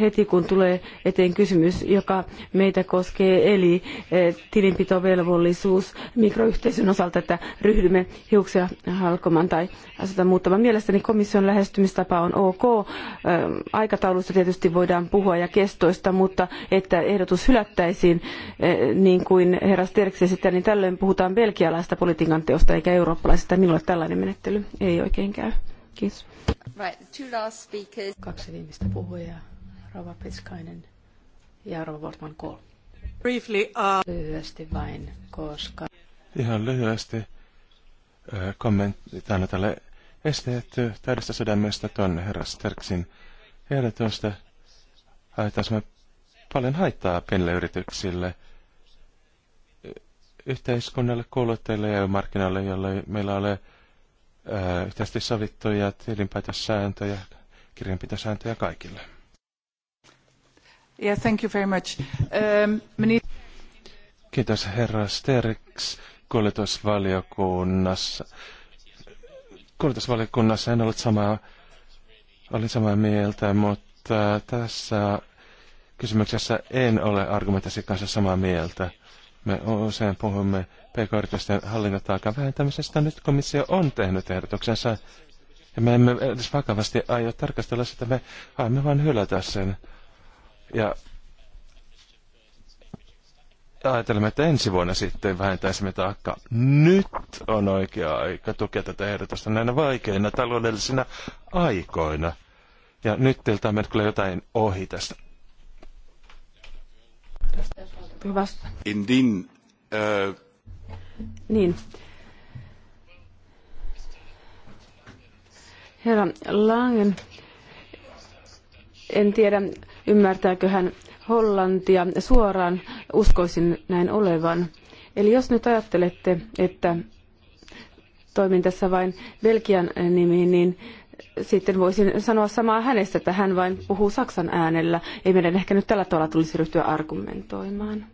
C: heti, kun tulee eteen kysymys, joka meitä koskee, eli eh, tilinpitovelvollisuus mikroyhteisön osalta, että ryhdymme hiuksia halkomaan tai asioita muuttamaan. Mielestäni komission lähestymistapa on ok. Eh, aikataulusta tietysti voidaan puhua ja kestoista, mutta että ehdotus hylättäisiin, eh, niin kuin herra Sterks esittää, niin tällöin puhutaan belgialaista politiikan teosta eikä eurooppalaisesta. Minulle tällainen menettely ei oikein käy. Kiitos.
A: Right,
B: Kaksi viimeistä puhujaa. Rova Pitskainen ja Rova Wortman Kohl. Briefly, uh... Lyhyesti vain, koska...
D: Ihan lyhyesti uh, kommenttina tälle esteetty täydestä sydämestä tuonne herra Sterksin ehdotusta. Aiheuttaisimme paljon haittaa pienille yrityksille, yhteiskunnalle, kuluttajille ja markkinoille, joilla meillä ole uh, yhteisesti sovittuja tilinpäätössääntöjä, kirjanpitosääntöjä kaikille.
C: Yeah, um,
D: Kiitos herra Sterks kuljetusvaliokunnassa. Kuljetusvaliokunnassa en ollut samaa, olin samaa mieltä, mutta tässä kysymyksessä en ole argumentasi kanssa samaa mieltä. Me usein puhumme pk-yritysten hallinnotaakan vähentämisestä. Nyt komissio on tehnyt ehdotuksensa ja me emme edes vakavasti aio tarkastella sitä. Me aiemme vain hylätä sen. Ja ajatelemme, että ensi vuonna sitten vähentäisimme taakka. Nyt on oikea aika tukea tätä ehdotusta näinä vaikeina taloudellisina aikoina. Ja nyt teiltä on kyllä jotain ohi tästä.
C: Hyvästä.
E: Indin, äh...
C: Niin. Herra Langen en tiedä, ymmärtääkö hän Hollantia suoraan, uskoisin näin olevan. Eli jos nyt ajattelette, että toimin tässä vain Belgian nimiin, niin sitten voisin sanoa samaa hänestä, että hän vain puhuu saksan äänellä. Ei meidän ehkä nyt tällä tavalla tulisi ryhtyä argumentoimaan.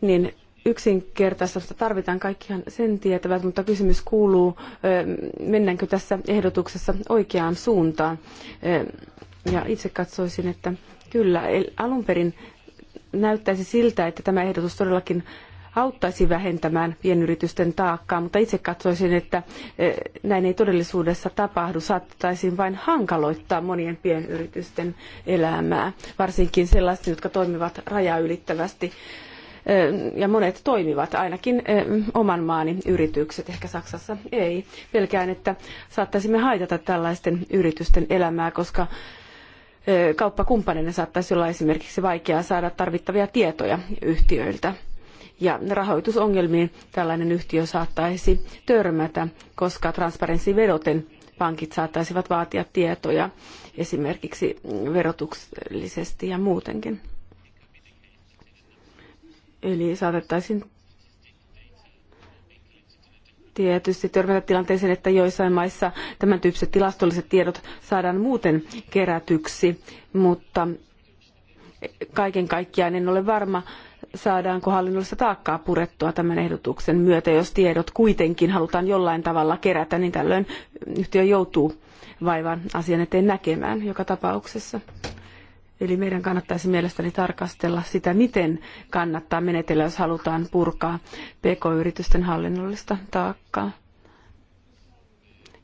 C: Niin yksinkertaistamista tarvitaan, kaikkihan sen tietävät, mutta kysymys kuuluu, mennäänkö tässä ehdotuksessa oikeaan suuntaan. Ja itse katsoisin, että kyllä, alun perin näyttäisi siltä, että tämä ehdotus todellakin auttaisi vähentämään pienyritysten taakkaa, mutta itse katsoisin, että näin ei todellisuudessa tapahdu. Saattaisiin vain hankaloittaa monien pienyritysten elämää, varsinkin sellaisten, jotka toimivat rajaylittävästi. ylittävästi ja monet toimivat, ainakin oman maani yritykset, ehkä Saksassa ei. Pelkään, että saattaisimme haitata tällaisten yritysten elämää, koska kauppakumppanina saattaisi olla esimerkiksi vaikeaa saada tarvittavia tietoja yhtiöiltä. Ja rahoitusongelmiin tällainen yhtiö saattaisi törmätä, koska transparenssi vedoten pankit saattaisivat vaatia tietoja esimerkiksi verotuksellisesti ja muutenkin. Eli saatettaisiin tietysti törmätä tilanteeseen, että joissain maissa tämän tyyppiset tilastolliset tiedot saadaan muuten kerätyksi, mutta kaiken kaikkiaan en ole varma, saadaanko hallinnollista taakkaa purettua tämän ehdotuksen myötä. Jos tiedot kuitenkin halutaan jollain tavalla kerätä, niin tällöin yhtiö joutuu vaivan asian eteen näkemään joka tapauksessa. Eli meidän kannattaisi mielestäni tarkastella sitä, miten kannattaa menetellä, jos halutaan purkaa pk-yritysten hallinnollista taakkaa.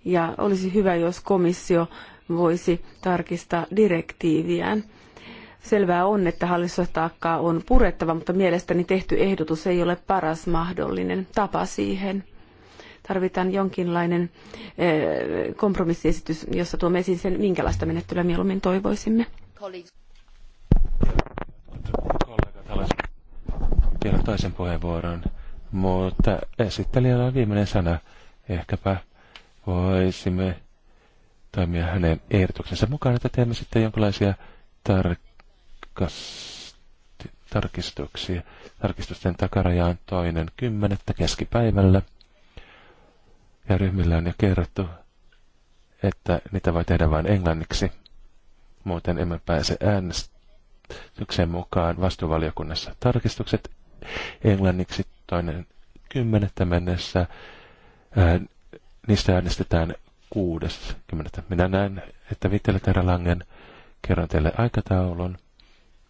C: Ja olisi hyvä, jos komissio voisi tarkistaa direktiiviään. Selvää on, että hallinnollista on purettava, mutta mielestäni tehty ehdotus ei ole paras mahdollinen tapa siihen tarvitaan jonkinlainen eh, kompromissiesitys, jossa tuomme esiin sen, minkälaista menettelyä mieluummin toivoisimme.
A: Kollega
D: vielä toisen puheenvuoron, mutta esittelijällä on viimeinen sana. Ehkäpä voisimme toimia hänen ehdotuksensa mukaan, että teemme sitten jonkinlaisia tarkas, tarkistuksia. Tarkistusten takaraja on toinen kymmenettä keskipäivällä. Ja ryhmillä on jo kerrottu, että niitä voi tehdä vain englanniksi. Muuten emme pääse äänestämään syksen mukaan vastuvaliokunnassa Tarkistukset englanniksi toinen kymmenettä mennessä. Ää, niistä äänestetään kuudes kymmenettä. Minä näen, että Vittele Terälangen kerron teille aikataulun.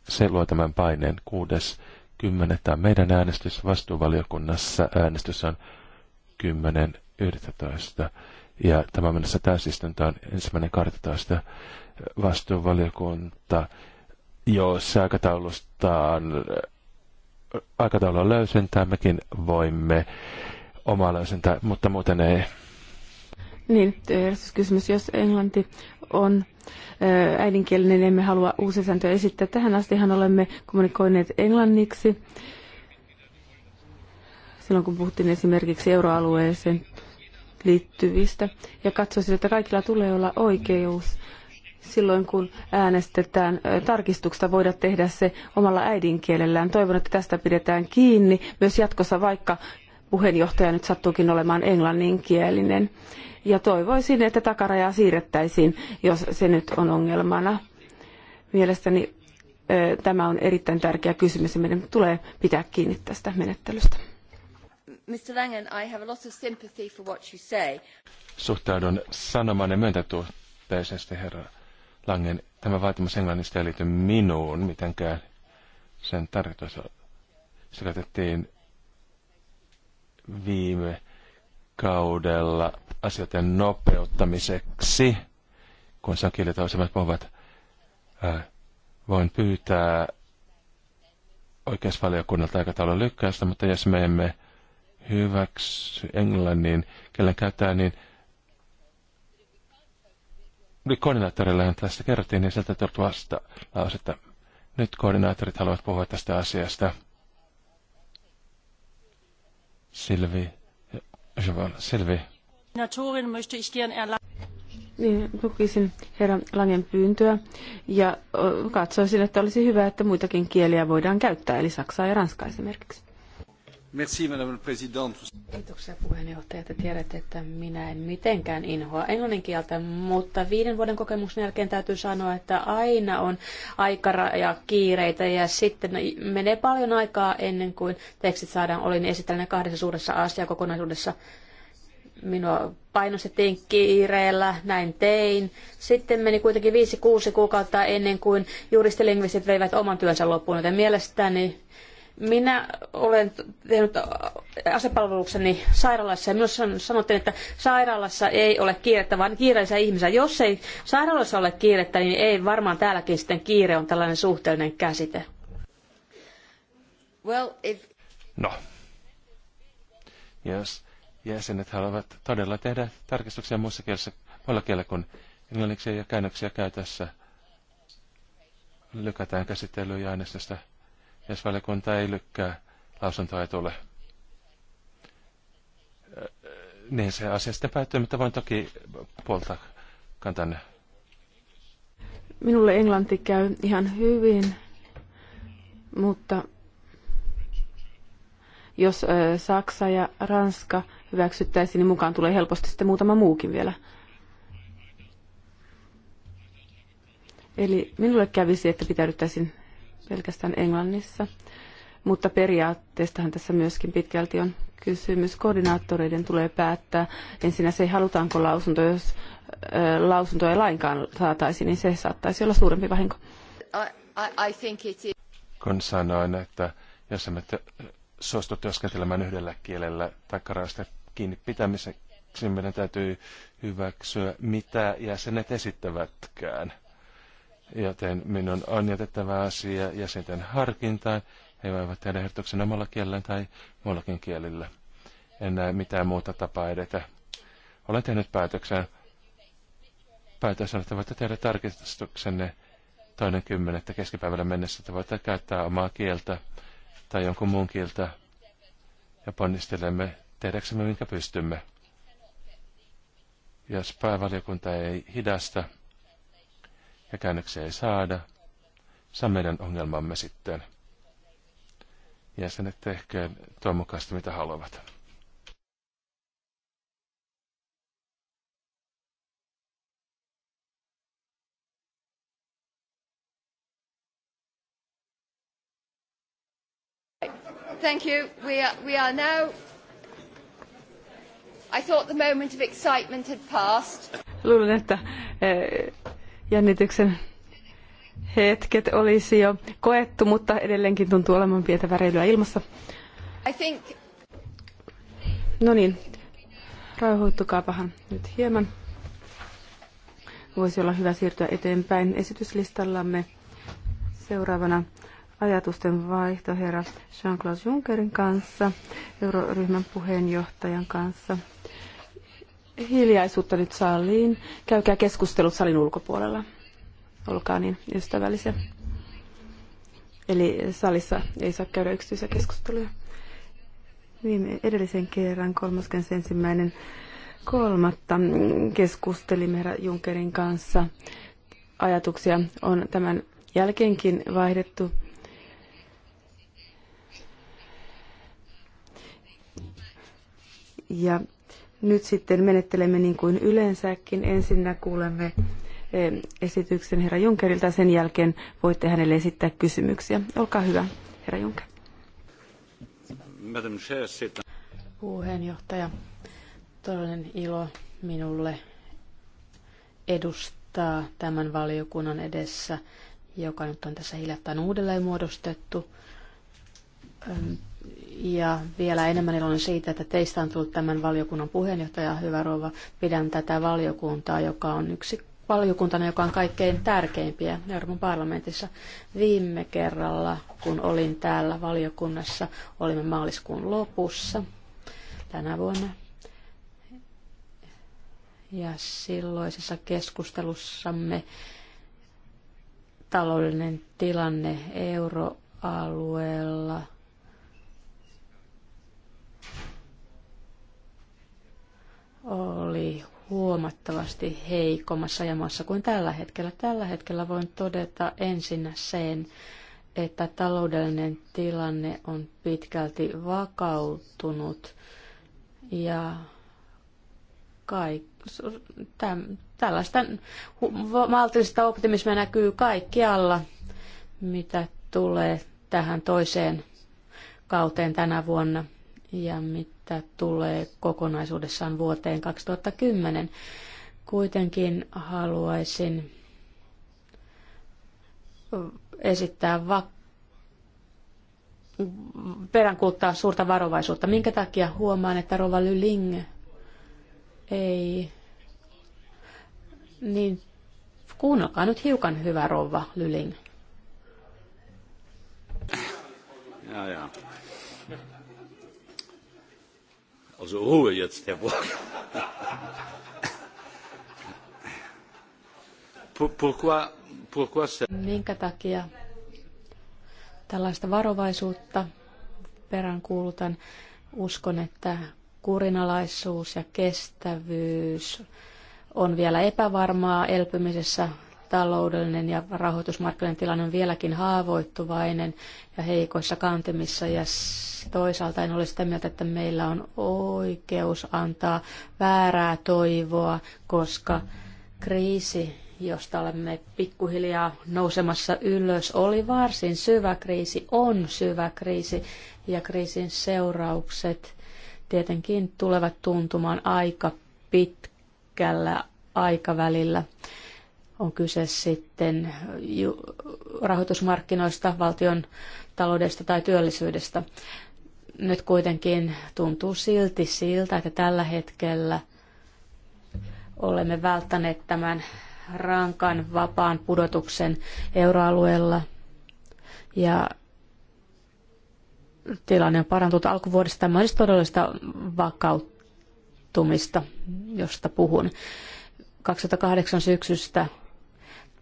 D: Se luo tämän paineen kuudes kymmenettä meidän äänestys vastuuvaliokunnassa. Äänestys on 10.11. Ja tämä mennessä on ensimmäinen 12. vastuuvaliokunta Joo, se aikataulustaan aikataulua löysentää, mekin voimme omaa löysentää, mutta muuten ei.
C: Niin, kysymys, Jos englanti on äidinkielinen, niin emme halua uusia sääntöjä esittää. Tähän astihan olemme kommunikoineet englanniksi. Silloin kun puhuttiin esimerkiksi euroalueeseen liittyvistä. Ja katsoisin, että kaikilla tulee olla oikeus silloin, kun äänestetään tarkistuksesta, voida tehdä se omalla äidinkielellään. Toivon, että tästä pidetään kiinni myös jatkossa, vaikka puheenjohtaja nyt sattuukin olemaan englanninkielinen. Ja toivoisin, että takarajaa siirrettäisiin, jos se nyt on ongelmana. Mielestäni tämä on erittäin tärkeä kysymys ja meidän tulee pitää kiinni tästä menettelystä.
F: Mr.
A: Langen, I have a lot of sympathy for what you say.
D: Suhtaudun sanomanne myöntätuotteisesti, herra Langen, tämä vaatimus englannista ei liity minuun mitenkään. Sen tarkoitus se katettiin viime kaudella asioiden nopeuttamiseksi, kun se on kielitausemmät puhuvat. voin pyytää oikeusvaliokunnalta aikataulun lykkäystä, mutta jos me emme hyväksy englannin, kellen käyttää, niin koordinaattorillehan tästä kerrottiin, niin sieltä vasta vastaus, että nyt koordinaattorit haluavat puhua tästä asiasta. Silvi. Jovan, Silvi.
B: niin,
C: lukisin herra Langen pyyntöä ja katsoisin, että olisi hyvä, että muitakin
B: kieliä voidaan käyttää, eli saksaa ja ranskaa esimerkiksi.
E: Merci, Madame Kiitoksia puheenjohtaja.
B: Te tiedätte, että minä en mitenkään inhoa englannin kieltä, mutta viiden vuoden kokemuksen jälkeen täytyy sanoa, että aina on aikaraja kiireitä ja sitten menee paljon aikaa ennen kuin tekstit saadaan. Olin esitellinen kahdessa suuressa asiakokonaisuudessa. Minua painostettiin kiireellä, näin tein. Sitten meni kuitenkin 5-6 kuukautta ennen kuin juristilingvistit veivät oman työnsä loppuun, joten mielestäni minä olen tehnyt asepalvelukseni sairaalassa ja myös sanottiin, että sairaalassa ei ole kiirettä, vaan kiireisiä ihmisiä. Jos ei sairaalassa ole kiirettä, niin ei varmaan täälläkin sitten kiire on tällainen suhteellinen käsite.
A: Well, if... No.
D: Jos jäsenet haluavat todella tehdä tarkistuksia muussa kielessä, muilla kielellä kuin englanniksi ja käännöksiä käytössä, lykätään käsittelyä ja jos valiokunta ei lykkää lausuntoa ei tule. Niin se asia sitten päättyy, mutta voin toki puolta kantanne.
C: Minulle englanti käy ihan hyvin, mutta jos Saksa ja Ranska hyväksyttäisiin, niin mukaan tulee helposti sitten muutama muukin vielä. Eli minulle kävisi, että pitäydyttäisiin pelkästään Englannissa. Mutta periaatteestahan tässä myöskin pitkälti on kysymys. Koordinaattoreiden tulee päättää ensinnä se, halutaanko lausunto. Jos lausunto ei lainkaan saataisi, niin se saattaisi olla suurempi vahinko.
D: Kun sanoin, että jos emme suostu työskentelemään yhdellä kielellä takaraista kiinni pitämiseksi, meidän täytyy hyväksyä, mitä jäsenet esittävätkään joten minun on jätettävä asia jäsenten harkintaan. He voivat tehdä ehdotuksen omalla kielellä tai muullakin kielillä. En näe mitään muuta tapaa edetä. Olen tehnyt päätöksen. Päätös on, että voitte tehdä tarkistuksenne toinen kymmenettä keskipäivällä mennessä, että voitte käyttää omaa kieltä tai jonkun muun kieltä ja ponnistelemme tehdäksemme minkä pystymme. Jos päävaliokunta ei hidasta, ja käännöksiä ei saada. Se on meidän ongelmamme sitten. Jäsenet tehköön tuon mukaista, mitä haluavat.
A: Thank you. We are, we are now... I thought the moment of excitement had passed.
C: Luulen, että eh, jännityksen hetket olisi jo koettu, mutta edelleenkin tuntuu olevan pientä väreilyä ilmassa. No niin, rauhoittukaapahan nyt hieman. Voisi olla hyvä siirtyä eteenpäin esityslistallamme. Seuraavana ajatusten vaihto herra Jean-Claude Junckerin kanssa, euroryhmän puheenjohtajan kanssa – hiljaisuutta nyt saliin. Käykää keskustelut salin ulkopuolella. Olkaa niin ystävällisiä. Eli salissa ei saa käydä yksityisiä keskusteluja. Viime edellisen kerran 31.3. kolmatta keskustelimme herra Junkerin kanssa. Ajatuksia on tämän jälkeenkin vaihdettu. Ja nyt sitten menettelemme niin kuin yleensäkin. Ensinnä kuulemme eh, esityksen herra Junkerilta. Sen jälkeen voitte hänelle esittää kysymyksiä.
B: Olkaa hyvä, herra Junker. Puheenjohtaja, todellinen ilo minulle edustaa tämän valiokunnan edessä, joka nyt on tässä hiljattain uudelleen muodostettu ja vielä enemmän iloinen siitä, että teistä on tullut tämän valiokunnan puheenjohtaja. Hyvä rouva, pidän tätä valiokuntaa, joka on yksi valiokuntana, joka on kaikkein tärkeimpiä Euroopan parlamentissa. Viime kerralla, kun olin täällä valiokunnassa, olimme maaliskuun lopussa tänä vuonna. Ja silloisessa keskustelussamme taloudellinen tilanne euroalueella – oli huomattavasti heikommassa jamassa kuin tällä hetkellä. Tällä hetkellä voin todeta ensinnä sen, että taloudellinen tilanne on pitkälti vakautunut ja kaik, täm, tällaista maltillista optimismia näkyy kaikkialla, mitä tulee tähän toiseen kauteen tänä vuonna ja mit, että tulee kokonaisuudessaan vuoteen 2010. Kuitenkin haluaisin esittää va- peräänkuuttaa suurta varovaisuutta. Minkä takia huomaan, että Rova Lyling ei niin kuunnelkaa nyt hiukan hyvä Rova Lyling.
F: Ja, ja.
E: Also Ruhe jetzt, Herr Brock.
B: Minkä takia tällaista varovaisuutta peräänkuulutan? Uskon, että kurinalaisuus ja kestävyys on vielä epävarmaa elpymisessä taloudellinen ja rahoitusmarkkinoiden tilanne on vieläkin haavoittuvainen ja heikoissa kantimissa ja toisaalta en ole sitä mieltä, että meillä on oikeus antaa väärää toivoa, koska kriisi, josta olemme pikkuhiljaa nousemassa ylös, oli varsin syvä kriisi, on syvä kriisi ja kriisin seuraukset tietenkin tulevat tuntumaan aika pitkällä aikavälillä on kyse sitten rahoitusmarkkinoista, valtion taloudesta tai työllisyydestä. Nyt kuitenkin tuntuu silti siltä, että tällä hetkellä olemme välttäneet tämän rankan vapaan pudotuksen euroalueella ja tilanne on parantunut alkuvuodesta. Tämä olisi todellista vakauttumista, josta puhun. 2008 syksystä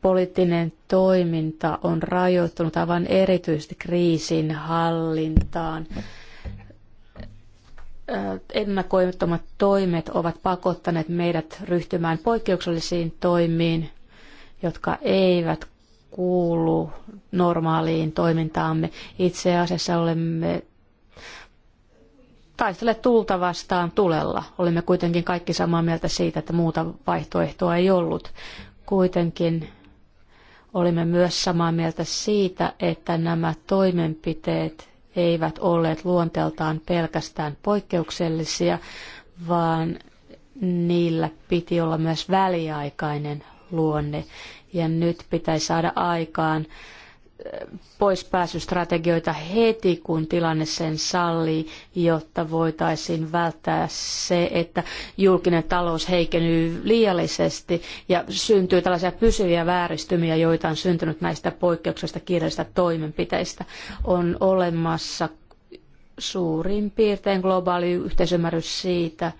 B: poliittinen toiminta on rajoittunut aivan erityisesti kriisin hallintaan. Ennakoimattomat toimet ovat pakottaneet meidät ryhtymään poikkeuksellisiin toimiin, jotka eivät kuulu normaaliin toimintaamme. Itse asiassa olemme taistelleet tulta vastaan tulella. Olimme kuitenkin kaikki samaa mieltä siitä, että muuta vaihtoehtoa ei ollut. Kuitenkin Olimme myös samaa mieltä siitä, että nämä toimenpiteet eivät olleet luonteeltaan pelkästään poikkeuksellisia, vaan niillä piti olla myös väliaikainen luonne. Ja nyt pitäisi saada aikaan poispääsystrategioita heti, kun tilanne sen sallii, jotta voitaisiin välttää se, että julkinen talous heikentyy liiallisesti ja syntyy tällaisia pysyviä vääristymiä, joita on syntynyt näistä poikkeuksista kiireellisistä toimenpiteistä. On olemassa suurin piirtein globaali yhteisymmärrys siitä,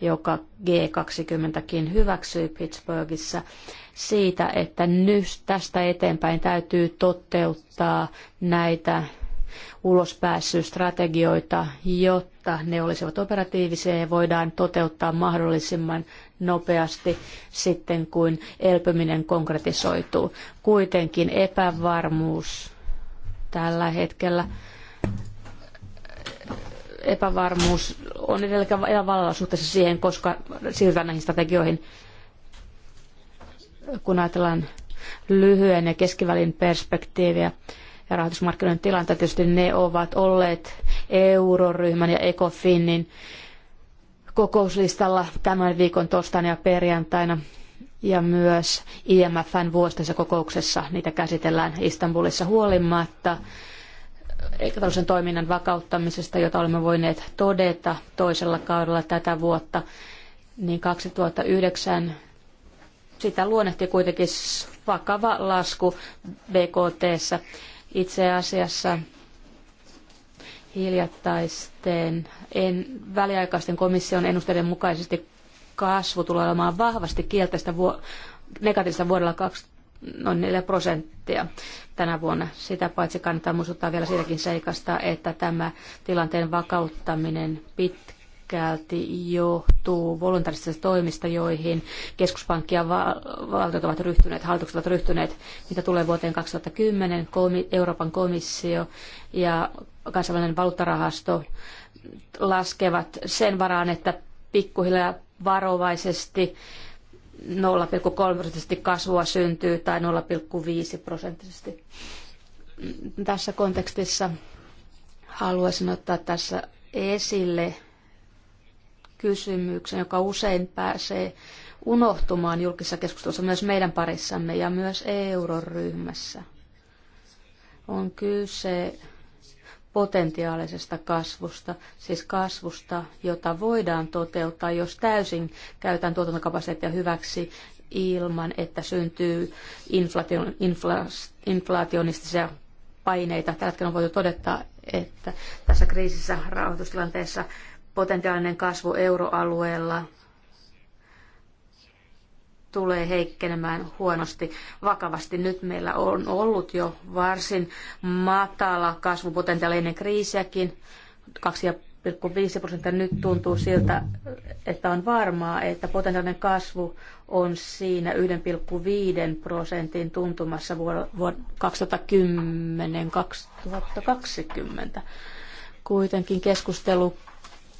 B: joka G20kin hyväksyi Pittsburghissa, siitä, että nyt tästä eteenpäin täytyy toteuttaa näitä ulospääsystrategioita, jotta ne olisivat operatiivisia ja voidaan toteuttaa mahdollisimman nopeasti sitten, kun elpyminen konkretisoituu. Kuitenkin epävarmuus tällä hetkellä epävarmuus on edelleen vallalla suhteessa siihen, koska siirrytään näihin strategioihin kun ajatellaan lyhyen ja keskivälin perspektiiviä ja rahoitusmarkkinoiden tilanteita, tietysti ne ovat olleet euroryhmän ja ECOFINin kokouslistalla tämän viikon torstaina ja perjantaina ja myös IMFn vuosittaisessa kokouksessa niitä käsitellään Istanbulissa huolimatta tällaisen toiminnan vakauttamisesta, jota olemme voineet todeta toisella kaudella tätä vuotta, niin 2009 sitä luonnehti kuitenkin vakava lasku BKTssä. Itse asiassa hiljattaisten en, väliaikaisten komission ennusteiden mukaisesti kasvu tulee olemaan vahvasti kielteistä vuo, negatiivista vuodella 20 noin 4 prosenttia tänä vuonna. Sitä paitsi kannattaa muistuttaa vielä siitäkin seikasta, että tämä tilanteen vakauttaminen pitkä pitkälti johtuu voluntaristisista toimista, joihin keskuspankki ja valtiot ovat ryhtyneet, hallitukset ovat ryhtyneet, mitä tulee vuoteen 2010, Euroopan komissio ja kansainvälinen valuuttarahasto laskevat sen varaan, että pikkuhiljaa varovaisesti 0,3 prosenttisesti kasvua syntyy tai 0,5 prosenttisesti. Tässä kontekstissa haluaisin ottaa tässä esille kysymyksen, joka usein pääsee unohtumaan julkisessa keskustelussa myös meidän parissamme ja myös euroryhmässä. On kyse potentiaalisesta kasvusta, siis kasvusta, jota voidaan toteuttaa, jos täysin käytetään tuotantokapasiteettia hyväksi ilman, että syntyy inflation, infla, inflationistisia paineita. Tällä hetkellä on voitu todeta, että tässä kriisissä rahoitustilanteessa potentiaalinen kasvu euroalueella tulee heikkenemään huonosti vakavasti. Nyt meillä on ollut jo varsin matala kasvupotentiaali ennen kriisiäkin, 2,5 prosenttia. Nyt tuntuu siltä, että on varmaa, että potentiaalinen kasvu on siinä 1,5 prosentin tuntumassa vuonna 2010-2020. Kuitenkin keskustelu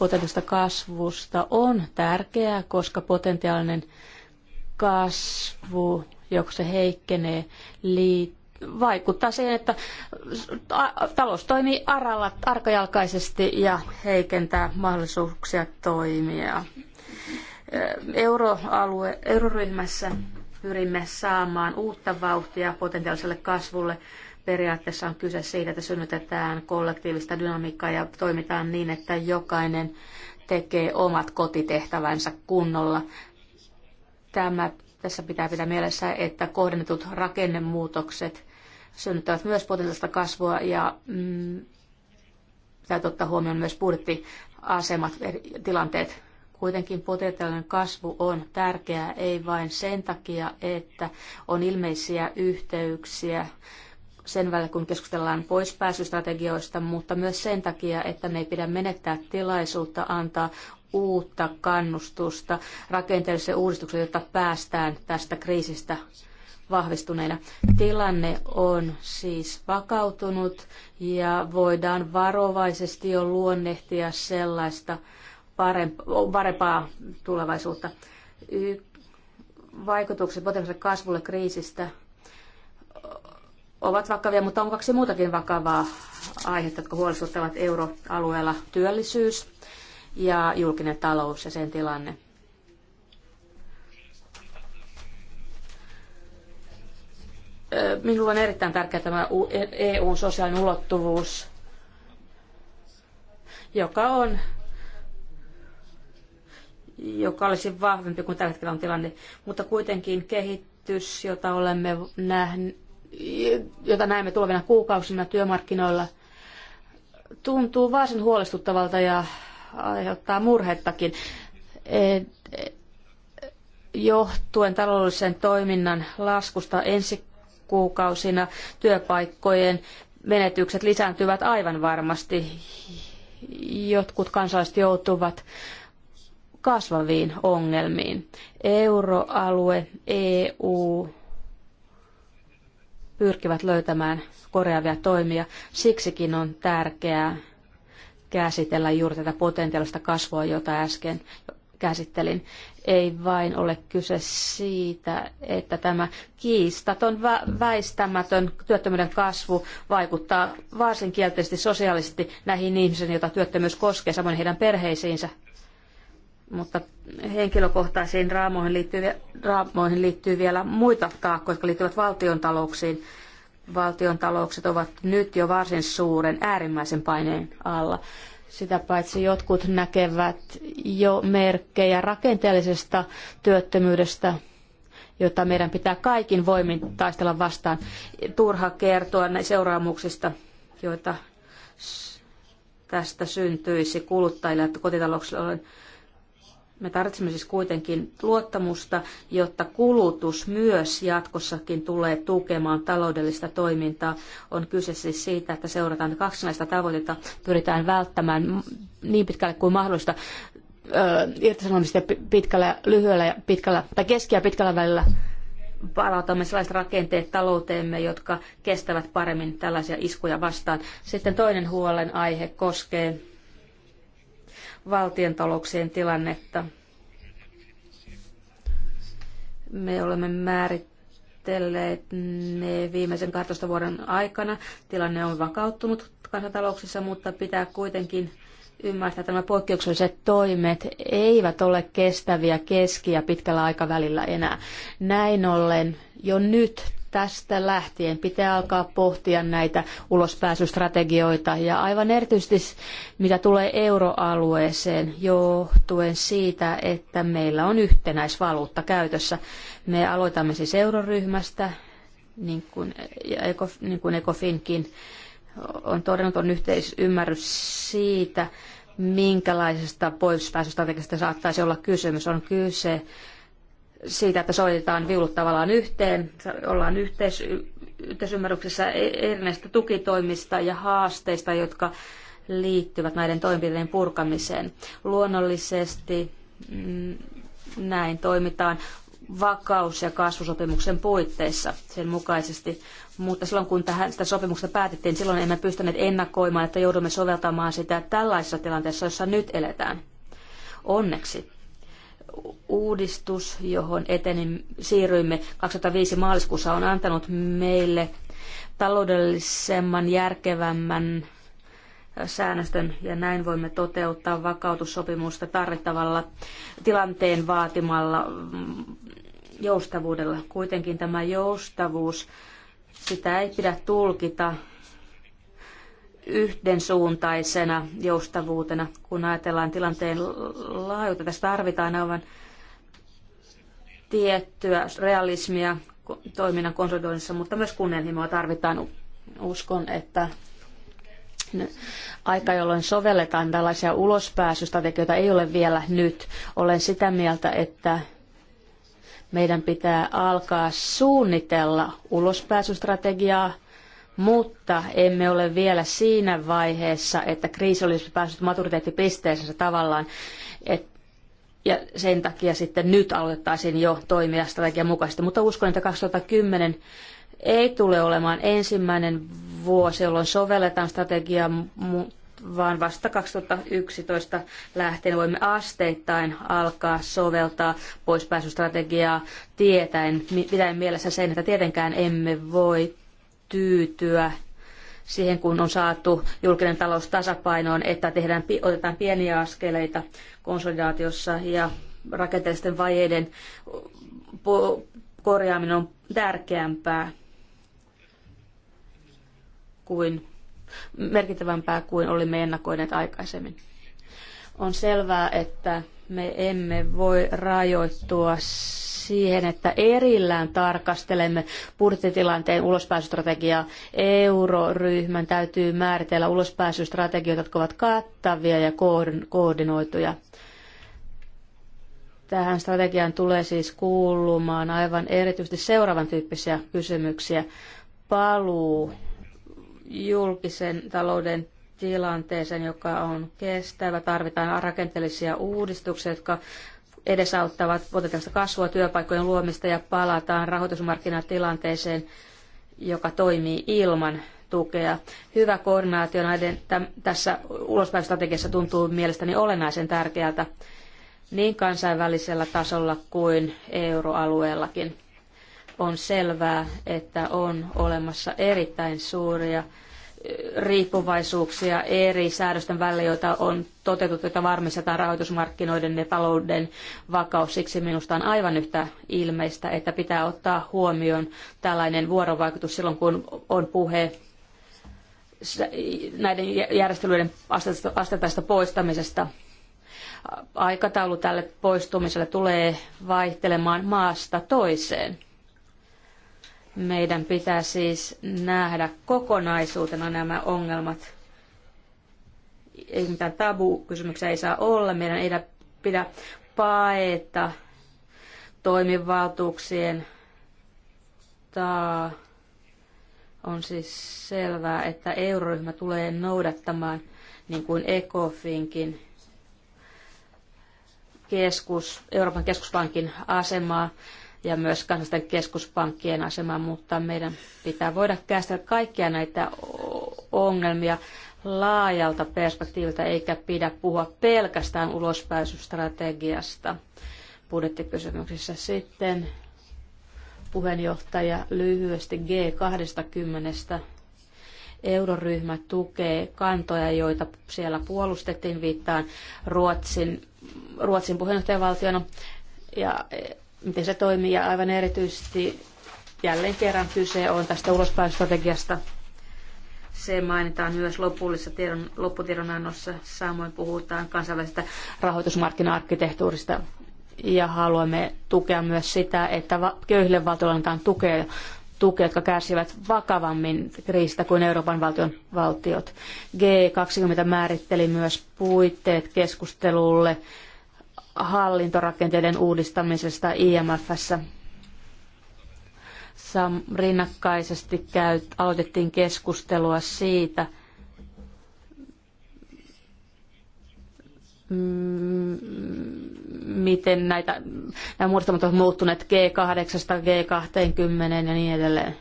B: potentiaalista kasvusta on tärkeää, koska potentiaalinen kasvu, joka se heikkenee, liittyy vaikuttaa siihen, että talous toimii aralla, arkajalkaisesti ja heikentää mahdollisuuksia toimia. Euroalue, euroryhmässä pyrimme saamaan uutta vauhtia potentiaaliselle kasvulle Periaatteessa on kyse siitä, että synnytetään kollektiivista dynamiikkaa ja toimitaan niin, että jokainen tekee omat kotitehtävänsä kunnolla. Tämä, tässä pitää pitää mielessä, että kohdennetut rakennemuutokset synnyttävät myös potentiaalista kasvua ja mm, täytyy ottaa huomioon myös budjettiasemat, tilanteet Kuitenkin potentiaalinen kasvu on tärkeää ei vain sen takia, että on ilmeisiä yhteyksiä sen välillä, kun keskustellaan poispääsystrategioista, mutta myös sen takia, että me ei pidä menettää tilaisuutta antaa uutta kannustusta rakenteelliselle uudistukselle, jotta päästään tästä kriisistä vahvistuneena. Tilanne on siis vakautunut ja voidaan varovaisesti jo luonnehtia sellaista parempaa tulevaisuutta. Vaikutukset potentiaaliselle kasvulle kriisistä ovat vakavia, mutta on kaksi muutakin vakavaa aihetta, jotka huolestuttavat euroalueella työllisyys ja julkinen talous ja sen tilanne. Minulla on erittäin tärkeä tämä EUn e sosiaalinen ulottuvuus, joka on joka olisi vahvempi kuin tällä hetkellä on tilanne, mutta kuitenkin kehitys, jota olemme nähneet, jota näemme tulevina kuukausina työmarkkinoilla, tuntuu varsin huolestuttavalta ja aiheuttaa murhettakin. Johtuen taloudellisen toiminnan laskusta ensi kuukausina työpaikkojen menetykset lisääntyvät aivan varmasti. Jotkut kansalaiset joutuvat kasvaviin ongelmiin. Euroalue, EU pyrkivät löytämään korjaavia toimia. Siksikin on tärkeää käsitellä juuri tätä potentiaalista kasvua, jota äsken käsittelin. Ei vain ole kyse siitä, että tämä kiistaton, väistämätön työttömyyden kasvu vaikuttaa varsin kielteisesti sosiaalisesti näihin ihmisiin, joita työttömyys koskee, samoin heidän perheisiinsä mutta henkilökohtaisiin raamoihin liittyy, raamoihin liittyy vielä muita taakkoja, jotka liittyvät valtion talouksiin. Valtion taloukset ovat nyt jo varsin suuren äärimmäisen paineen alla. Sitä paitsi jotkut näkevät jo merkkejä rakenteellisesta työttömyydestä, jota meidän pitää kaikin voimin taistella vastaan. Turha kertoa seuraamuksista, joita tästä syntyisi kuluttajille että kotitalouksille. Olen me tarvitsemme siis kuitenkin luottamusta, jotta kulutus myös jatkossakin tulee tukemaan taloudellista toimintaa. On kyse siis siitä, että seurataan kaksinaista tavoitetta, pyritään välttämään niin pitkälle kuin mahdollista irtisanomista pitkällä, lyhyellä ja pitkällä, tai keski- ja pitkällä välillä palautamme sellaiset rakenteet talouteemme, jotka kestävät paremmin tällaisia iskuja vastaan. Sitten toinen huolen aihe koskee valtiontalouksien tilannetta. Me olemme määritelleet ne viimeisen 12 vuoden aikana. Tilanne on vakauttunut kansantalouksissa, mutta pitää kuitenkin ymmärtää, että nämä poikkeukselliset toimet eivät ole kestäviä keski- ja pitkällä aikavälillä enää. Näin ollen jo nyt tästä lähtien pitää alkaa pohtia näitä ulospääsystrategioita ja aivan erityisesti mitä tulee euroalueeseen johtuen siitä, että meillä on yhtenäisvaluutta käytössä. Me aloitamme siis euroryhmästä, niin kuin, niin kuin Ecofinkin on todennut, on yhteisymmärrys siitä, minkälaisesta poispääsystrategiasta saattaisi olla kysymys. On kyse siitä, että soitetaan viulut tavallaan yhteen, ollaan yhteis- yhteisymmärryksessä e-, erinäisistä tukitoimista ja haasteista, jotka liittyvät näiden toimenpiteiden purkamiseen. Luonnollisesti mm, näin toimitaan vakaus- ja kasvusopimuksen puitteissa sen mukaisesti. Mutta silloin kun tähän, sitä sopimuksesta päätettiin, silloin emme pystyneet ennakoimaan, että joudumme soveltamaan sitä tällaisessa tilanteessa, jossa nyt eletään. Onneksi uudistus, johon etenin siirryimme 2005 maaliskuussa, on antanut meille taloudellisemman, järkevämmän äh, säännöstön ja näin voimme toteuttaa vakautussopimusta tarvittavalla tilanteen vaatimalla mm, joustavuudella. Kuitenkin tämä joustavuus, sitä ei pidä tulkita yhdensuuntaisena joustavuutena, kun ajatellaan tilanteen laajuutta. Tässä tarvitaan aivan tiettyä realismia toiminnan konsolidoinnissa, mutta myös kunnianhimoa tarvitaan. Uskon, että aika, jolloin sovelletaan tällaisia ulospääsystrategioita, ei ole vielä nyt. Olen sitä mieltä, että meidän pitää alkaa suunnitella ulospääsystrategiaa mutta emme ole vielä siinä vaiheessa, että kriisi olisi päässyt maturiteettipisteeseensä tavallaan, et, ja sen takia sitten nyt aloitettaisiin jo toimia strategian mukaisesti. Mutta uskon, että 2010 ei tule olemaan ensimmäinen vuosi, jolloin sovelletaan strategiaa, vaan vasta 2011 lähtien voimme asteittain alkaa soveltaa poispääsystrategiaa tietäen, pitäen mielessä sen, että tietenkään emme voi tyytyä siihen, kun on saatu julkinen talous tasapainoon, että tehdään, otetaan pieniä askeleita konsolidaatiossa ja rakenteellisten vajeiden korjaaminen on tärkeämpää kuin merkittävämpää kuin olimme ennakoineet aikaisemmin. On selvää, että me emme voi rajoittua siihen, että erillään tarkastelemme budjettitilanteen ulospääsystrategiaa. Euroryhmän täytyy määritellä ulospääsystrategioita, jotka ovat kattavia ja koordinoituja. Tähän strategiaan tulee siis kuulumaan aivan erityisesti seuraavan tyyppisiä kysymyksiä. Paluu julkisen talouden tilanteeseen, joka on kestävä. Tarvitaan rakenteellisia uudistuksia, jotka edesauttavat potentiaalista kasvua, työpaikkojen luomista ja palataan rahoitusmarkkinatilanteeseen, joka toimii ilman tukea. Hyvä koordinaatio näiden tässä ulospäinstrategiassa tuntuu mielestäni olennaisen tärkeältä niin kansainvälisellä tasolla kuin euroalueellakin. On selvää, että on olemassa erittäin suuria riippuvaisuuksia eri säädösten välillä, joita on toteutettu, että varmistetaan rahoitusmarkkinoiden ja talouden vakaus. Siksi minusta on aivan yhtä ilmeistä, että pitää ottaa huomioon tällainen vuorovaikutus silloin, kun on puhe näiden järjestelyiden astetaista poistamisesta. Aikataulu tälle poistumiselle tulee vaihtelemaan maasta toiseen. Meidän pitää siis nähdä kokonaisuutena nämä ongelmat. Ei mitään tabu-kysymyksiä ei saa olla. Meidän ei pidä paeta toimivaltuuksien taa. On siis selvää, että euroryhmä tulee noudattamaan, niin kuin ECOFINkin, keskus, Euroopan keskuspankin asemaa ja myös kansallisten keskuspankkien asemaa, mutta meidän pitää voida käsitellä kaikkia näitä ongelmia laajalta perspektiiviltä eikä pidä puhua pelkästään ulospääsystrategiasta budjettikysymyksissä. Sitten puheenjohtaja lyhyesti G20. Euroryhmä tukee kantoja, joita siellä puolustettiin, viittaan Ruotsin, Ruotsin puheenjohtajavaltiona. Ja miten se toimii ja aivan erityisesti jälleen kerran kyse on tästä ulospäinstrategiasta. Se mainitaan myös lopullisessa tiedon, lopputiedonannossa. Samoin puhutaan kansainvälisestä rahoitusmarkkina-arkkitehtuurista ja haluamme tukea myös sitä, että köyhille valtioille annetaan tukea, tukea, jotka kärsivät vakavammin kriisistä kuin Euroopan valtion valtiot. G20 määritteli myös puitteet keskustelulle hallintorakenteiden uudistamisesta IMFssä. Sam, rinnakkaisesti käyt, aloitettiin keskustelua siitä, miten näitä, nämä muodostamat ovat muuttuneet G8, G20 ja niin edelleen.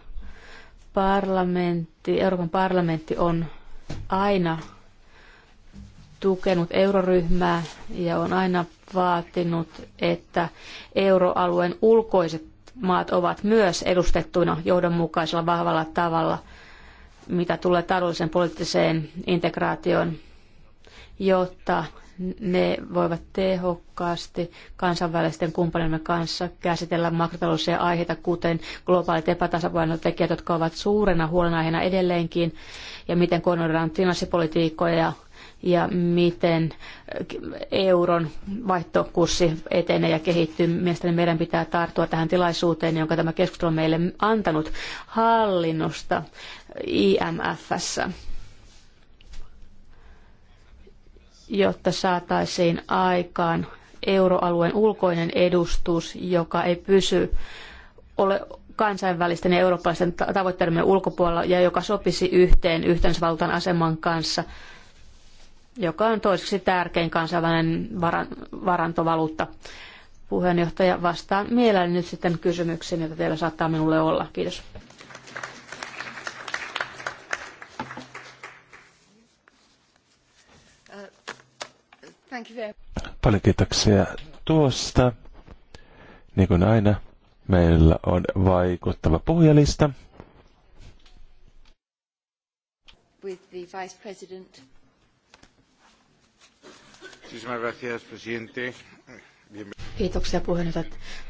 B: Parlamentti, Euroopan parlamentti on aina tukenut euroryhmää ja on aina vaatinut, että euroalueen ulkoiset maat ovat myös edustettuina johdonmukaisella vahvalla tavalla, mitä tulee taloudelliseen poliittiseen integraatioon, jotta ne voivat tehokkaasti kansainvälisten kumppanimme kanssa käsitellä makrotaloudellisia aiheita, kuten globaalit epätasapainotekijät, jotka ovat suurena huolenaiheena edelleenkin, ja miten koordinoidaan finanssipolitiikkoja ja ja miten eh, euron vaihtokurssi etenee ja kehittyy. Mielestäni meidän pitää tarttua tähän tilaisuuteen, jonka tämä keskustelu on meille antanut hallinnosta IMFssä jotta saataisiin aikaan euroalueen ulkoinen edustus, joka ei pysy ole kansainvälisten ja eurooppalaisten tavoitteiden ulkopuolella ja joka sopisi yhteen yhteisvaluutan aseman kanssa joka on toiseksi tärkein kansainvälinen varantovaluutta. Puheenjohtaja, vastaan mielelläni nyt sitten kysymyksiin, joita teillä saattaa minulle olla. Kiitos.
D: Paljon kiitoksia tuosta. Niin kuin aina, meillä on vaikuttava puhujalista.
A: With the vice president.
E: Kiitoksia
B: puheenjohtaja.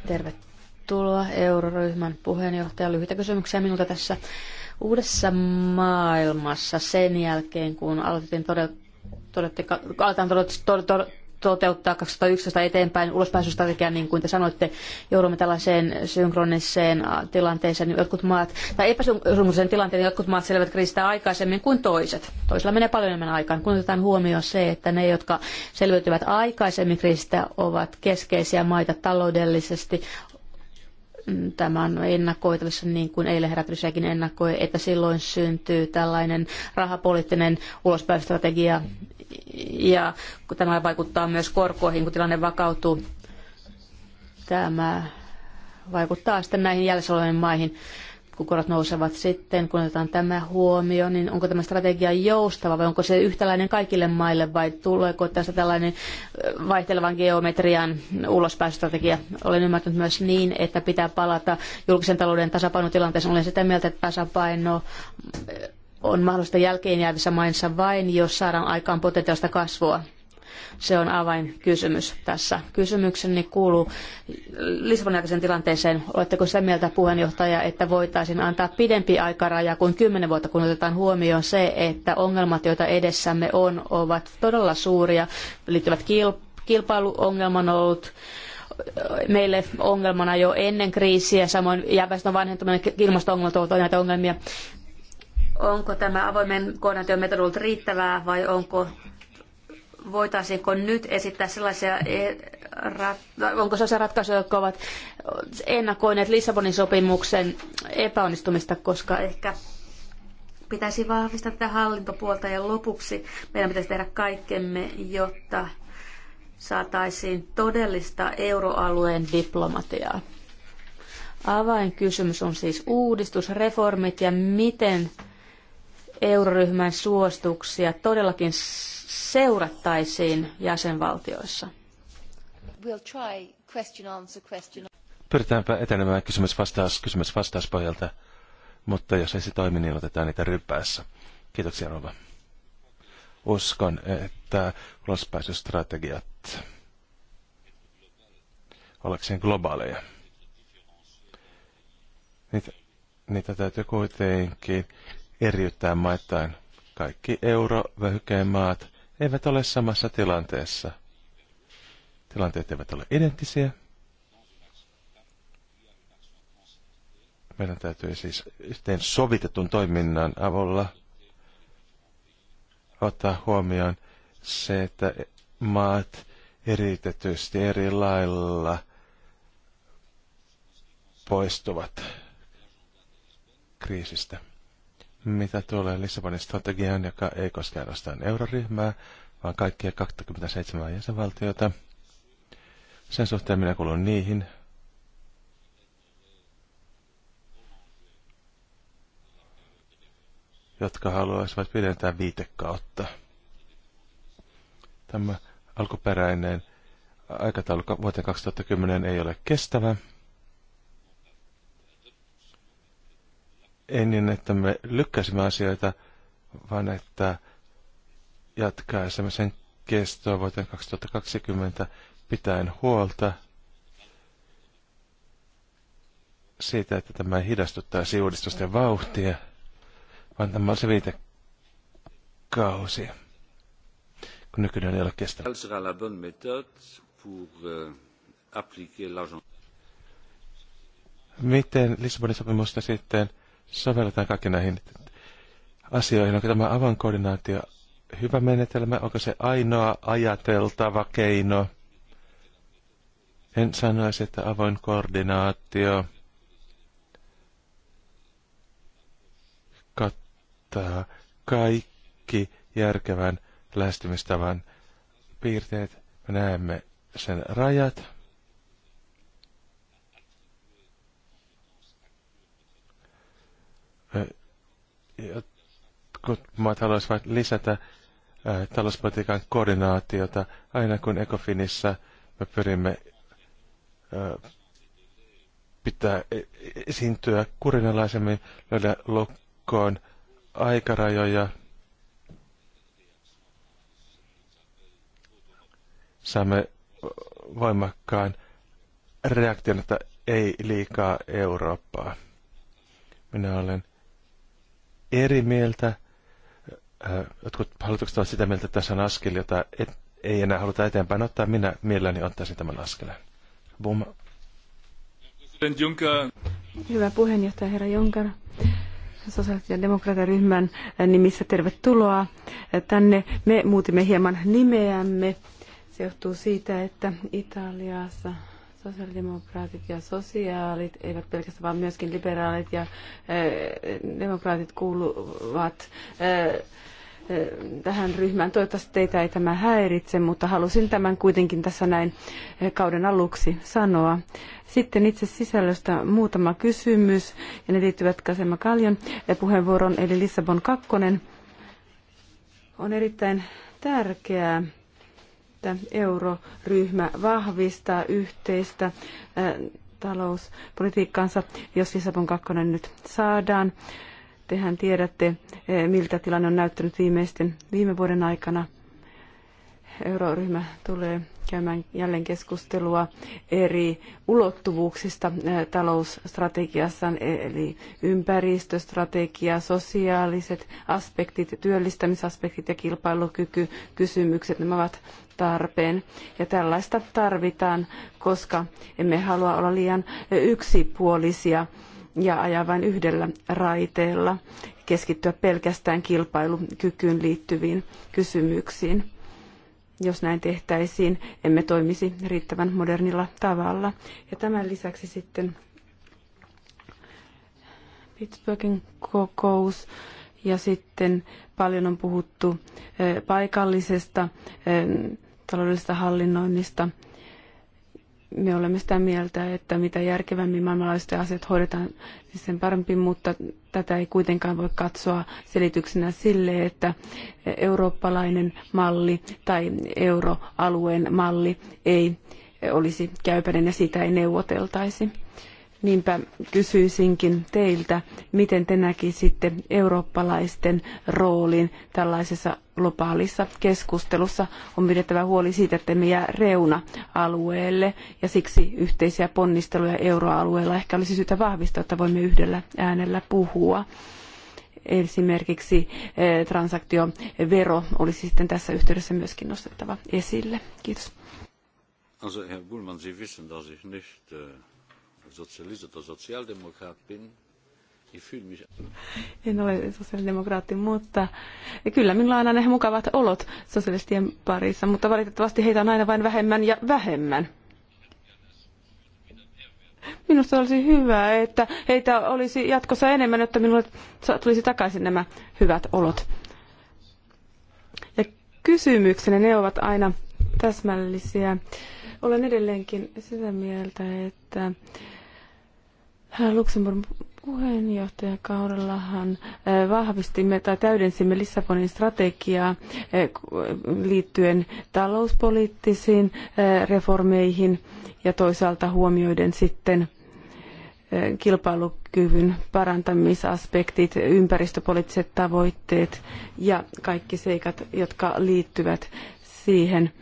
B: Tervetuloa euroryhmän puheenjohtaja. Lyhyitä kysymyksiä minulta tässä uudessa maailmassa sen jälkeen, kun aloitettiin todella, todella, toteuttaa 2011 eteenpäin ulospääsystrategiaa, niin kuin te sanoitte, joudumme tällaiseen synkroniseen tilanteeseen, niin jotkut maat, tai epäsynkroniseen tilanteeseen, niin jotkut maat selvät kriisistä aikaisemmin kuin toiset. Toisilla menee paljon enemmän aikaan, kun otetaan huomioon se, että ne, jotka selviytyvät aikaisemmin kriisistä, ovat keskeisiä maita taloudellisesti, mm, tämä on ennakoitavissa niin kuin eilen herätyssäkin ennakoi, että silloin syntyy tällainen rahapoliittinen ulospäinstrategia, ja kun tämä vaikuttaa myös korkoihin, kun tilanne vakautuu. Tämä vaikuttaa sitten näihin jäljessä oleviin maihin, kun korot nousevat sitten, kun otetaan tämä huomio, niin onko tämä strategia joustava vai onko se yhtäläinen kaikille maille vai tuleeko tästä tällainen vaihtelevan geometrian ulospääsystrategia? Olen ymmärtänyt myös niin, että pitää palata julkisen talouden tasapainotilanteeseen. Olen sitä mieltä, että tasapaino on mahdollista jälkeen jäävissä maissa vain, jos saadaan aikaan potentiaalista kasvua. Se on avainkysymys tässä. Kysymykseni kuuluu Lisbonin aikaisen tilanteeseen. Oletteko sitä mieltä, puheenjohtaja, että voitaisiin antaa pidempi aikaraja kuin kymmenen vuotta, kun otetaan huomioon se, että ongelmat, joita edessämme on, ovat todella suuria, liittyvät kilpailuongelman ollut, meille ongelmana jo ennen kriisiä, samoin jääväestön vanhentuminen, ilmasto-ongelmat ovat näitä ongelmia. Onko tämä avoimen koordinaation ollut riittävää vai onko voitaisiinko nyt esittää sellaisia, e, onko sellaisia ratkaisuja, jotka ovat ennakoineet Lissabonin sopimuksen epäonnistumista, koska ehkä pitäisi vahvistaa tätä hallintopuolta ja lopuksi meidän pitäisi tehdä kaikkemme, jotta saataisiin todellista euroalueen diplomatiaa. Avainkysymys on siis uudistus, reformit ja miten euroryhmän suostuksia todellakin seurattaisiin jäsenvaltioissa?
A: We'll try question answer question.
D: Pyritäänpä etenemään kysymys-vastaus kysymys-vastauspohjalta, mutta jos ei se toimi, niin otetaan niitä ryppäässä. Kiitoksia, Rova. Uskon, että ulospääsystrategiat ollakseen globaaleja. Niitä, niitä täytyy kuitenkin eriyttää maittain. Kaikki eurovyöhykkeen maat eivät ole samassa tilanteessa. Tilanteet eivät ole identtisiä. Meidän täytyy siis yhteen sovitetun toiminnan avulla ottaa huomioon se, että maat eritetysti eri lailla poistuvat kriisistä mitä tulee Lissabonin strategiaan, joka ei koske ainoastaan euroryhmää, vaan kaikkia 27 jäsenvaltiota. Sen suhteen minä kuulun niihin, jotka haluaisivat pidentää viitekautta. Tämä alkuperäinen aikataulu vuoteen 2010 ei ole kestävä. ei niin, että me lykkäisimme asioita, vaan että jatkaisimme sen kestoa vuoteen 2020 pitäen huolta siitä, että tämä ei hidastuttaisi uudistusten vauhtia, vaan tämä on se viitekausi, kun nykyinen ei ole kestänyt. Euh, Miten Lissabonin sopimusta sitten sovelletaan kaikki näihin asioihin. Onko tämä avankoordinaatio hyvä menetelmä? Onko se ainoa ajateltava keino? En sanoisi, että avoin koordinaatio kattaa kaikki järkevän lähestymistavan piirteet. Me näemme sen rajat. Jotkut maat haluaisivat lisätä äh, talouspolitiikan koordinaatiota aina kun ECOFINissa me pyrimme äh, pitää e-, esiintyä kurinalaisemmin, löydä lukkoon aikarajoja. Saamme voimakkaan reaktion, että ei liikaa Eurooppaa. Minä olen eri mieltä. Jotkut hallitukset ovat sitä mieltä, että tässä on askel, jota et, ei enää haluta eteenpäin ottaa. Minä mielelläni ottaisin tämän askeleen. Boom.
C: Hyvä puheenjohtaja, herra Juncker sosiaalisen ja demokratiaryhmän nimissä tervetuloa tänne. Me muutimme hieman nimeämme. Se johtuu siitä, että Italiassa sosiaalidemokraatit ja sosiaalit, eivät pelkästään vaan myöskin liberaalit ja eh, demokraatit kuuluvat eh, eh, tähän ryhmään. Toivottavasti teitä ei tämä häiritse, mutta halusin tämän kuitenkin tässä näin kauden aluksi sanoa. Sitten itse sisällöstä muutama kysymys, ja ne liittyvät Kasema Kaljon puheenvuoron, eli Lissabon 2. On erittäin tärkeää, että euroryhmä vahvistaa yhteistä äh, talouspolitiikkaansa, jos Lissabon kakkonen nyt saadaan. Tehän tiedätte, äh, miltä tilanne on näyttänyt viimeisten viime vuoden aikana euroryhmä tulee käymään jälleen keskustelua eri ulottuvuuksista talousstrategiassaan, e- eli ympäristöstrategia, sosiaaliset aspektit, työllistämisaspektit ja kilpailukykykysymykset, nämä ovat tarpeen. Ja tällaista tarvitaan, koska emme halua olla liian yksipuolisia ja ajaa vain yhdellä raiteella, keskittyä pelkästään kilpailukykyyn liittyviin kysymyksiin jos näin tehtäisiin, emme toimisi riittävän modernilla tavalla. Ja tämän lisäksi sitten Pittsburghin kokous ja sitten paljon on puhuttu eh, paikallisesta eh, taloudellisesta hallinnoinnista – me olemme sitä mieltä, että mitä järkevämmin maailmanlaajuiset asiat hoidetaan, niin sen parempi, mutta tätä ei kuitenkaan voi katsoa selityksenä sille, että eurooppalainen malli tai euroalueen malli ei olisi käypäinen ja siitä ei neuvoteltaisi. Niinpä kysyisinkin teiltä, miten te näkisitte eurooppalaisten roolin tällaisessa globaalissa keskustelussa on pidettävä huoli siitä, että me jää reuna-alueelle ja siksi yhteisiä ponnisteluja euroalueella ehkä olisi syytä vahvistaa, että voimme yhdellä äänellä puhua. Esimerkiksi eh, transaktiovero olisi sitten tässä yhteydessä myöskin nostettava esille. Kiitos.
E: Also, Herr Bullmann, Sie wissen, dass ich nicht äh, Sozialist oder Sozialdemokrat bin.
C: En ole sosiaalidemokraatti, mutta kyllä minulla on aina mukavat olot sosialistien parissa, mutta valitettavasti heitä on aina vain vähemmän ja vähemmän. Minusta olisi hyvä, että heitä olisi jatkossa enemmän, että minulle tulisi takaisin nämä hyvät olot. Ja kysymykseni, ne ovat aina täsmällisiä. Olen edelleenkin sitä mieltä, että Luxemburg Puheenjohtajakaudellahan eh, vahvistimme tai täydensimme Lissabonin strategiaa eh, eh, liittyen talouspoliittisiin reformeihin ja toisaalta huomioiden sitten kilpailukyvyn parantamisaspektit, ympäristöpoliittiset tavoitteet ja kaikki seikat, jotka liittyvät siihen –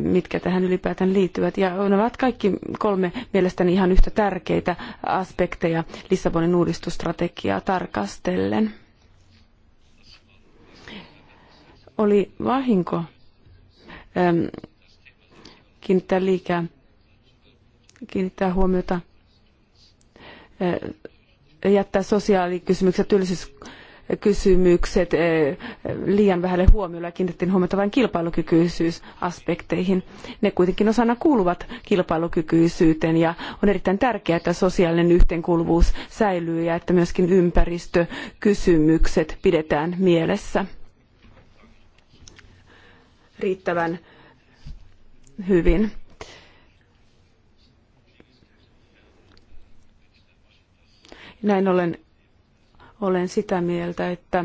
C: mitkä tähän ylipäätään liittyvät. Ja ne ovat kaikki kolme mielestäni ihan yhtä tärkeitä aspekteja Lissabonin uudistusstrategiaa tarkastellen. Oli vahinko kiinnittää liikaa kiinnittää huomiota jättää sosiaalikysymykset ja kysymykset eh, liian vähälle huomiolle ja kiinnitettiin huomiota vain kilpailukykyisyysaspekteihin. Ne kuitenkin osana kuuluvat kilpailukykyisyyteen ja on erittäin tärkeää, että sosiaalinen yhteenkuuluvuus säilyy ja että myöskin ympäristökysymykset pidetään mielessä riittävän hyvin. Näin ollen olen sitä mieltä, että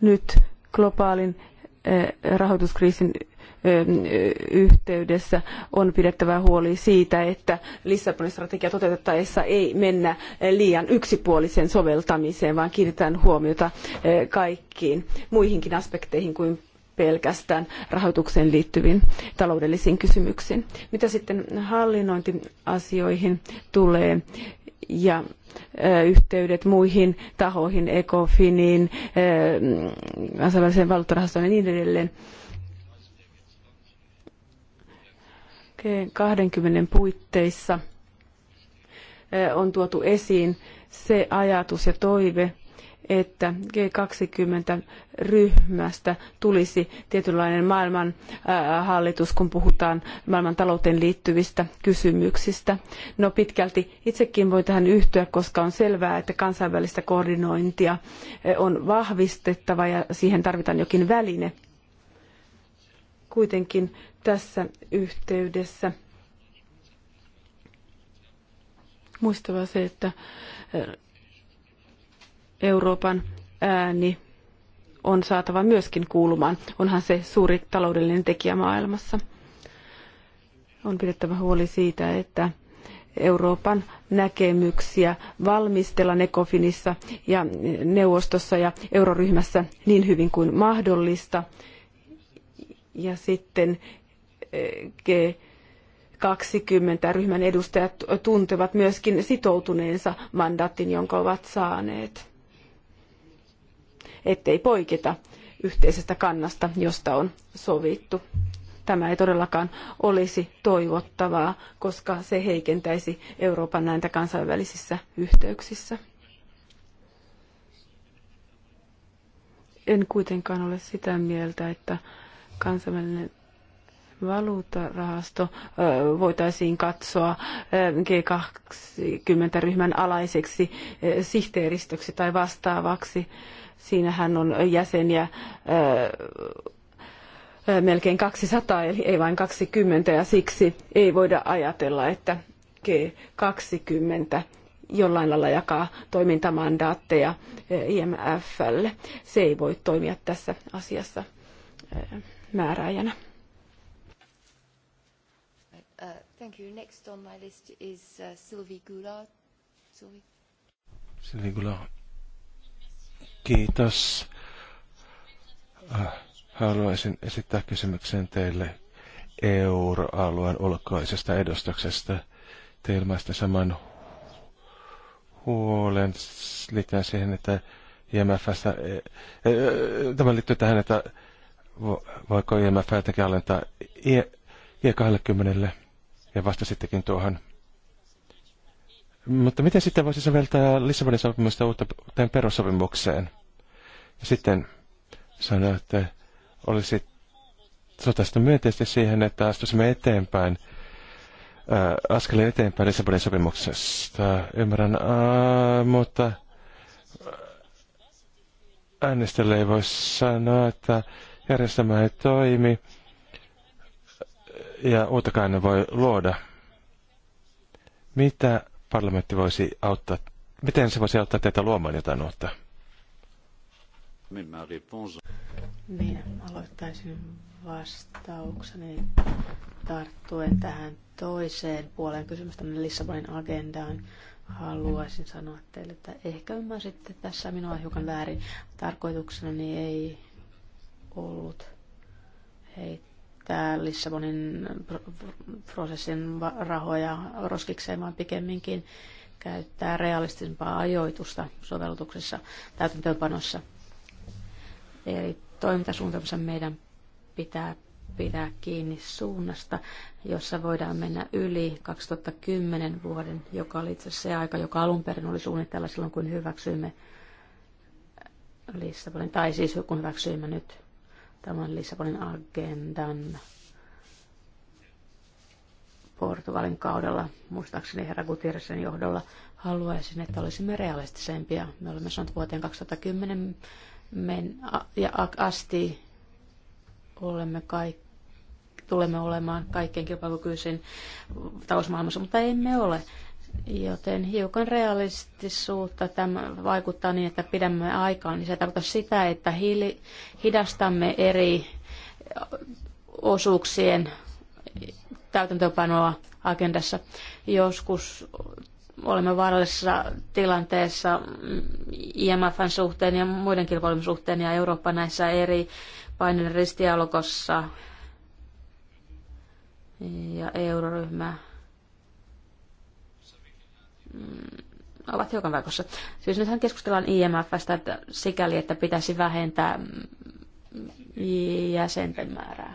C: nyt globaalin eh, rahoituskriisin eh, yhteydessä on pidettävä huoli siitä, että Lissabonin strategia toteutettaessa ei mennä liian yksipuoliseen soveltamiseen, vaan kiinnitetään huomiota eh, kaikkiin muihinkin aspekteihin kuin pelkästään rahoitukseen liittyviin taloudellisiin kysymyksiin. Mitä sitten hallinnointiasioihin tulee ja yhteydet muihin tahoihin, ECOFINiin, kansainväliseen valuuttarahastoon ja niin edelleen. 20 puitteissa on tuotu esiin se ajatus ja toive, että G20-ryhmästä tulisi tietynlainen maailman äh, kun puhutaan maailman talouteen liittyvistä kysymyksistä. No pitkälti itsekin voi tähän yhtyä, koska on selvää, että kansainvälistä koordinointia äh, on vahvistettava ja siihen tarvitaan jokin väline. Kuitenkin tässä yhteydessä muistava se, että äh, Euroopan ääni on saatava myöskin kuulumaan. Onhan se suuri taloudellinen tekijä maailmassa. On pidettävä huoli siitä, että Euroopan näkemyksiä valmistella Nekofinissa ja neuvostossa ja euroryhmässä niin hyvin kuin mahdollista. Ja sitten eh, G20 ryhmän edustajat tuntevat myöskin sitoutuneensa mandaattiin, jonka ovat saaneet ettei poiketa yhteisestä kannasta, josta on sovittu. Tämä ei todellakaan olisi toivottavaa, koska se heikentäisi Euroopan näitä kansainvälisissä yhteyksissä. En kuitenkaan ole sitä mieltä, että kansainvälinen valuuttarahasto voitaisiin katsoa G20-ryhmän alaiseksi sihteeristöksi tai vastaavaksi. Siinähän on jäseniä melkein 200, eli ei vain 20, ja siksi ei voida ajatella, että G20 jollain lailla jakaa toimintamandaatteja IMFlle. Se ei voi toimia tässä asiassa
D: määrääjänä.
A: Uh, thank you. Next on my list is uh, Sylvie Goulard. Sylvie.
D: Sylvie Goulard. Kiitos. Uh, haluaisin esittää kysymyksen teille euroalueen ulkoisesta edustuksesta. Te ilmaista saman huolen liittyen siihen, että IMFstä, e, e, tämä liittyy tähän, että voiko IMF jotenkin alentaa I, I20 ja vastasittekin tuohon. Mutta miten sitten voisi soveltaa Lissabonin sopimusta uutta tämän perussopimukseen? Ja sitten sanoi, että olisi sotasta myönteisesti siihen, että astuisimme eteenpäin, äh, askeleen eteenpäin Lissabonin sopimuksesta. Ymmärrän, äh, mutta äänestölle ei voi sanoa, että järjestelmä ei toimi ja Uutakainen voi luoda. Mitä parlamentti voisi auttaa, miten se voisi auttaa teitä luomaan jotain uutta?
E: Niin,
B: aloittaisin vastaukseni tarttuen tähän toiseen puoleen kysymystä Lissabonin agendaan. Haluaisin sanoa teille, että ehkä ymmärsitte tässä minua hiukan väärin. Tarkoituksena ei ollut heittää käyttää Lissabonin prosessin rahoja roskikseen, vaan pikemminkin käyttää realistisempaa ajoitusta sovellutuksessa täytäntöönpanossa. Eli toimintasuunnitelmassa meidän pitää pitää kiinni suunnasta, jossa voidaan mennä yli 2010 vuoden, joka oli itse asiassa se aika, joka alun perin oli suunnitella silloin, kun hyväksyimme Lissabonin, tai siis kun hyväksyimme nyt tämän Lissabonin agendan Portugalin kaudella, muistaakseni herra Gutierrezin johdolla, haluaisin, että olisimme realistisempia. Me olemme sanoneet vuoteen 2010 men, ja asti olemme kaikki tulemme olemaan kaikkein kilpailukykyisin talousmaailmassa, mutta emme ole. Joten hiukan realistisuutta tämä vaikuttaa niin, että pidämme aikaa, niin se tarkoittaa sitä, että hiili, hidastamme eri osuuksien täytäntöpanoa agendassa. Joskus olemme vaarallisessa tilanteessa IMFn suhteen ja muiden kilpailun suhteen ja Eurooppa näissä eri paineiden ristialokossa ja euroryhmä ovat hiukan vaikossa. Siis nythän keskustellaan IMFstä että sikäli, että pitäisi vähentää jäsenten määrää.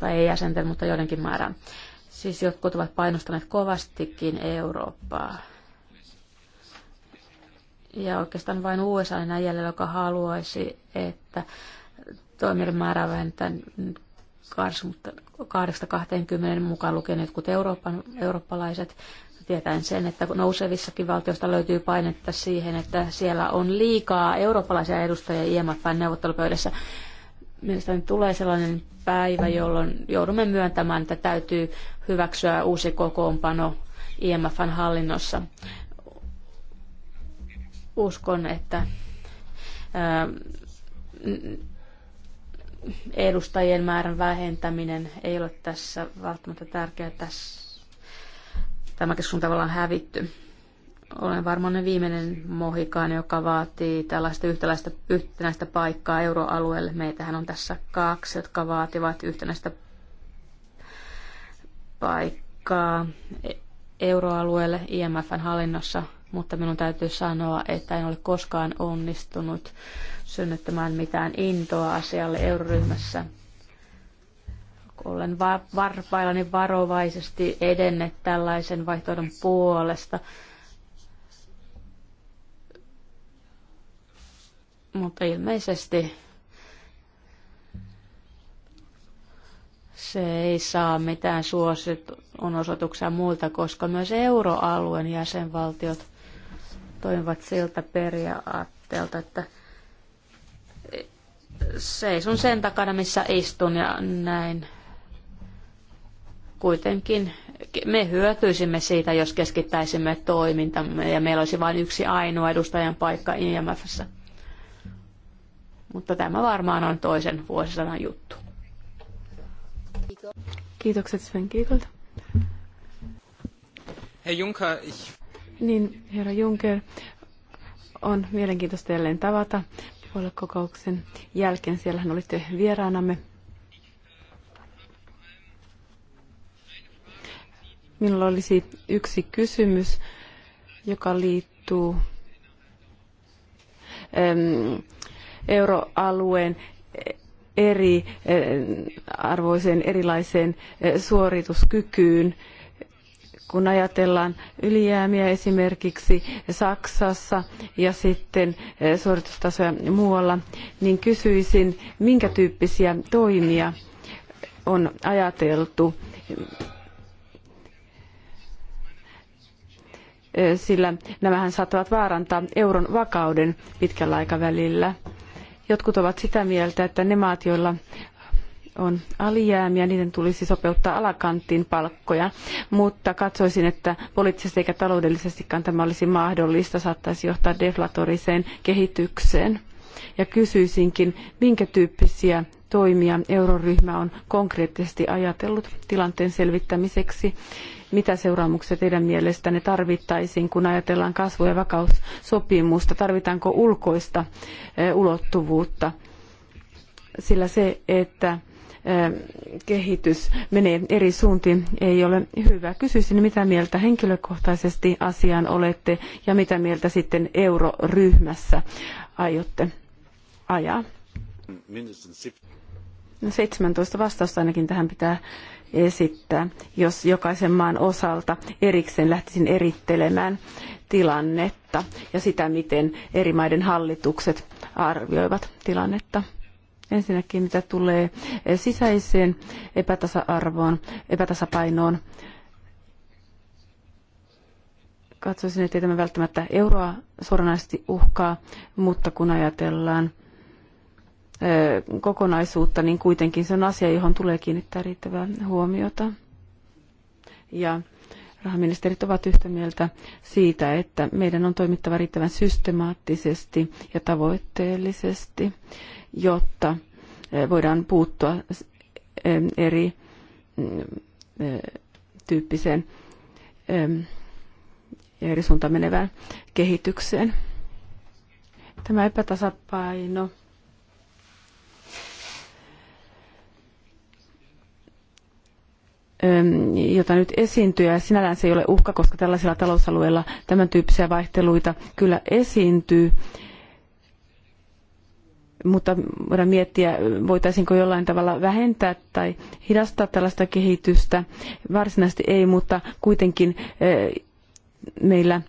B: Tai ei jäsenten, mutta joidenkin määrää. Siis jotkut ovat painostaneet kovastikin Eurooppaa. Ja oikeastaan vain USA on jäljellä, joka haluaisi, että toimijoiden määrää vähentää 8-20 mukaan lukien jotkut Euroopan, eurooppalaiset, tietäen sen, että nousevissakin valtioista löytyy painetta siihen, että siellä on liikaa eurooppalaisia edustajia IMFn neuvottelupöydässä. Mielestäni tulee sellainen päivä, jolloin joudumme myöntämään, että täytyy hyväksyä uusi kokoonpano IMFn hallinnossa. Uskon, että edustajien määrän vähentäminen ei ole tässä välttämättä tärkeää. Tässä. Tämä keskustelu tavallaan hävitty. Olen varmaan viimeinen mohikaan, joka vaatii tällaista yhtäläistä, yhtenäistä paikkaa euroalueelle. Meitähän on tässä kaksi, jotka vaativat yhtenäistä
A: paikkaa
B: euroalueelle IMFn hallinnossa, mutta minun täytyy sanoa, että en ole koskaan onnistunut synnyttämään mitään intoa asialle euroryhmässä. Olen va- varpaillani varovaisesti edennyt tällaisen vaihtoehdon puolesta. Mutta ilmeisesti se ei saa mitään osoituksia muilta, koska myös euroalueen jäsenvaltiot toimivat siltä periaatteelta, että seison sen takana, missä istun ja näin. Kuitenkin me hyötyisimme siitä, jos keskittäisimme toimintamme ja meillä olisi vain yksi ainoa edustajan paikka IMFssä. Mutta tämä varmaan on toisen vuosisadan juttu. Kiitokset Sven Kiikolta.
E: Herr Juncker, ich...
C: Niin, herra Juncker, on mielenkiintoista jälleen tavata puoluekokouksen jälkeen. Siellähän olitte vieraanamme. Minulla olisi yksi kysymys, joka liittyy euroalueen eri arvoiseen erilaiseen suorituskykyyn kun ajatellaan ylijäämiä esimerkiksi Saksassa ja sitten eh, suoritustasoja muualla, niin kysyisin, minkä tyyppisiä toimia on ajateltu, eh, sillä nämähän saattavat vaarantaa euron vakauden pitkällä aikavälillä. Jotkut ovat sitä mieltä, että ne maat, joilla on alijäämiä, niiden tulisi sopeuttaa alakanttiin palkkoja, mutta katsoisin, että poliittisesti eikä taloudellisestikaan tämä olisi mahdollista, saattaisi johtaa deflatoriseen kehitykseen. Ja kysyisinkin, minkä tyyppisiä toimia euroryhmä on konkreettisesti ajatellut tilanteen selvittämiseksi? Mitä seuraamuksia teidän mielestänne tarvittaisiin, kun ajatellaan kasvu- ja vakaussopimusta? Tarvitaanko ulkoista eh, ulottuvuutta? Sillä se, että kehitys menee eri suuntiin, ei ole hyvä. Kysyisin, mitä mieltä henkilökohtaisesti asiaan olette ja mitä mieltä sitten euroryhmässä aiotte ajaa? 17 no, vastausta ainakin tähän pitää esittää, jos jokaisen maan osalta erikseen lähtisin erittelemään tilannetta ja sitä, miten eri maiden hallitukset arvioivat tilannetta. Ensinnäkin mitä tulee sisäiseen epätasa-arvoon, epätasapainoon. Katsoisin, että ei tämä välttämättä euroa suoranaisesti uhkaa, mutta kun ajatellaan kokonaisuutta, niin kuitenkin se on asia, johon tulee kiinnittää riittävää huomiota. Ja rahaministerit ovat yhtä mieltä siitä, että meidän on toimittava riittävän systemaattisesti ja tavoitteellisesti, jotta eh, voidaan puuttua eh, eri mm, eh, tyyppiseen ja eri suuntaan menevään kehitykseen. Tämä epätasapaino jota nyt esiintyy, ja sinällään se ei ole uhka, koska tällaisilla talousalueilla tämän tyyppisiä vaihteluita kyllä esiintyy. Mutta voidaan miettiä, voitaisiinko jollain tavalla vähentää tai hidastaa tällaista kehitystä. Varsinaisesti ei, mutta kuitenkin meillä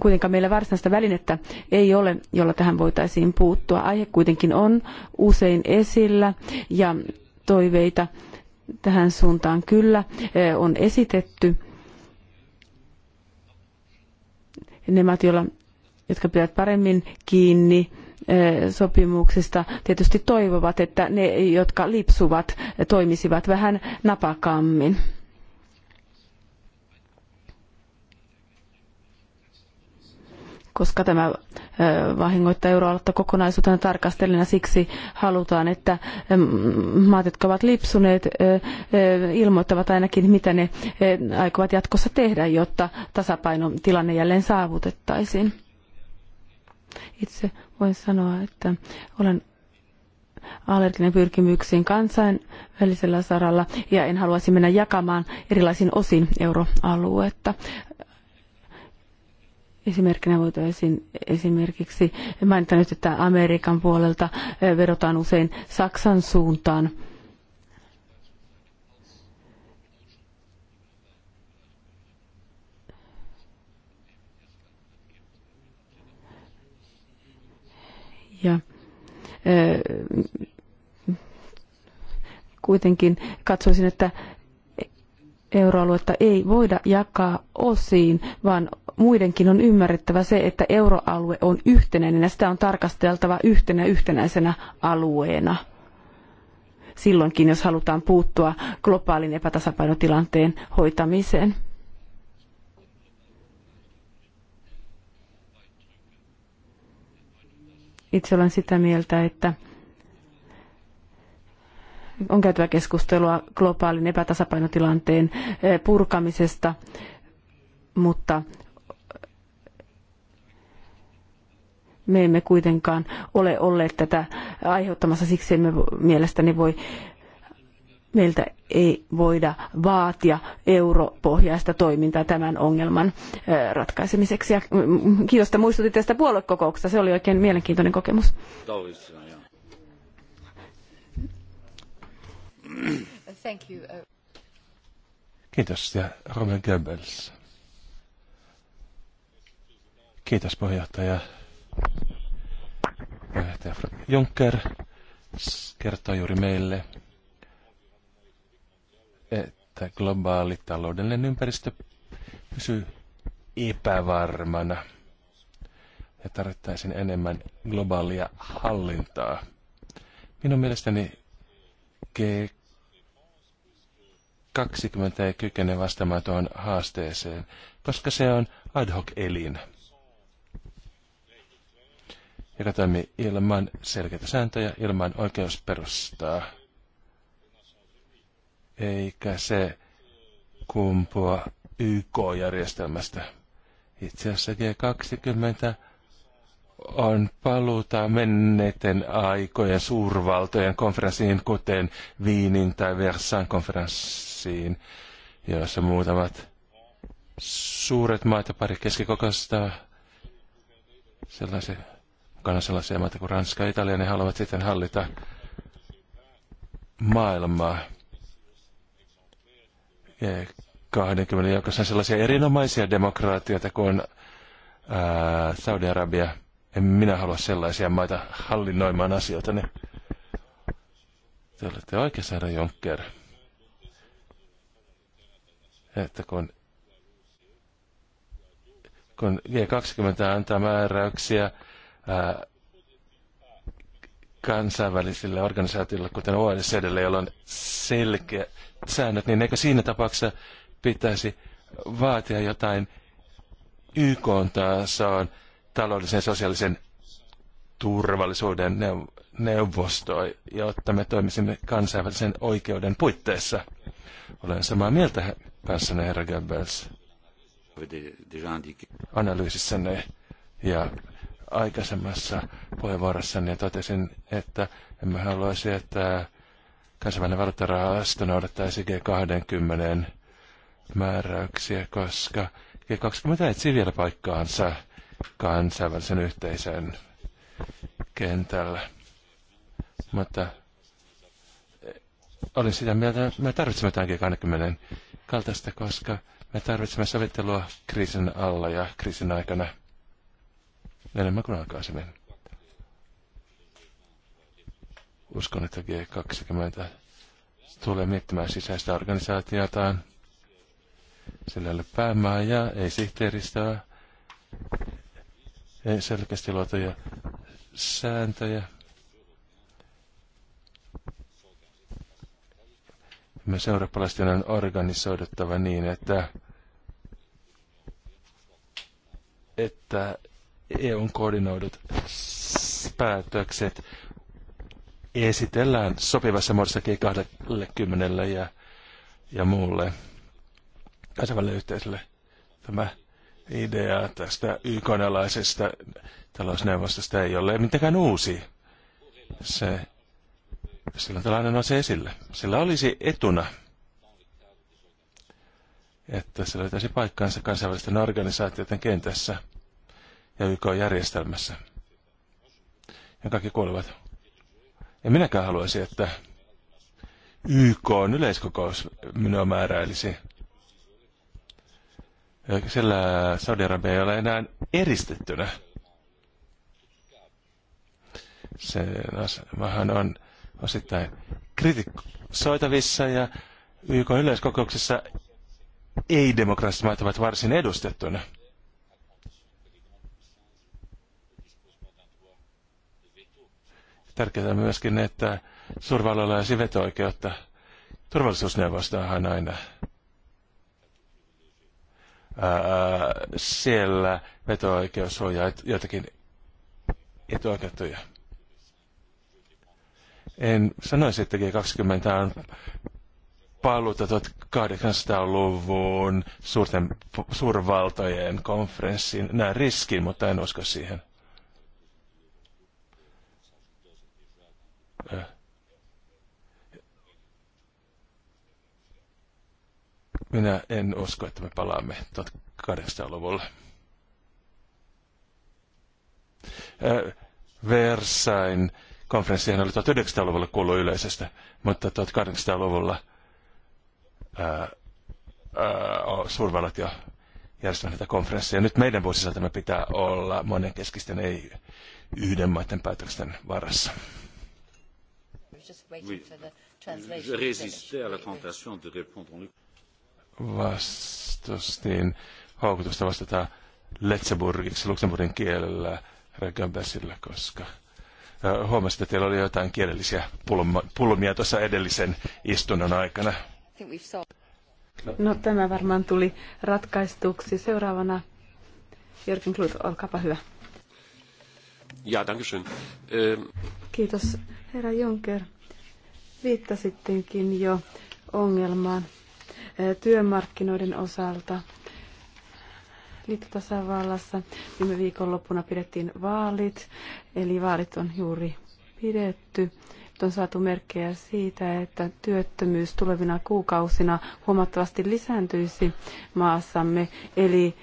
C: kuitenkaan meillä varsinaista välinettä ei ole, jolla tähän voitaisiin puuttua. Aihe kuitenkin on usein esillä ja toiveita tähän suuntaan kyllä eh, on esitetty. Ne maat, jotka pitävät paremmin kiinni eh, sopimuksista, tietysti toivovat, että ne, jotka lipsuvat, eh, toimisivat vähän napakammin. koska tämä vahingoittaa euroaluetta kokonaisuutena tarkastelina. Siksi halutaan, että maat, jotka ovat lipsuneet, ilmoittavat ainakin, mitä ne aikovat jatkossa tehdä, jotta tasapainotilanne jälleen saavutettaisiin. Itse voin sanoa, että olen allerginen pyrkimyksiin kansainvälisellä saralla ja en haluaisi mennä jakamaan erilaisiin osiin euroaluetta. Esimerkkinä voitaisiin esimerkiksi mainita nyt, että Amerikan puolelta eh, vedotaan usein Saksan suuntaan. Ja, eh, kuitenkin katsoisin, että euroaluetta ei voida jakaa osiin, vaan muidenkin on ymmärrettävä se, että euroalue on yhtenäinen ja sitä on tarkasteltava yhtenä yhtenäisenä alueena. Silloinkin, jos halutaan puuttua globaalin epätasapainotilanteen hoitamiseen. Itse olen sitä mieltä, että on käytävä keskustelua globaalin epätasapainotilanteen eh, purkamisesta, mutta me emme kuitenkaan ole olleet tätä aiheuttamassa, siksi emme mielestäni voi meiltä ei voida vaatia europohjaista toimintaa tämän ongelman eh, ratkaisemiseksi. Ja mm, mm, kiitos, että muistutit tästä puoluekokouksesta. Se oli oikein mielenkiintoinen kokemus.
D: Kiitos ja Roman Goebbels. Kiitos puheenjohtaja. Puheenjohtaja Juncker kertoi juuri meille, että globaali taloudellinen ympäristö pysyy epävarmana ja tarvittaisiin enemmän globaalia hallintaa. Minun mielestäni G 20 ei kykene vastaamaan tuohon haasteeseen, koska se on ad hoc elin, joka toimii ilman selkeitä sääntöjä, ilman oikeusperustaa. Eikä se kumpua YK-järjestelmästä. Itse asiassa G20 on paluuta menneiden aikojen suurvaltojen konferenssiin, kuten Viinin tai Versailles konferenssiin, joissa muutamat suuret maat ja pari keskikokoista sellaisia, mukana sellaisia maita kuin Ranska ja Italia, ne haluavat sitten hallita maailmaa. Ja 20 joukossa on sellaisia erinomaisia demokraatioita kuin Saudi-Arabia – en minä halua sellaisia maita hallinnoimaan asioita. Niin te olette oikeassa, herra Jonkker. Että kun, kun G20 antaa määräyksiä ää, kansainvälisille organisaatioille, kuten OECDlle, jolla on selkeä säännöt, niin eikö siinä tapauksessa pitäisi vaatia jotain YK tasoon taloudellisen ja sosiaalisen turvallisuuden neuvosto, jotta me toimisimme kansainvälisen oikeuden puitteissa. Olen samaa mieltä kanssanne, herra Goebbels, analyysissänne ja aikaisemmassa ja totesin, että emme haluaisi, että kansainvälinen valtarahasto noudattaisi G20 määräyksiä, koska G20 etsii vielä paikkaansa kansainvälisen yhteisön kentällä. Mutta eh, olin sitä mieltä, että me tarvitsemme tämänkin 20 kaltaista, koska me tarvitsemme sovittelua kriisin alla ja kriisin aikana enemmän kuin aikaisemmin. Uskon, että G20 tulee miettimään sisäistä organisaatiotaan. Sillä ei ole päämää ja ei sihteeristöä, selkeästi luotuja sääntöjä. Myös eurooppalaisten on organisoiduttava niin, että, että EUn koordinoidut päätökset esitellään sopivassa muodossa G20 ja, ja muulle kansainväliselle yhteisölle. Tämä idea tästä ykonalaisesta talousneuvostosta ei ole mitenkään uusi. Se, sillä tällainen on se esille. Sillä olisi etuna, että se löytäisi paikkaansa kansainvälisten organisaatioiden kentässä ja YK-järjestelmässä. Ja kaikki kuolevat. ja minäkään haluaisin, että YK on yleiskokous minua määräilisi sillä Saudi-Arabia ei ole enää eristettynä. Se vähän on osittain kritisoitavissa ja YK yleiskokouksessa ei-demokraattiset ovat varsin edustettuna. Tärkeää on myöskin, että suurvalloilla olisi veto-oikeutta. Turvallisuusneuvostohan aina siellä veto-oikeus ja joitakin etuoikeutuja, En sanoisi, että G20 on paluuta 1800-luvun suurten, suurvaltojen konferenssin näin riskin, mutta en usko siihen. Minä en usko, että me palaamme 1800-luvulle. Versain konferenssihan oli 1900-luvulla kuullut yleisestä, mutta 1800-luvulla suurvallat jo järjestävät näitä konferensseja. Nyt meidän vuosisatamme pitää olla monenkeskisten, ei yhden maiden päätösten varassa.
E: Oui. Je résistais à la tentation de répondre en
D: vastustin houkutusta vastata Letseburgiksi Luxemburgin kielellä Regenbäsillä, koska huomasin, että teillä oli jotain kielellisiä pulmia tuossa edellisen istunnon aikana.
A: No
C: tämä varmaan tuli ratkaistuksi. Seuraavana Jörgen Klut, olkaapa hyvä.
E: Ja, dankeschön.
C: Kiitos, herra Juncker. Viittasittekin jo ongelmaan työmarkkinoiden osalta. Liittotasavallassa viime viikonloppuna pidettiin vaalit, eli vaalit on juuri pidetty. Nyt on saatu merkkejä siitä, että työttömyys tulevina kuukausina huomattavasti lisääntyisi maassamme, eli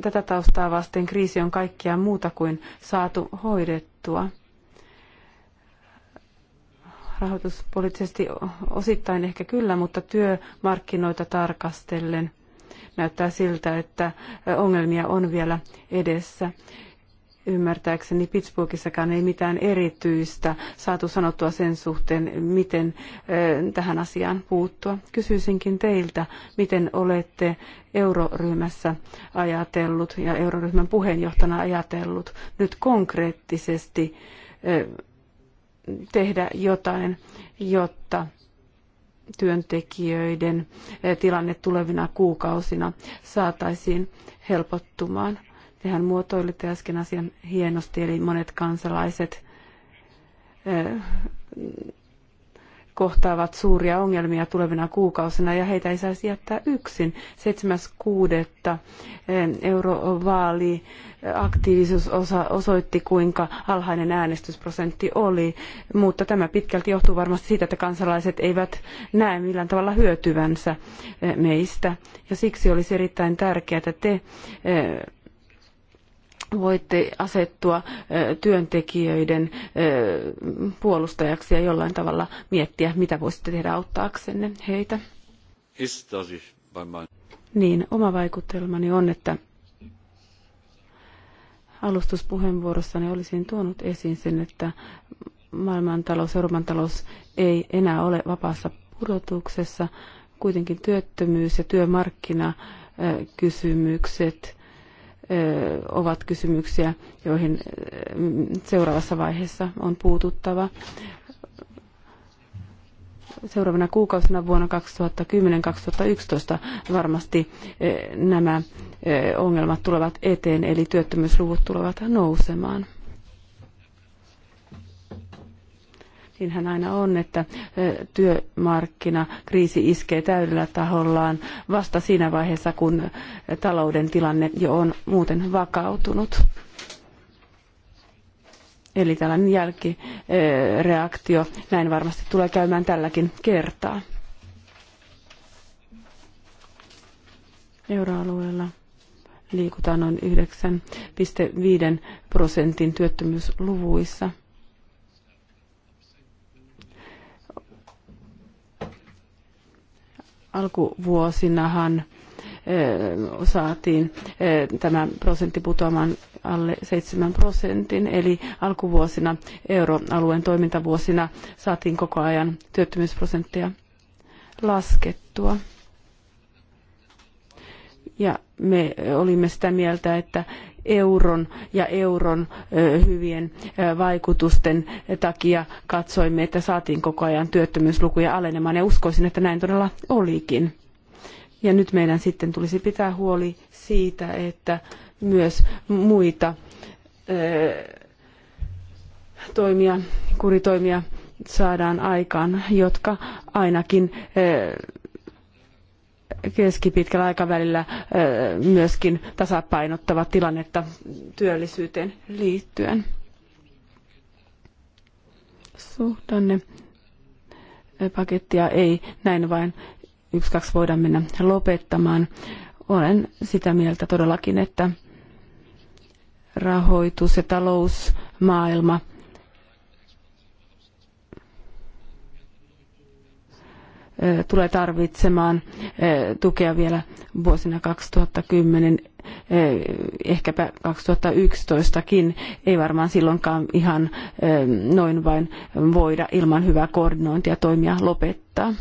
C: tätä taustaa vasten kriisi on kaikkea muuta kuin saatu hoidettua rahoituspoliittisesti osittain ehkä kyllä, mutta työmarkkinoita tarkastellen näyttää siltä, että ongelmia on vielä edessä. Ymmärtääkseni Pittsburghissakaan ei mitään erityistä saatu sanottua sen suhteen, miten tähän asiaan puuttua. Kysyisinkin teiltä, miten olette euroryhmässä ajatellut ja euroryhmän puheenjohtajana ajatellut nyt konkreettisesti tehdä jotain, jotta työntekijöiden eh, tilanne tulevina kuukausina saataisiin helpottumaan. Tehän muotoilitte äsken asian hienosti, eli monet kansalaiset eh, kohtaavat suuria ongelmia tulevina kuukausina ja heitä ei saisi jättää yksin. 7.6. Eh, eurovaali eh, aktiivisuus osoitti, kuinka alhainen äänestysprosentti oli, mutta tämä pitkälti johtuu varmasti siitä, että kansalaiset eivät näe millään tavalla hyötyvänsä eh, meistä. Ja siksi olisi erittäin tärkeää, että te voitte asettua työntekijöiden puolustajaksi ja jollain tavalla miettiä, mitä voisitte tehdä auttaaksenne heitä. Niin, oma vaikutelmani on, että alustuspuheenvuorossani olisin tuonut esiin sen, että maailmantalous, Euroopan talous ei enää ole vapaassa pudotuksessa. Kuitenkin työttömyys ja työmarkkinakysymykset ovat kysymyksiä, joihin seuraavassa vaiheessa on puututtava. Seuraavana kuukausina vuonna 2010-2011 varmasti nämä ongelmat tulevat eteen, eli työttömyysluvut tulevat nousemaan. Niinhän aina on, että työmarkkina kriisi iskee täydellä tahollaan vasta siinä vaiheessa, kun talouden tilanne jo on muuten vakautunut. Eli tällainen jälkireaktio, näin varmasti tulee käymään tälläkin kertaa. Euroalueella liikutaan noin 9,5 prosentin työttömyysluvuissa – Alkuvuosinahan eh, saatiin eh, tämä prosentti putoamaan alle 7 prosentin, eli alkuvuosina euroalueen toimintavuosina saatiin koko ajan työttömyysprosenttia laskettua. Ja me olimme sitä mieltä, että euron ja euron hyvien vaikutusten takia katsoimme, että saatiin koko ajan työttömyyslukuja alenemaan ja uskoisin, että näin todella olikin. Ja nyt meidän sitten tulisi pitää huoli siitä, että myös muita toimia, kuritoimia saadaan aikaan, jotka ainakin keskipitkällä aikavälillä myöskin tasapainottava tilannetta työllisyyteen liittyen. Suhdanne pakettia ei näin vain yksi kaksi voida mennä lopettamaan. Olen sitä mieltä todellakin, että rahoitus ja talousmaailma – tulee tarvitsemaan tukea vielä vuosina 2010 ehkäpä 2011kin, ei varmaan silloinkaan ihan noin vain voida ilman hyvää koordinointia toimia lopettaa.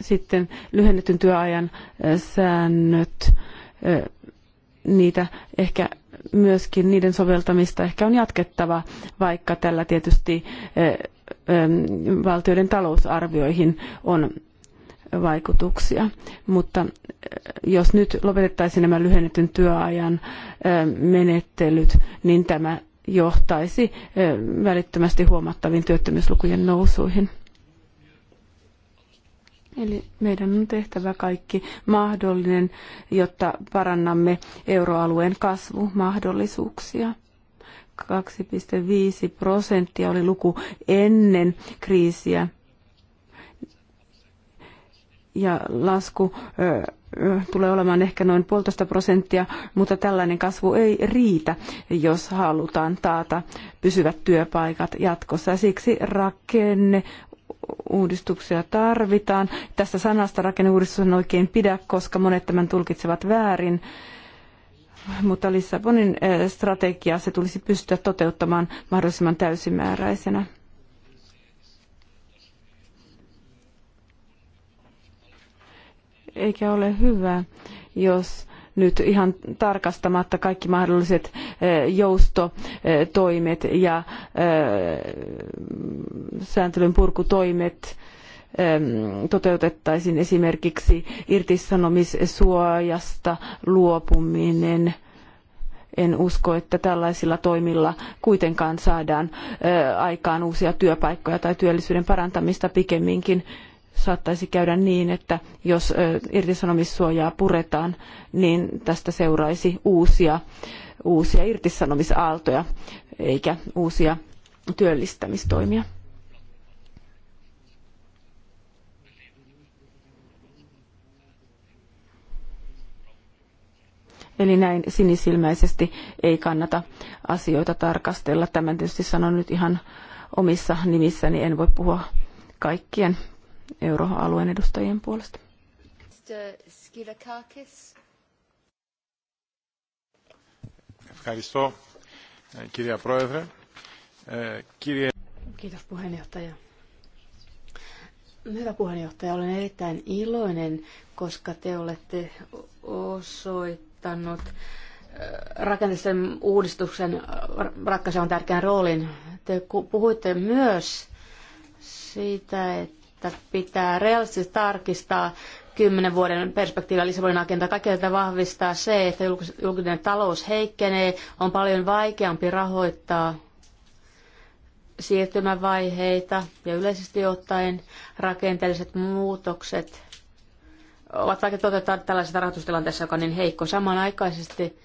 C: Sitten lyhennetyn työajan säännöt, niitä ehkä myöskin niiden soveltamista ehkä on jatkettava, vaikka tällä tietysti eh, eh, valtioiden talousarvioihin on vaikutuksia. Mutta eh, jos nyt lopetettaisiin nämä lyhennetyn työajan menettelyt, niin tämä johtaisi välittömästi huomattaviin työttömyyslukujen nousuihin. Eli meidän on tehtävä kaikki mahdollinen, jotta parannamme euroalueen kasvumahdollisuuksia. 2,5 prosenttia oli luku ennen kriisiä. Ja lasku ö, tulee olemaan ehkä noin puolitoista prosenttia, mutta tällainen kasvu ei riitä, jos halutaan taata pysyvät työpaikat jatkossa. Siksi rakenne uudistuksia tarvitaan. Tästä sanasta rakenneuudistus on oikein pidä, koska monet tämän tulkitsevat väärin. Mutta Lissabonin eh, strategia se tulisi pystyä toteuttamaan mahdollisimman täysimääräisenä. Eikä ole hyvä, jos nyt ihan tarkastamatta kaikki mahdolliset eh, joustotoimet ja eh, sääntelyn purkutoimet eh, toteutettaisiin esimerkiksi irtisanomissuojasta luopuminen. En usko, että tällaisilla toimilla kuitenkaan saadaan aikaan uusia työpaikkoja tai työllisyyden parantamista pikemminkin saattaisi käydä niin, että jos irtisanomissuojaa puretaan, niin tästä seuraisi uusia, uusia irtisanomisaaltoja eikä uusia työllistämistoimia. Eli näin sinisilmäisesti ei kannata asioita tarkastella. Tämän tietysti sanon nyt ihan omissa nimissäni, en voi puhua kaikkien euroalueen edustajien puolesta.
B: Kiitos puheenjohtaja. Hyvä puheenjohtaja, olen erittäin iloinen, koska te olette osoittanut rakenteellisen uudistuksen ratkaisevan tärkeän roolin. Te puhuitte myös siitä, että että pitää realistisesti tarkistaa kymmenen vuoden perspektiivillä Lissabonin agenda. Kaikkea tätä vahvistaa se, että julkinen talous heikkenee, on paljon vaikeampi rahoittaa siirtymävaiheita ja yleisesti ottaen rakenteelliset muutokset ovat vaikeita. toteuttaa tällaisessa rahoitustilanteessa, joka on niin heikko. Samanaikaisesti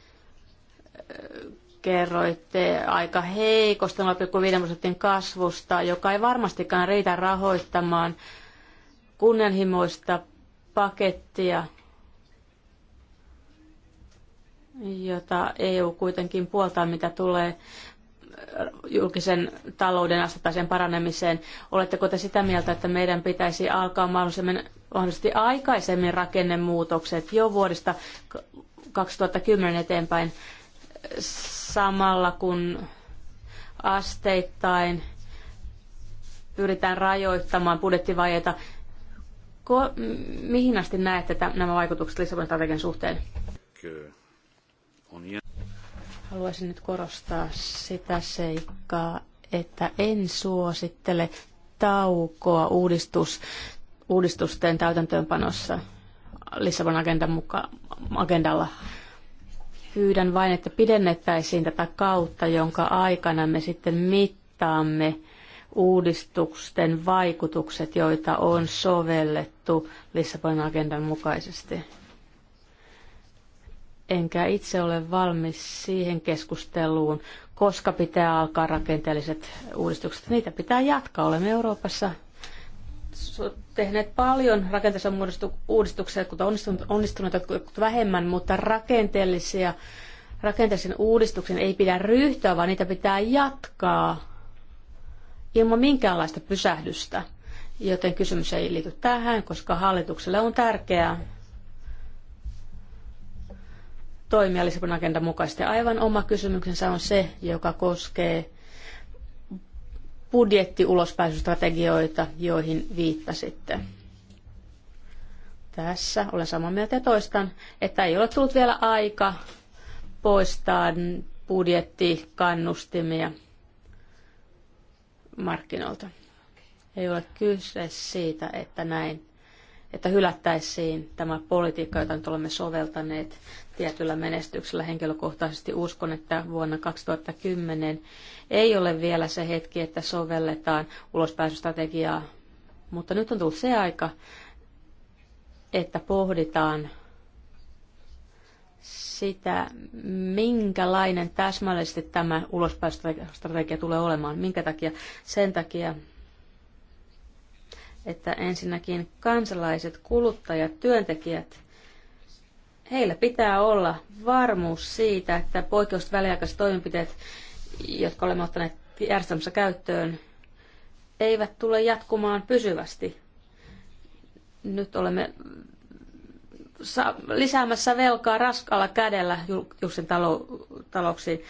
B: kerroitte aika heikosta 0,5 prosentin kasvusta, joka ei varmastikaan riitä rahoittamaan kunnianhimoista pakettia, jota EU kuitenkin puoltaa, mitä tulee julkisen talouden asettaisen paranemiseen. Oletteko te sitä mieltä, että meidän pitäisi alkaa mahdollisimman, mahdollisesti aikaisemmin rakennemuutokset jo vuodesta 2010 eteenpäin samalla kun asteittain pyritään rajoittamaan budjettivajeita. Ko, mihin asti näette tämän, nämä vaikutukset Lissabonin strategian suhteen? Haluaisin nyt korostaa sitä seikkaa, että en suosittele taukoa uudistus, uudistusten täytäntöönpanossa Lissabon agenda muka, agendalla Pyydän vain, että pidennettäisiin tätä kautta, jonka aikana me sitten mittaamme uudistusten vaikutukset, joita on sovellettu Lissabonin agendan mukaisesti. Enkä itse ole valmis siihen keskusteluun, koska pitää alkaa rakenteelliset uudistukset. Niitä pitää jatkaa. Olemme Euroopassa tehneet paljon rakenteellisia uudistuksia, onnistunut onnistunut, jotkut vähemmän, mutta rakenteellisia rakenteellisen uudistuksen ei pidä ryhtyä, vaan niitä pitää jatkaa ilman minkäänlaista pysähdystä. Joten kysymys ei liity tähän, koska hallitukselle on tärkeää toimia Lissabonin agendan mukaisesti. Aivan oma kysymyksensä on se, joka koskee budjettiulospääsystrategioita, joihin viittasitte. Tässä olen samaa mieltä ja toistan, että ei ole tullut vielä aika poistaa budjettikannustimia markkinoilta. Ei ole kyse siitä, että näin että hylättäisiin tämä politiikka, jota nyt olemme soveltaneet tietyllä menestyksellä. Henkilökohtaisesti uskon, että vuonna 2010 ei ole vielä se hetki, että sovelletaan ulospääsystrategiaa, mutta nyt on tullut se aika, että pohditaan sitä, minkälainen täsmällisesti tämä ulospäästrategia tulee olemaan. Minkä takia? Sen takia, että ensinnäkin kansalaiset, kuluttajat, työntekijät heillä pitää olla varmuus siitä, että poikkeukset väliaikaiset toimenpiteet, jotka olemme ottaneet järjestelmässä käyttöön, eivät tule jatkumaan pysyvästi. Nyt olemme lisäämässä velkaa raskalla kädellä julkisen talo talouksiin.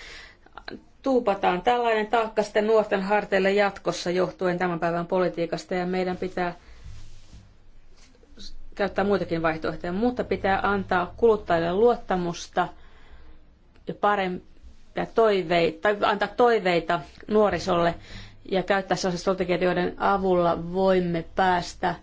B: Tuupataan tällainen taakka sitten nuorten harteille jatkossa johtuen tämän päivän politiikasta ja meidän pitää käyttää muitakin vaihtoehtoja, mutta pitää antaa kuluttajille luottamusta ja parempia toiveita, tai antaa toiveita nuorisolle ja käyttää sellaisia strategioita, joiden avulla voimme päästä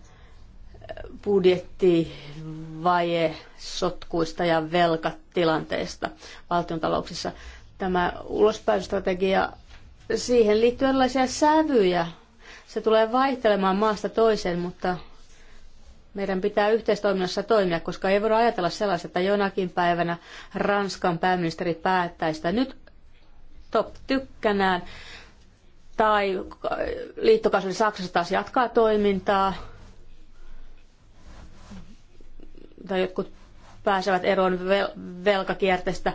B: budjettivaje sotkuista ja velkatilanteista valtiontalouksissa. Tämä ulospääsystrategia, siihen liittyy erilaisia sävyjä. Se tulee vaihtelemaan maasta toiseen, mutta meidän pitää yhteistoiminnassa toimia, koska ei voida ajatella sellaista, että jonakin päivänä Ranskan pääministeri päättäisi että nyt top tykkänään tai liittokansleri Saksassa taas jatkaa toimintaa tai jotkut pääsevät eroon vel- velkakierteestä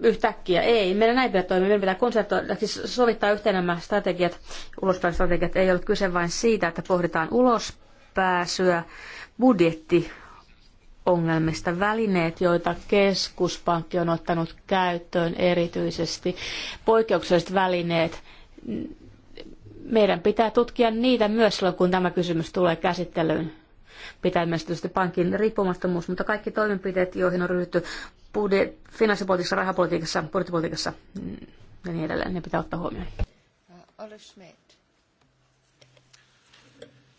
B: yhtäkkiä. Ei, meidän näin pitää toimia. Meidän pitää konsertoida, siis sovittaa yhteen nämä strategiat, ulospäin strategiat. Ei ole kyse vain siitä, että pohditaan ulos pääsyä budjetti ongelmista. Välineet, joita keskuspankki on ottanut käyttöön erityisesti, poikkeukselliset välineet, meidän pitää tutkia niitä myös silloin, kun tämä kysymys tulee käsittelyyn. Pitää myös tietysti pankin riippumattomuus, mutta kaikki toimenpiteet, joihin on ryhdytty budje- finanssipolitiikassa, rahapolitiikassa, budjettipolitiikassa mm, ja niin edelleen, ne pitää ottaa
D: huomioon.
A: Äh,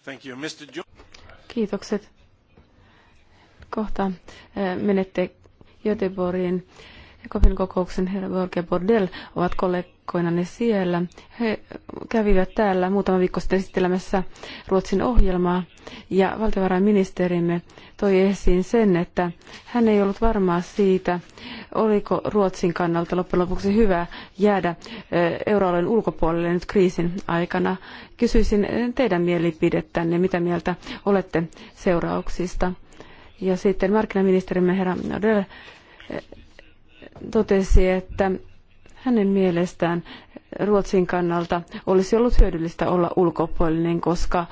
A: Thank
D: you. Mr. Jo-
C: Kiitokset. Kohta eh, menette Göteborgin Ekofin kokouksen herra Borg Bordel ovat kollegat ne niin siellä. He kävivät täällä muutama viikko sitten esittelemässä Ruotsin ohjelmaa ja valtiovarainministerimme toi esiin sen, että hän ei ollut varmaa siitä, oliko Ruotsin kannalta loppujen lopuksi hyvä jäädä eh, euroalueen ulkopuolelle nyt kriisin aikana. Kysyisin teidän mielipidettänne, mitä mieltä olette seurauksista. Ja sitten markkinaministerimme herra Nodel eh, totesi, että hänen mielestään Ruotsin kannalta olisi ollut hyödyllistä olla ulkopuolinen, koska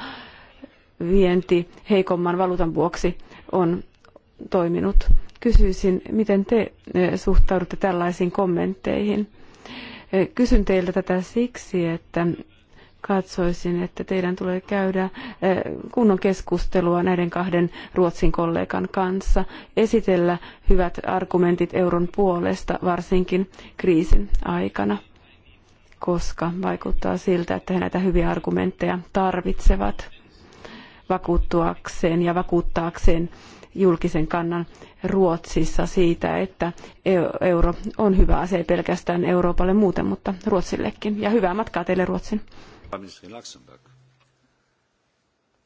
C: vienti heikomman valuutan vuoksi on toiminut. Kysyisin, miten te e, suhtaudutte tällaisiin kommentteihin? E, kysyn teiltä tätä siksi, että katsoisin, että teidän tulee käydä eh, kunnon keskustelua näiden kahden Ruotsin kollegan kanssa, esitellä hyvät argumentit euron puolesta, varsinkin kriisin aikana, koska vaikuttaa siltä, että he näitä hyviä argumentteja tarvitsevat vakuuttuakseen ja vakuuttaakseen julkisen kannan Ruotsissa siitä, että euro on hyvä asia ei pelkästään Euroopalle muuten, mutta Ruotsillekin. Ja hyvää matkaa teille Ruotsin.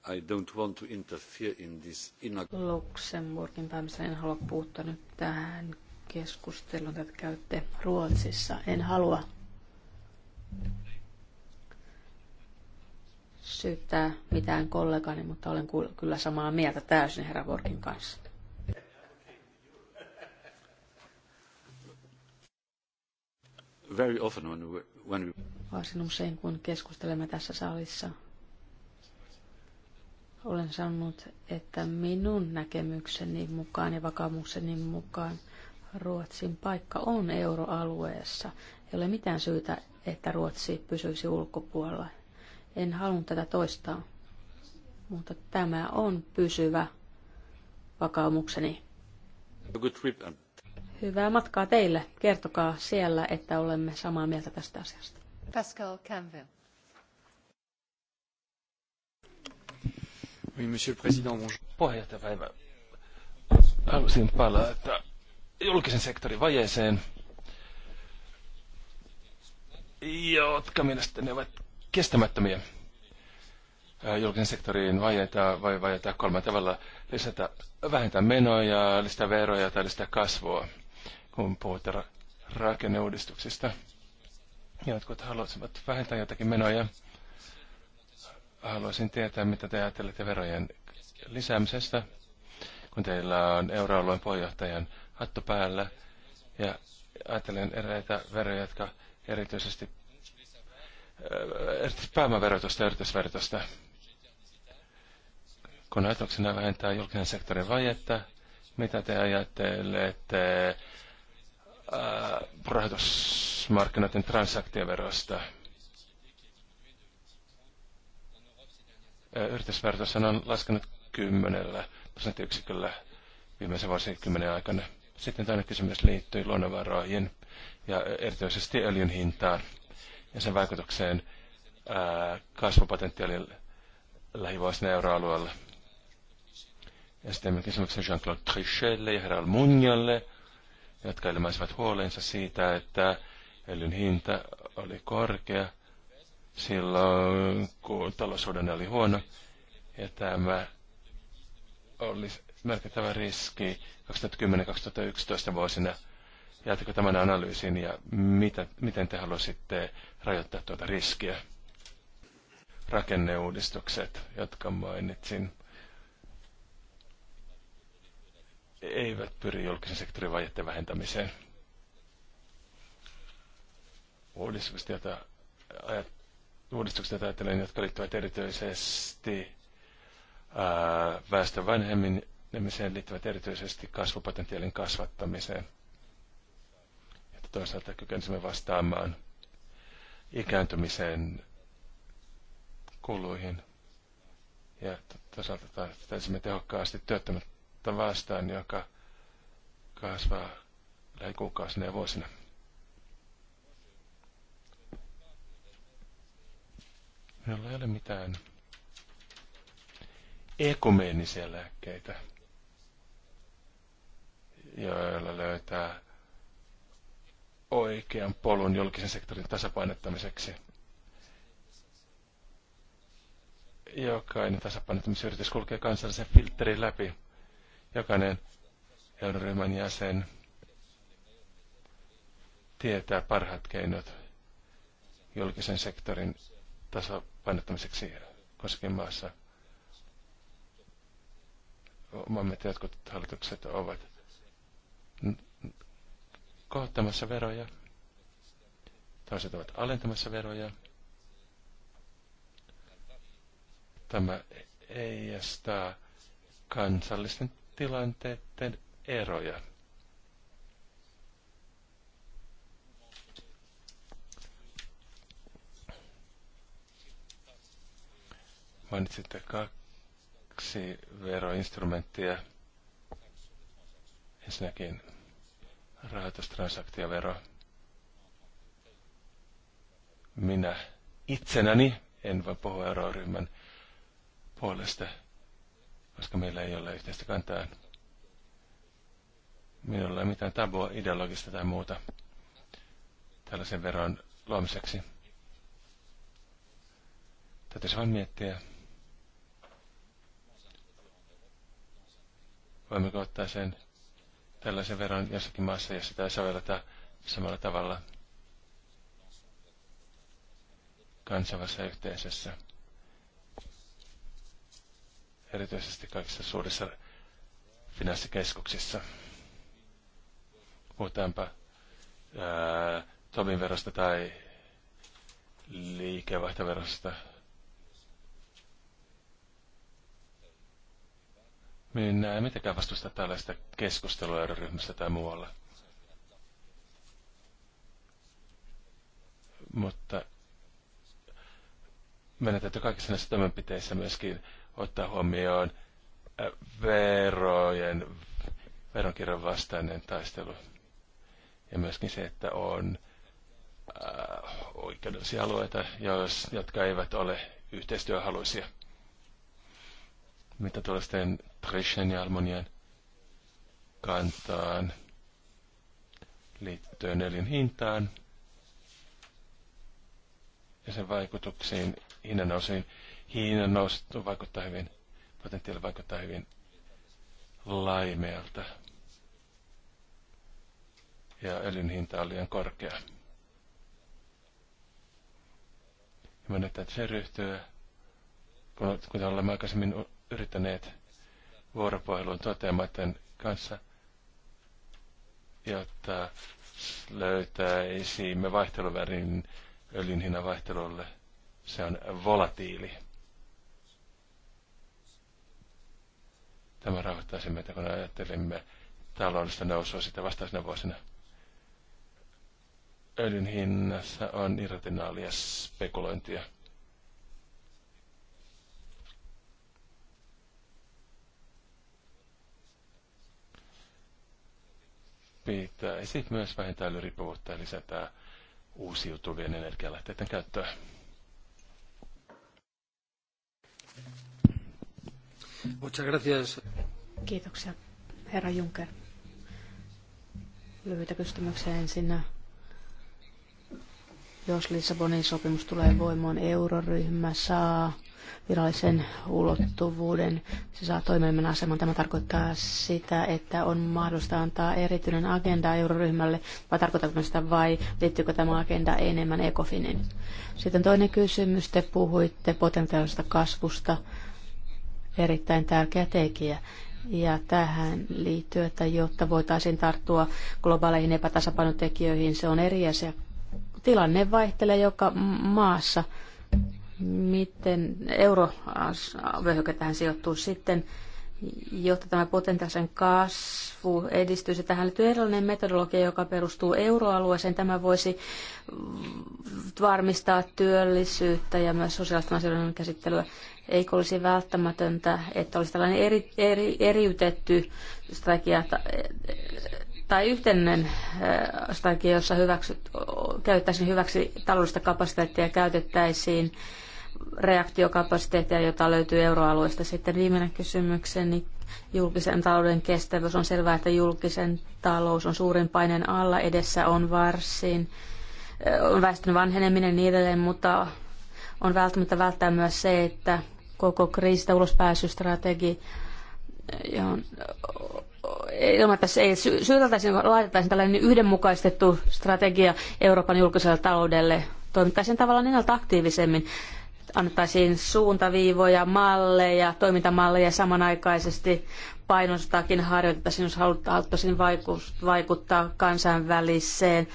E: I don't want to interfere in this
B: Luxemburgin pääministeri, en halua puuttua nyt tähän keskusteluun, että käytte Ruotsissa. En halua syyttää mitään kollegani, mutta olen kyllä samaa mieltä täysin herra Borgin kanssa.
E: Very often when when we...
B: Varsin usein, kun keskustelemme tässä salissa, olen sanonut, että minun näkemykseni mukaan ja vakaumukseni mukaan Ruotsin paikka on euroalueessa. Ei ole mitään syytä, että Ruotsi pysyisi ulkopuolella. En halunnut tätä toistaa, mutta tämä on pysyvä vakaumukseni.
E: A good trip and
B: Hyvää matkaa teille. Kertokaa siellä, että olemme samaa mieltä tästä asiasta.
A: Pascal Canville.
D: Oui, monsieur le président, bonjour. Puheenjohtaja, päivä. Haluaisin palata julkisen sektorin vajeeseen, jotka mielestäni ovat kestämättömiä. Julkisen sektorin vajeita voi vajata kolmella tavalla. Lisätä, vähentää menoja, lisätä veroja tai lisätä kasvua kun puhutte ra- rakenneuudistuksista. Jotkut haluaisivat vähentää jotakin menoja. Haluaisin tietää, mitä te ajattelette verojen lisäämisestä, kun teillä on euroalueen puheenjohtajan hattu päällä. Ja ajattelen eräitä veroja, jotka erityisesti äh, pääomaverotusta ja yritysverotusta. Kun ajatuksena vähentää julkisen sektorin vajetta, mitä te ajattelette Äh, rahoitusmarkkinoiden transaktioverosta. Äh, yritysverotus on laskenut kymmenellä prosenttiyksiköllä viimeisen vuosikymmenen aikana. Sitten toinen kysymys liittyy luonnonvaroihin ja erityisesti öljyn hintaan ja sen vaikutukseen äh, kasvupotentiaalin lähivuosina euroalueella. Ja sitten me kysymyksen Jean-Claude Trichelle ja herra Munjalle jotka ilmaisivat huolensa siitä, että öljyn hinta oli korkea silloin, kun taloussuhdanne oli huono. Ja tämä oli merkittävä riski 2010-2011 vuosina. Jäättekö tämän analyysin ja mitä, miten te haluaisitte rajoittaa tuota riskiä? Rakenneuudistukset, jotka mainitsin. eivät pyri julkisen sektorin vajetten vähentämiseen. Uudistukset, joita, ajattelen, jotka liittyvät erityisesti väestön vanhemmin liittyvät erityisesti kasvupotentiaalin kasvattamiseen. Että toisaalta kykensimme vastaamaan ikääntymiseen kuluihin ja toisaalta tarvitsemme tehokkaasti työttömät taloutta vastaan, joka kasvaa lähikuukausina ja vuosina. Meillä ei ole mitään ekumeenisia lääkkeitä, joilla löytää oikean polun julkisen sektorin tasapainottamiseksi. Jokainen tasapainottamisyritys kulkee kansallisen filtterin läpi. Jokainen euroryhmän jäsen tietää parhaat keinot julkisen sektorin tasapainottamiseksi koskien maassa. Omamme jotkut hallitukset ovat kohottamassa veroja, toiset ovat alentamassa veroja. Tämä ei estää kansallisten tilanteiden eroja. Mainitsitte kaksi veroinstrumenttia. Ensinnäkin rahoitustransaktiovero. Minä itsenäni en voi puhua euroryhmän puolesta koska meillä ei ole yhteistä kantaa. Minulla ei ole mitään tabua ideologista tai muuta tällaisen veron luomiseksi. Täytyisi vain miettiä, voimmeko ottaa sen tällaisen veron jossakin maassa, jos sitä sovelletaan samalla tavalla kansavassa yhteisössä erityisesti kaikissa suurissa finanssikeskuksissa. Puhutaanpa ää, Tomin verosta tai liikevaihtoverosta. Minä en mitenkään vastusta tällaista keskustelua euroryhmässä tai muualla. Mutta meidän täytyy kaikissa näissä toimenpiteissä myöskin ottaa huomioon äh, verojen, veronkirjan vastainen taistelu. Ja myöskin se, että on äh, oikeudellisia alueita, jos, jotka eivät ole yhteistyöhaluisia. Mitä tulee sitten Trishen ja Almonian kantaan liittyen elin hintaan ja sen vaikutuksiin hinnanousuihin, Hiinan nosto vaikuttaa hyvin, potentiaali vaikuttaa hyvin laimealta. Ja öljyn hinta on liian korkea. Ja mä näyttää, että se ryhtyy, kun, kun olemme aikaisemmin yrittäneet vuoropuheluun toteamaiden kanssa, jotta löytäisimme vaihteluvärin öljyn hinnan vaihtelulle. Se on volatiili. Tämä rauhoittaisi meitä, kun ajattelimme taloudellista nousua sitä vastaisena vuosina. Öljyn hinnassa on irrationaalia spekulointia. pitäisi myös vähentää öljyriippuvuutta ja lisätä uusiutuvien energialähteiden
E: käyttöä. Muchas gracias.
B: Kiitoksia, herra Juncker. Lyhyitä kysymyksiä Jos Lissabonin sopimus tulee voimaan, euroryhmä saa virallisen ulottuvuuden. Se saa toimeimen aseman. Tämä tarkoittaa sitä, että on mahdollista antaa erityinen agenda euroryhmälle, vai tarkoittaako sitä vai liittyykö tämä agenda enemmän ECOFINin? Sitten toinen kysymys. Te puhuitte potentiaalisesta kasvusta erittäin tärkeä tekijä. Ja tähän liittyy, että jotta voitaisiin tarttua globaaleihin epätasapainotekijöihin, se on eri asia. Tilanne vaihtelee joka maassa. Miten eurovöhyke tähän sijoittuu sitten, jotta tämä potentiaalisen kasvu edistyisi. Tähän liittyy erilainen metodologia, joka perustuu euroalueeseen. Tämä voisi varmistaa työllisyyttä ja myös sosiaalisten asioiden käsittelyä eikö olisi välttämätöntä, että olisi tällainen eri, eri, eriytetty strategia tai yhteinen äh, strategia, jossa hyväksyt, käyttäisiin hyväksi taloudellista kapasiteettia ja käytettäisiin reaktiokapasiteettia, jota löytyy euroalueesta. Sitten viimeinen kysymykseni, julkisen talouden kestävyys. On selvää, että julkisen talous on suurin paineen alla, edessä on varsin äh, väestön vanheneminen ja niin edelleen, mutta on välttämättä välttää myös se, että koko kriisistä ulospääsystrategi, johon ilman, että ei syyteltäisiin, laitettaisiin tällainen yhdenmukaistettu strategia Euroopan julkiselle taloudelle. Toimittaisiin tavallaan ennalta aktiivisemmin. Annettaisiin suuntaviivoja, malleja, toimintamalleja samanaikaisesti. Painostakin harjoitettaisiin, jos haluttaisiin vaikuttaa kansainväliseen,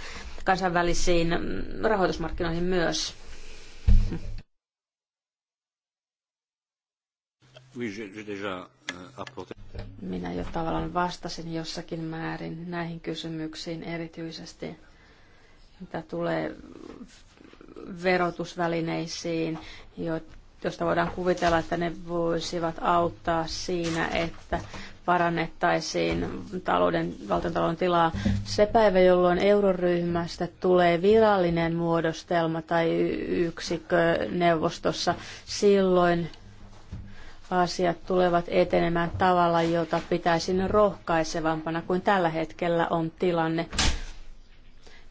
B: kansainvälisiin rahoitusmarkkinoihin myös.
E: Euh,
B: Minä jo tavallaan vastasin jossakin määrin näihin kysymyksiin erityisesti, mitä tulee verotusvälineisiin, joista voidaan kuvitella, että ne voisivat auttaa siinä, että parannettaisiin talouden, valtiontalouden tilaa. Se päivä, jolloin euroryhmästä tulee virallinen muodostelma tai yksikkö neuvostossa, silloin asiat tulevat etenemään tavalla, jota pitäisin rohkaisevampana kuin tällä hetkellä on tilanne.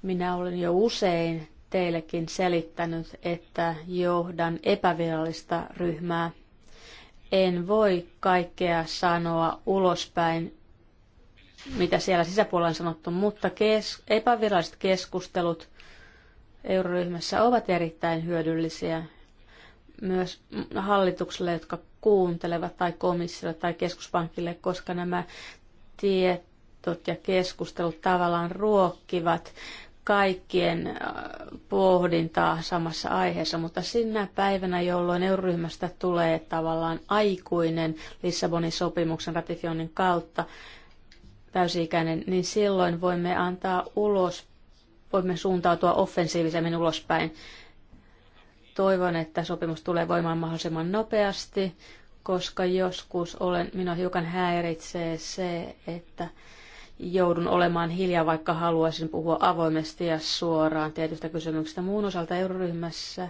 B: Minä olen jo usein teillekin selittänyt, että johdan epävirallista ryhmää. En voi kaikkea sanoa ulospäin, mitä siellä sisäpuolella on sanottu, mutta kes- epäviralliset keskustelut euroryhmässä ovat erittäin hyödyllisiä myös hallituksille, jotka kuuntelevat tai komissiolle tai keskuspankille, koska nämä tietot ja keskustelut tavallaan ruokkivat kaikkien äh, pohdintaa samassa aiheessa, mutta sinä päivänä, jolloin euroryhmästä tulee tavallaan aikuinen Lissabonin sopimuksen ratifioinnin kautta täysi-ikäinen, niin silloin voimme antaa ulos, voimme suuntautua offensiivisemmin ulospäin Toivon, että sopimus tulee voimaan mahdollisimman nopeasti, koska joskus olen, minua hiukan häiritsee se, että joudun olemaan hiljaa, vaikka haluaisin puhua avoimesti ja suoraan tietystä kysymyksestä. Muun osalta euroryhmässä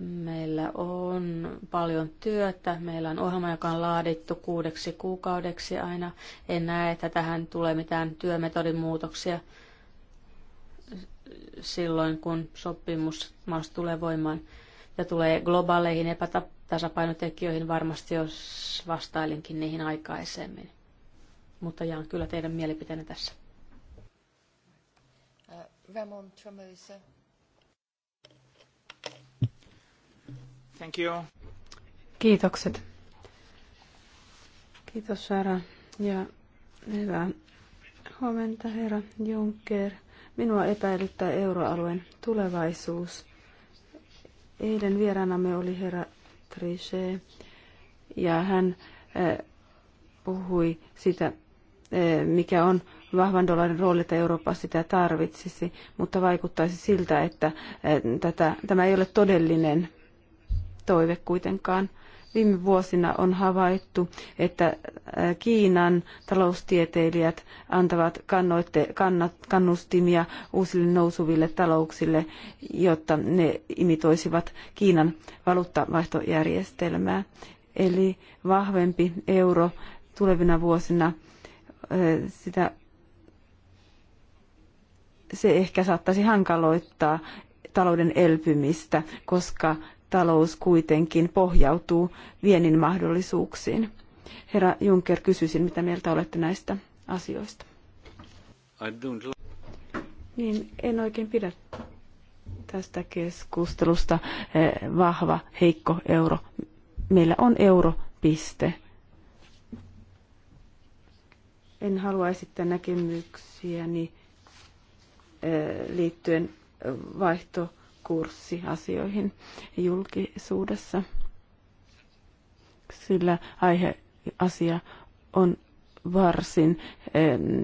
B: meillä on paljon työtä. Meillä on ohjelma, joka on laadittu kuudeksi kuukaudeksi aina. En näe, että tähän tulee mitään työmetodin muutoksia silloin, kun sopimus mahdollisesti tulee voimaan ja tulee globaaleihin epätasapainotekijöihin varmasti, jos vastailinkin niihin aikaisemmin. Mutta jaan kyllä teidän mielipiteenne tässä.
A: Uh, Ramon Tremosa. Thank you.
C: Kiitokset. Kiitos Sara ja hyvää huomenta herra Juncker. Minua epäilyttää euroalueen tulevaisuus. Eilen vieraanamme oli herra Trichet ja hän eh, puhui sitä, eh, mikä on vahvan dollarin rooli, että Eurooppa sitä tarvitsisi, mutta vaikuttaisi siltä, että eh, tätä, tämä ei ole todellinen toive kuitenkaan. Viime vuosina on havaittu, että äh, Kiinan taloustieteilijät antavat kannoitte, kannat, kannustimia uusille nousuville talouksille, jotta ne imitoisivat Kiinan valuuttavaihtojärjestelmää. Eli vahvempi euro tulevina vuosina äh, sitä se ehkä saattaisi hankaloittaa talouden elpymistä, koska talous kuitenkin pohjautuu viennin mahdollisuuksiin. Herra Juncker, kysyisin, mitä mieltä olette näistä asioista? Niin, en oikein pidä tästä keskustelusta eh, vahva, heikko euro. Meillä on europiste. En halua esittää näkemyksiäni eh, liittyen vaihto asioihin julkisuudessa, sillä aihe asia on varsin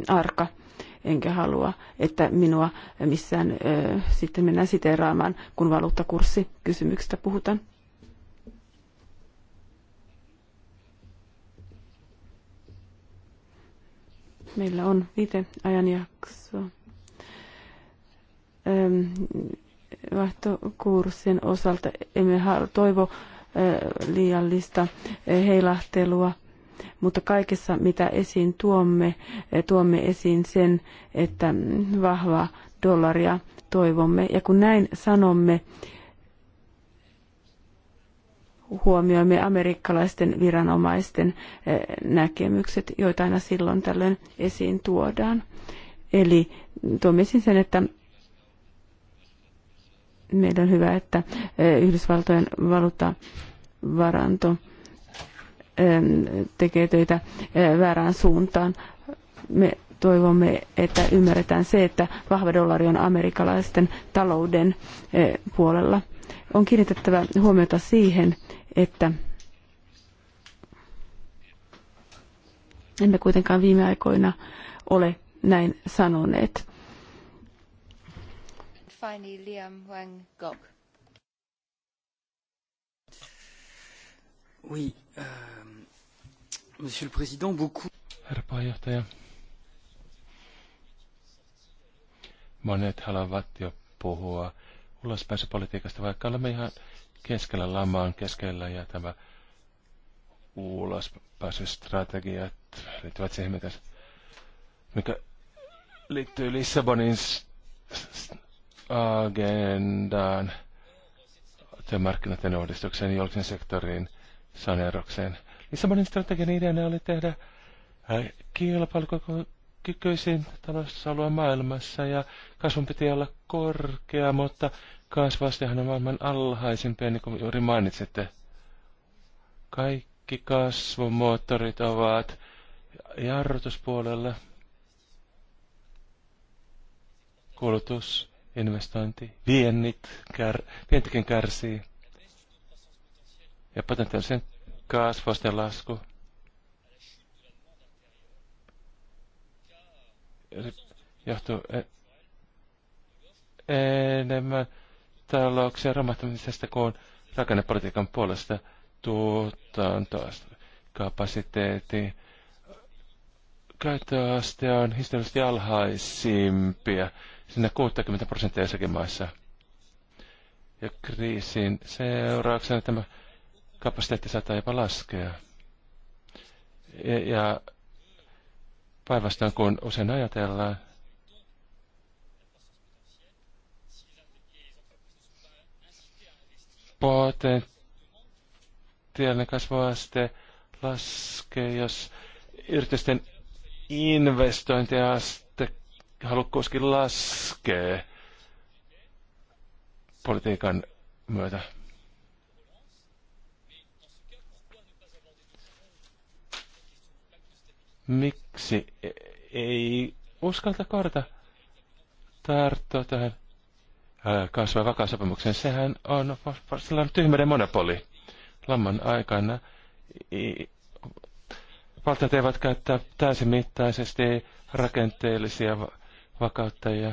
C: arka enkä halua, että minua missään ö, sitten mennään siteeraamaan, kun kysymyksestä puhutaan. Meillä on viite ajanjakso vaihtokurssin osalta emme toivo äh, liiallista äh, heilahtelua, mutta kaikessa mitä esiin tuomme, äh, tuomme esiin sen, että mm, vahvaa dollaria toivomme. Ja kun näin sanomme, huomioimme amerikkalaisten viranomaisten näkemykset, joita aina silloin tällöin esiin tuodaan. Eli mm, tuomme esiin sen, että meillä on hyvä, että Yhdysvaltojen valuuttavaranto tekee töitä väärään suuntaan. Me toivomme, että ymmärretään se, että vahva dollari on amerikkalaisten talouden puolella. On kiinnitettävä huomiota siihen, että emme kuitenkaan viime aikoina ole näin sanoneet
A: finally, Liam Wang Gok.
C: Oui, euh,
E: Monsieur le Président, beaucoup. Herra
D: puheenjohtaja. Monet haluavat jo puhua ulospääsypolitiikasta, vaikka olemme ihan keskellä lamaan keskellä ja tämä ulospääsystrategiat liittyvät siihen, mikä liittyy Lissabonin agendaan, työmarkkinoiden uudistukseen, julkisen sektorin sanerokseen. Lissabonin strategian ideana oli tehdä äh, kilpailukykyisin talousalueen maailmassa ja kasvun piti olla korkea, mutta kasvastihan on maailman alhaisimpia, niin kuin juuri mainitsitte. Kaikki kasvumoottorit ovat jarrutuspuolella. Kulutus, investointi, viennit, kär, vientikin kärsii ja potentiaalisen kasvusten lasku. johtuu e-, enemmän talouksia romahtamisesta kuin rakennepolitiikan puolesta tuotantoa kapasiteetin käyttöaste on historiallisesti alhaisimpia sinne 60 prosenttia jossakin maissa. Ja kriisin seurauksena tämä kapasiteetti saattaa jopa laskea. Ja, ja päinvastoin kuin usein ajatellaan, potentiaalinen kasvuaste laskee, jos yritysten investointiaste halukkuuskin laskee politiikan myötä. Miksi e- ei uskalta korta tarttua tähän kasvaa vakausopimukseen? Sehän on sellainen tyhmäden monopoli. Lamman aikana valtiot eivät käyttää mittaisesti rakenteellisia vakauttajia.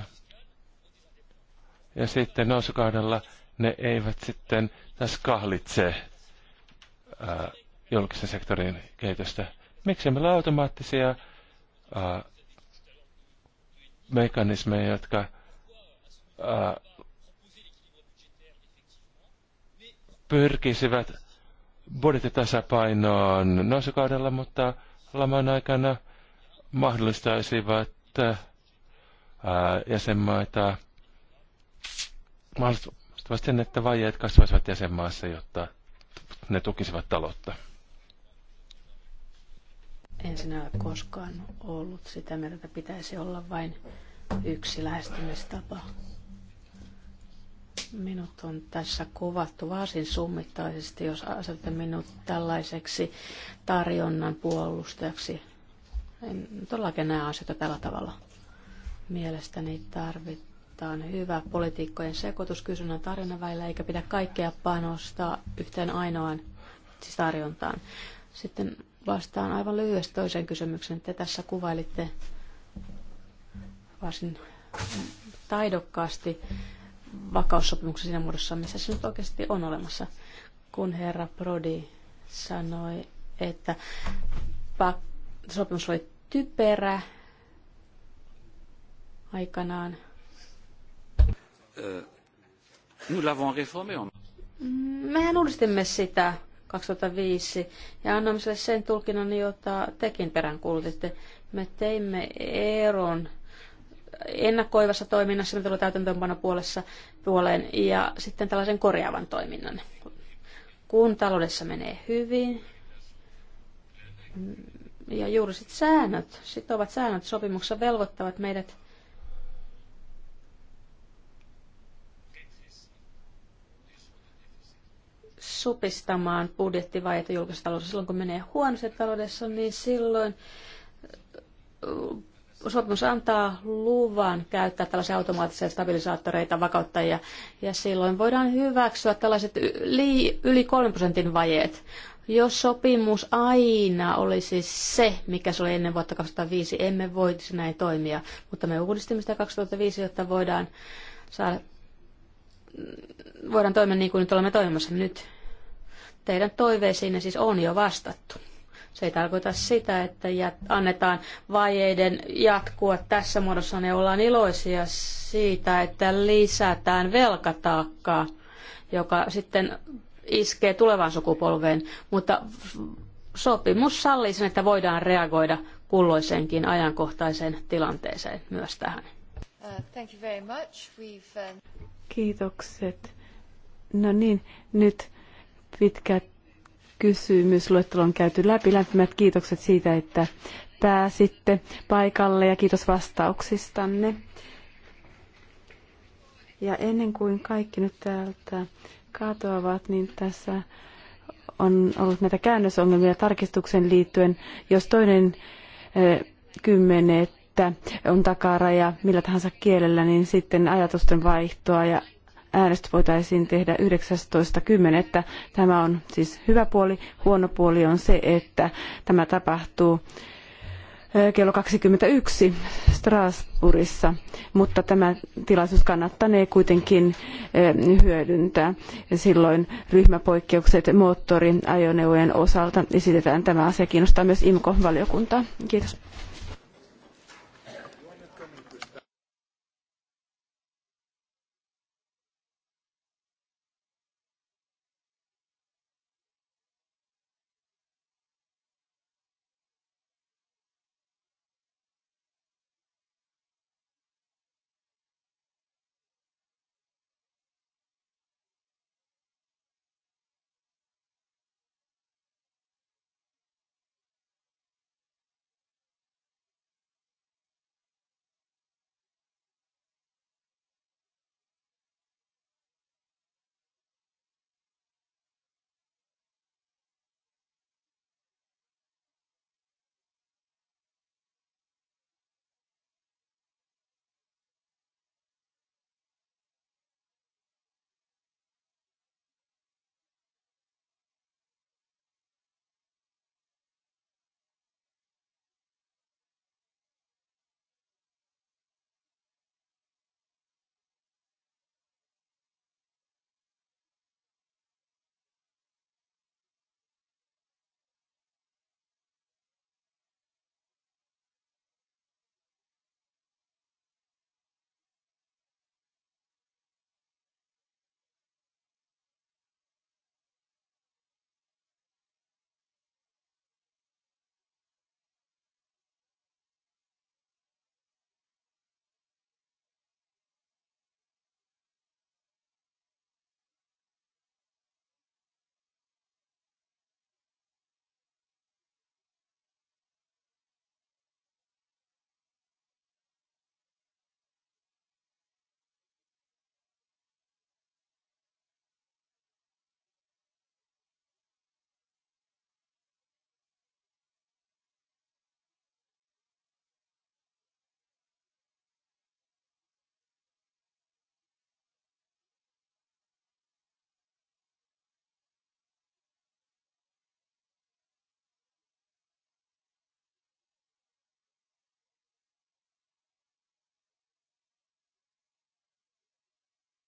D: Ja sitten nousukaudella ne eivät sitten tässä kahlitse ää, julkisen sektorin kehitystä. Miksi meillä on automaattisia ää, mekanismeja, jotka ää, pyrkisivät budjettitasapainoon nousukaudella, mutta laman aikana mahdollistaisivat jäsenmaita Mahdollisesti sen, että vajeet kasvaisivat jäsenmaassa, jotta ne tukisivat taloutta.
B: En sinä ole koskaan ollut sitä mieltä, että pitäisi olla vain yksi lähestymistapa. Minut on tässä kuvattu varsin summittaisesti, jos asette minut tällaiseksi tarjonnan puolustajaksi. En todellakin näe asioita tällä tavalla. Mielestäni tarvitaan hyvä poliitikkojen sekoitus kysynnän tarjonnan välillä, eikä pidä kaikkea panostaa yhteen ainoaan siis tarjontaan. Sitten vastaan aivan lyhyesti toisen kysymyksen. Te tässä kuvailitte varsin taidokkaasti vakaussopimuksen siinä muodossa, missä se nyt oikeasti on olemassa. Kun herra Prodi sanoi, että sopimus oli typerä, aikanaan.
E: Äh,
F: mm,
B: mehän uudistimme sitä 2005 ja annamme sille sen tulkinnan, jota tekin kuulutitte. Me teimme eron ennakoivassa toiminnassa, mitä tulee täytäntöönpano puolessa puoleen, ja sitten tällaisen korjaavan toiminnan. Kun taloudessa menee hyvin, mm, ja juuri sit säännöt, sitovat säännöt sopimuksessa velvoittavat meidät supistamaan budjettivajetta julkisessa taloudessa. Silloin kun menee huonosti taloudessa, niin silloin äh, sopimus antaa luvan käyttää tällaisia automaattisia stabilisaattoreita, vakauttajia, ja silloin voidaan hyväksyä tällaiset yli 3 prosentin vajeet. Jos sopimus aina olisi se, mikä se oli ennen vuotta 2005, emme voisi näin toimia, mutta me uudistimme sitä 2005, jotta voidaan saada voidaan toimia niin kuin nyt olemme toimimassa nyt. Teidän toiveisiinne siis on jo vastattu. Se ei tarkoita sitä, että annetaan vajeiden jatkua tässä muodossa. Ne ollaan iloisia siitä, että lisätään velkataakkaa, joka sitten iskee tulevaan sukupolveen. Mutta sopimus sallii sen, että voidaan reagoida kulloisenkin ajankohtaiseen tilanteeseen myös tähän.
A: Uh, um,
B: Kiitokset. No
C: niin, nyt pitkä kysymysluettelo on käyty läpi. Lämpimät kiitokset siitä, että pääsitte paikalle ja kiitos vastauksistanne. Ja ennen kuin kaikki nyt täältä katoavat, niin tässä on ollut näitä käännösongelmia tarkistuksen liittyen. Jos toinen kymmenettä on takaraja millä tahansa kielellä, niin sitten ajatusten vaihtoa ja äänestys voitaisiin tehdä 19.10. Tämä on siis hyvä puoli. Huono puoli on se, että tämä tapahtuu kello 21 Strasbourgissa, mutta tämä tilaisuus kannattanee kuitenkin hyödyntää. Silloin ryhmäpoikkeukset moottoriajoneuvojen osalta esitetään. Tämä asia kiinnostaa myös imco valiokuntaa Kiitos.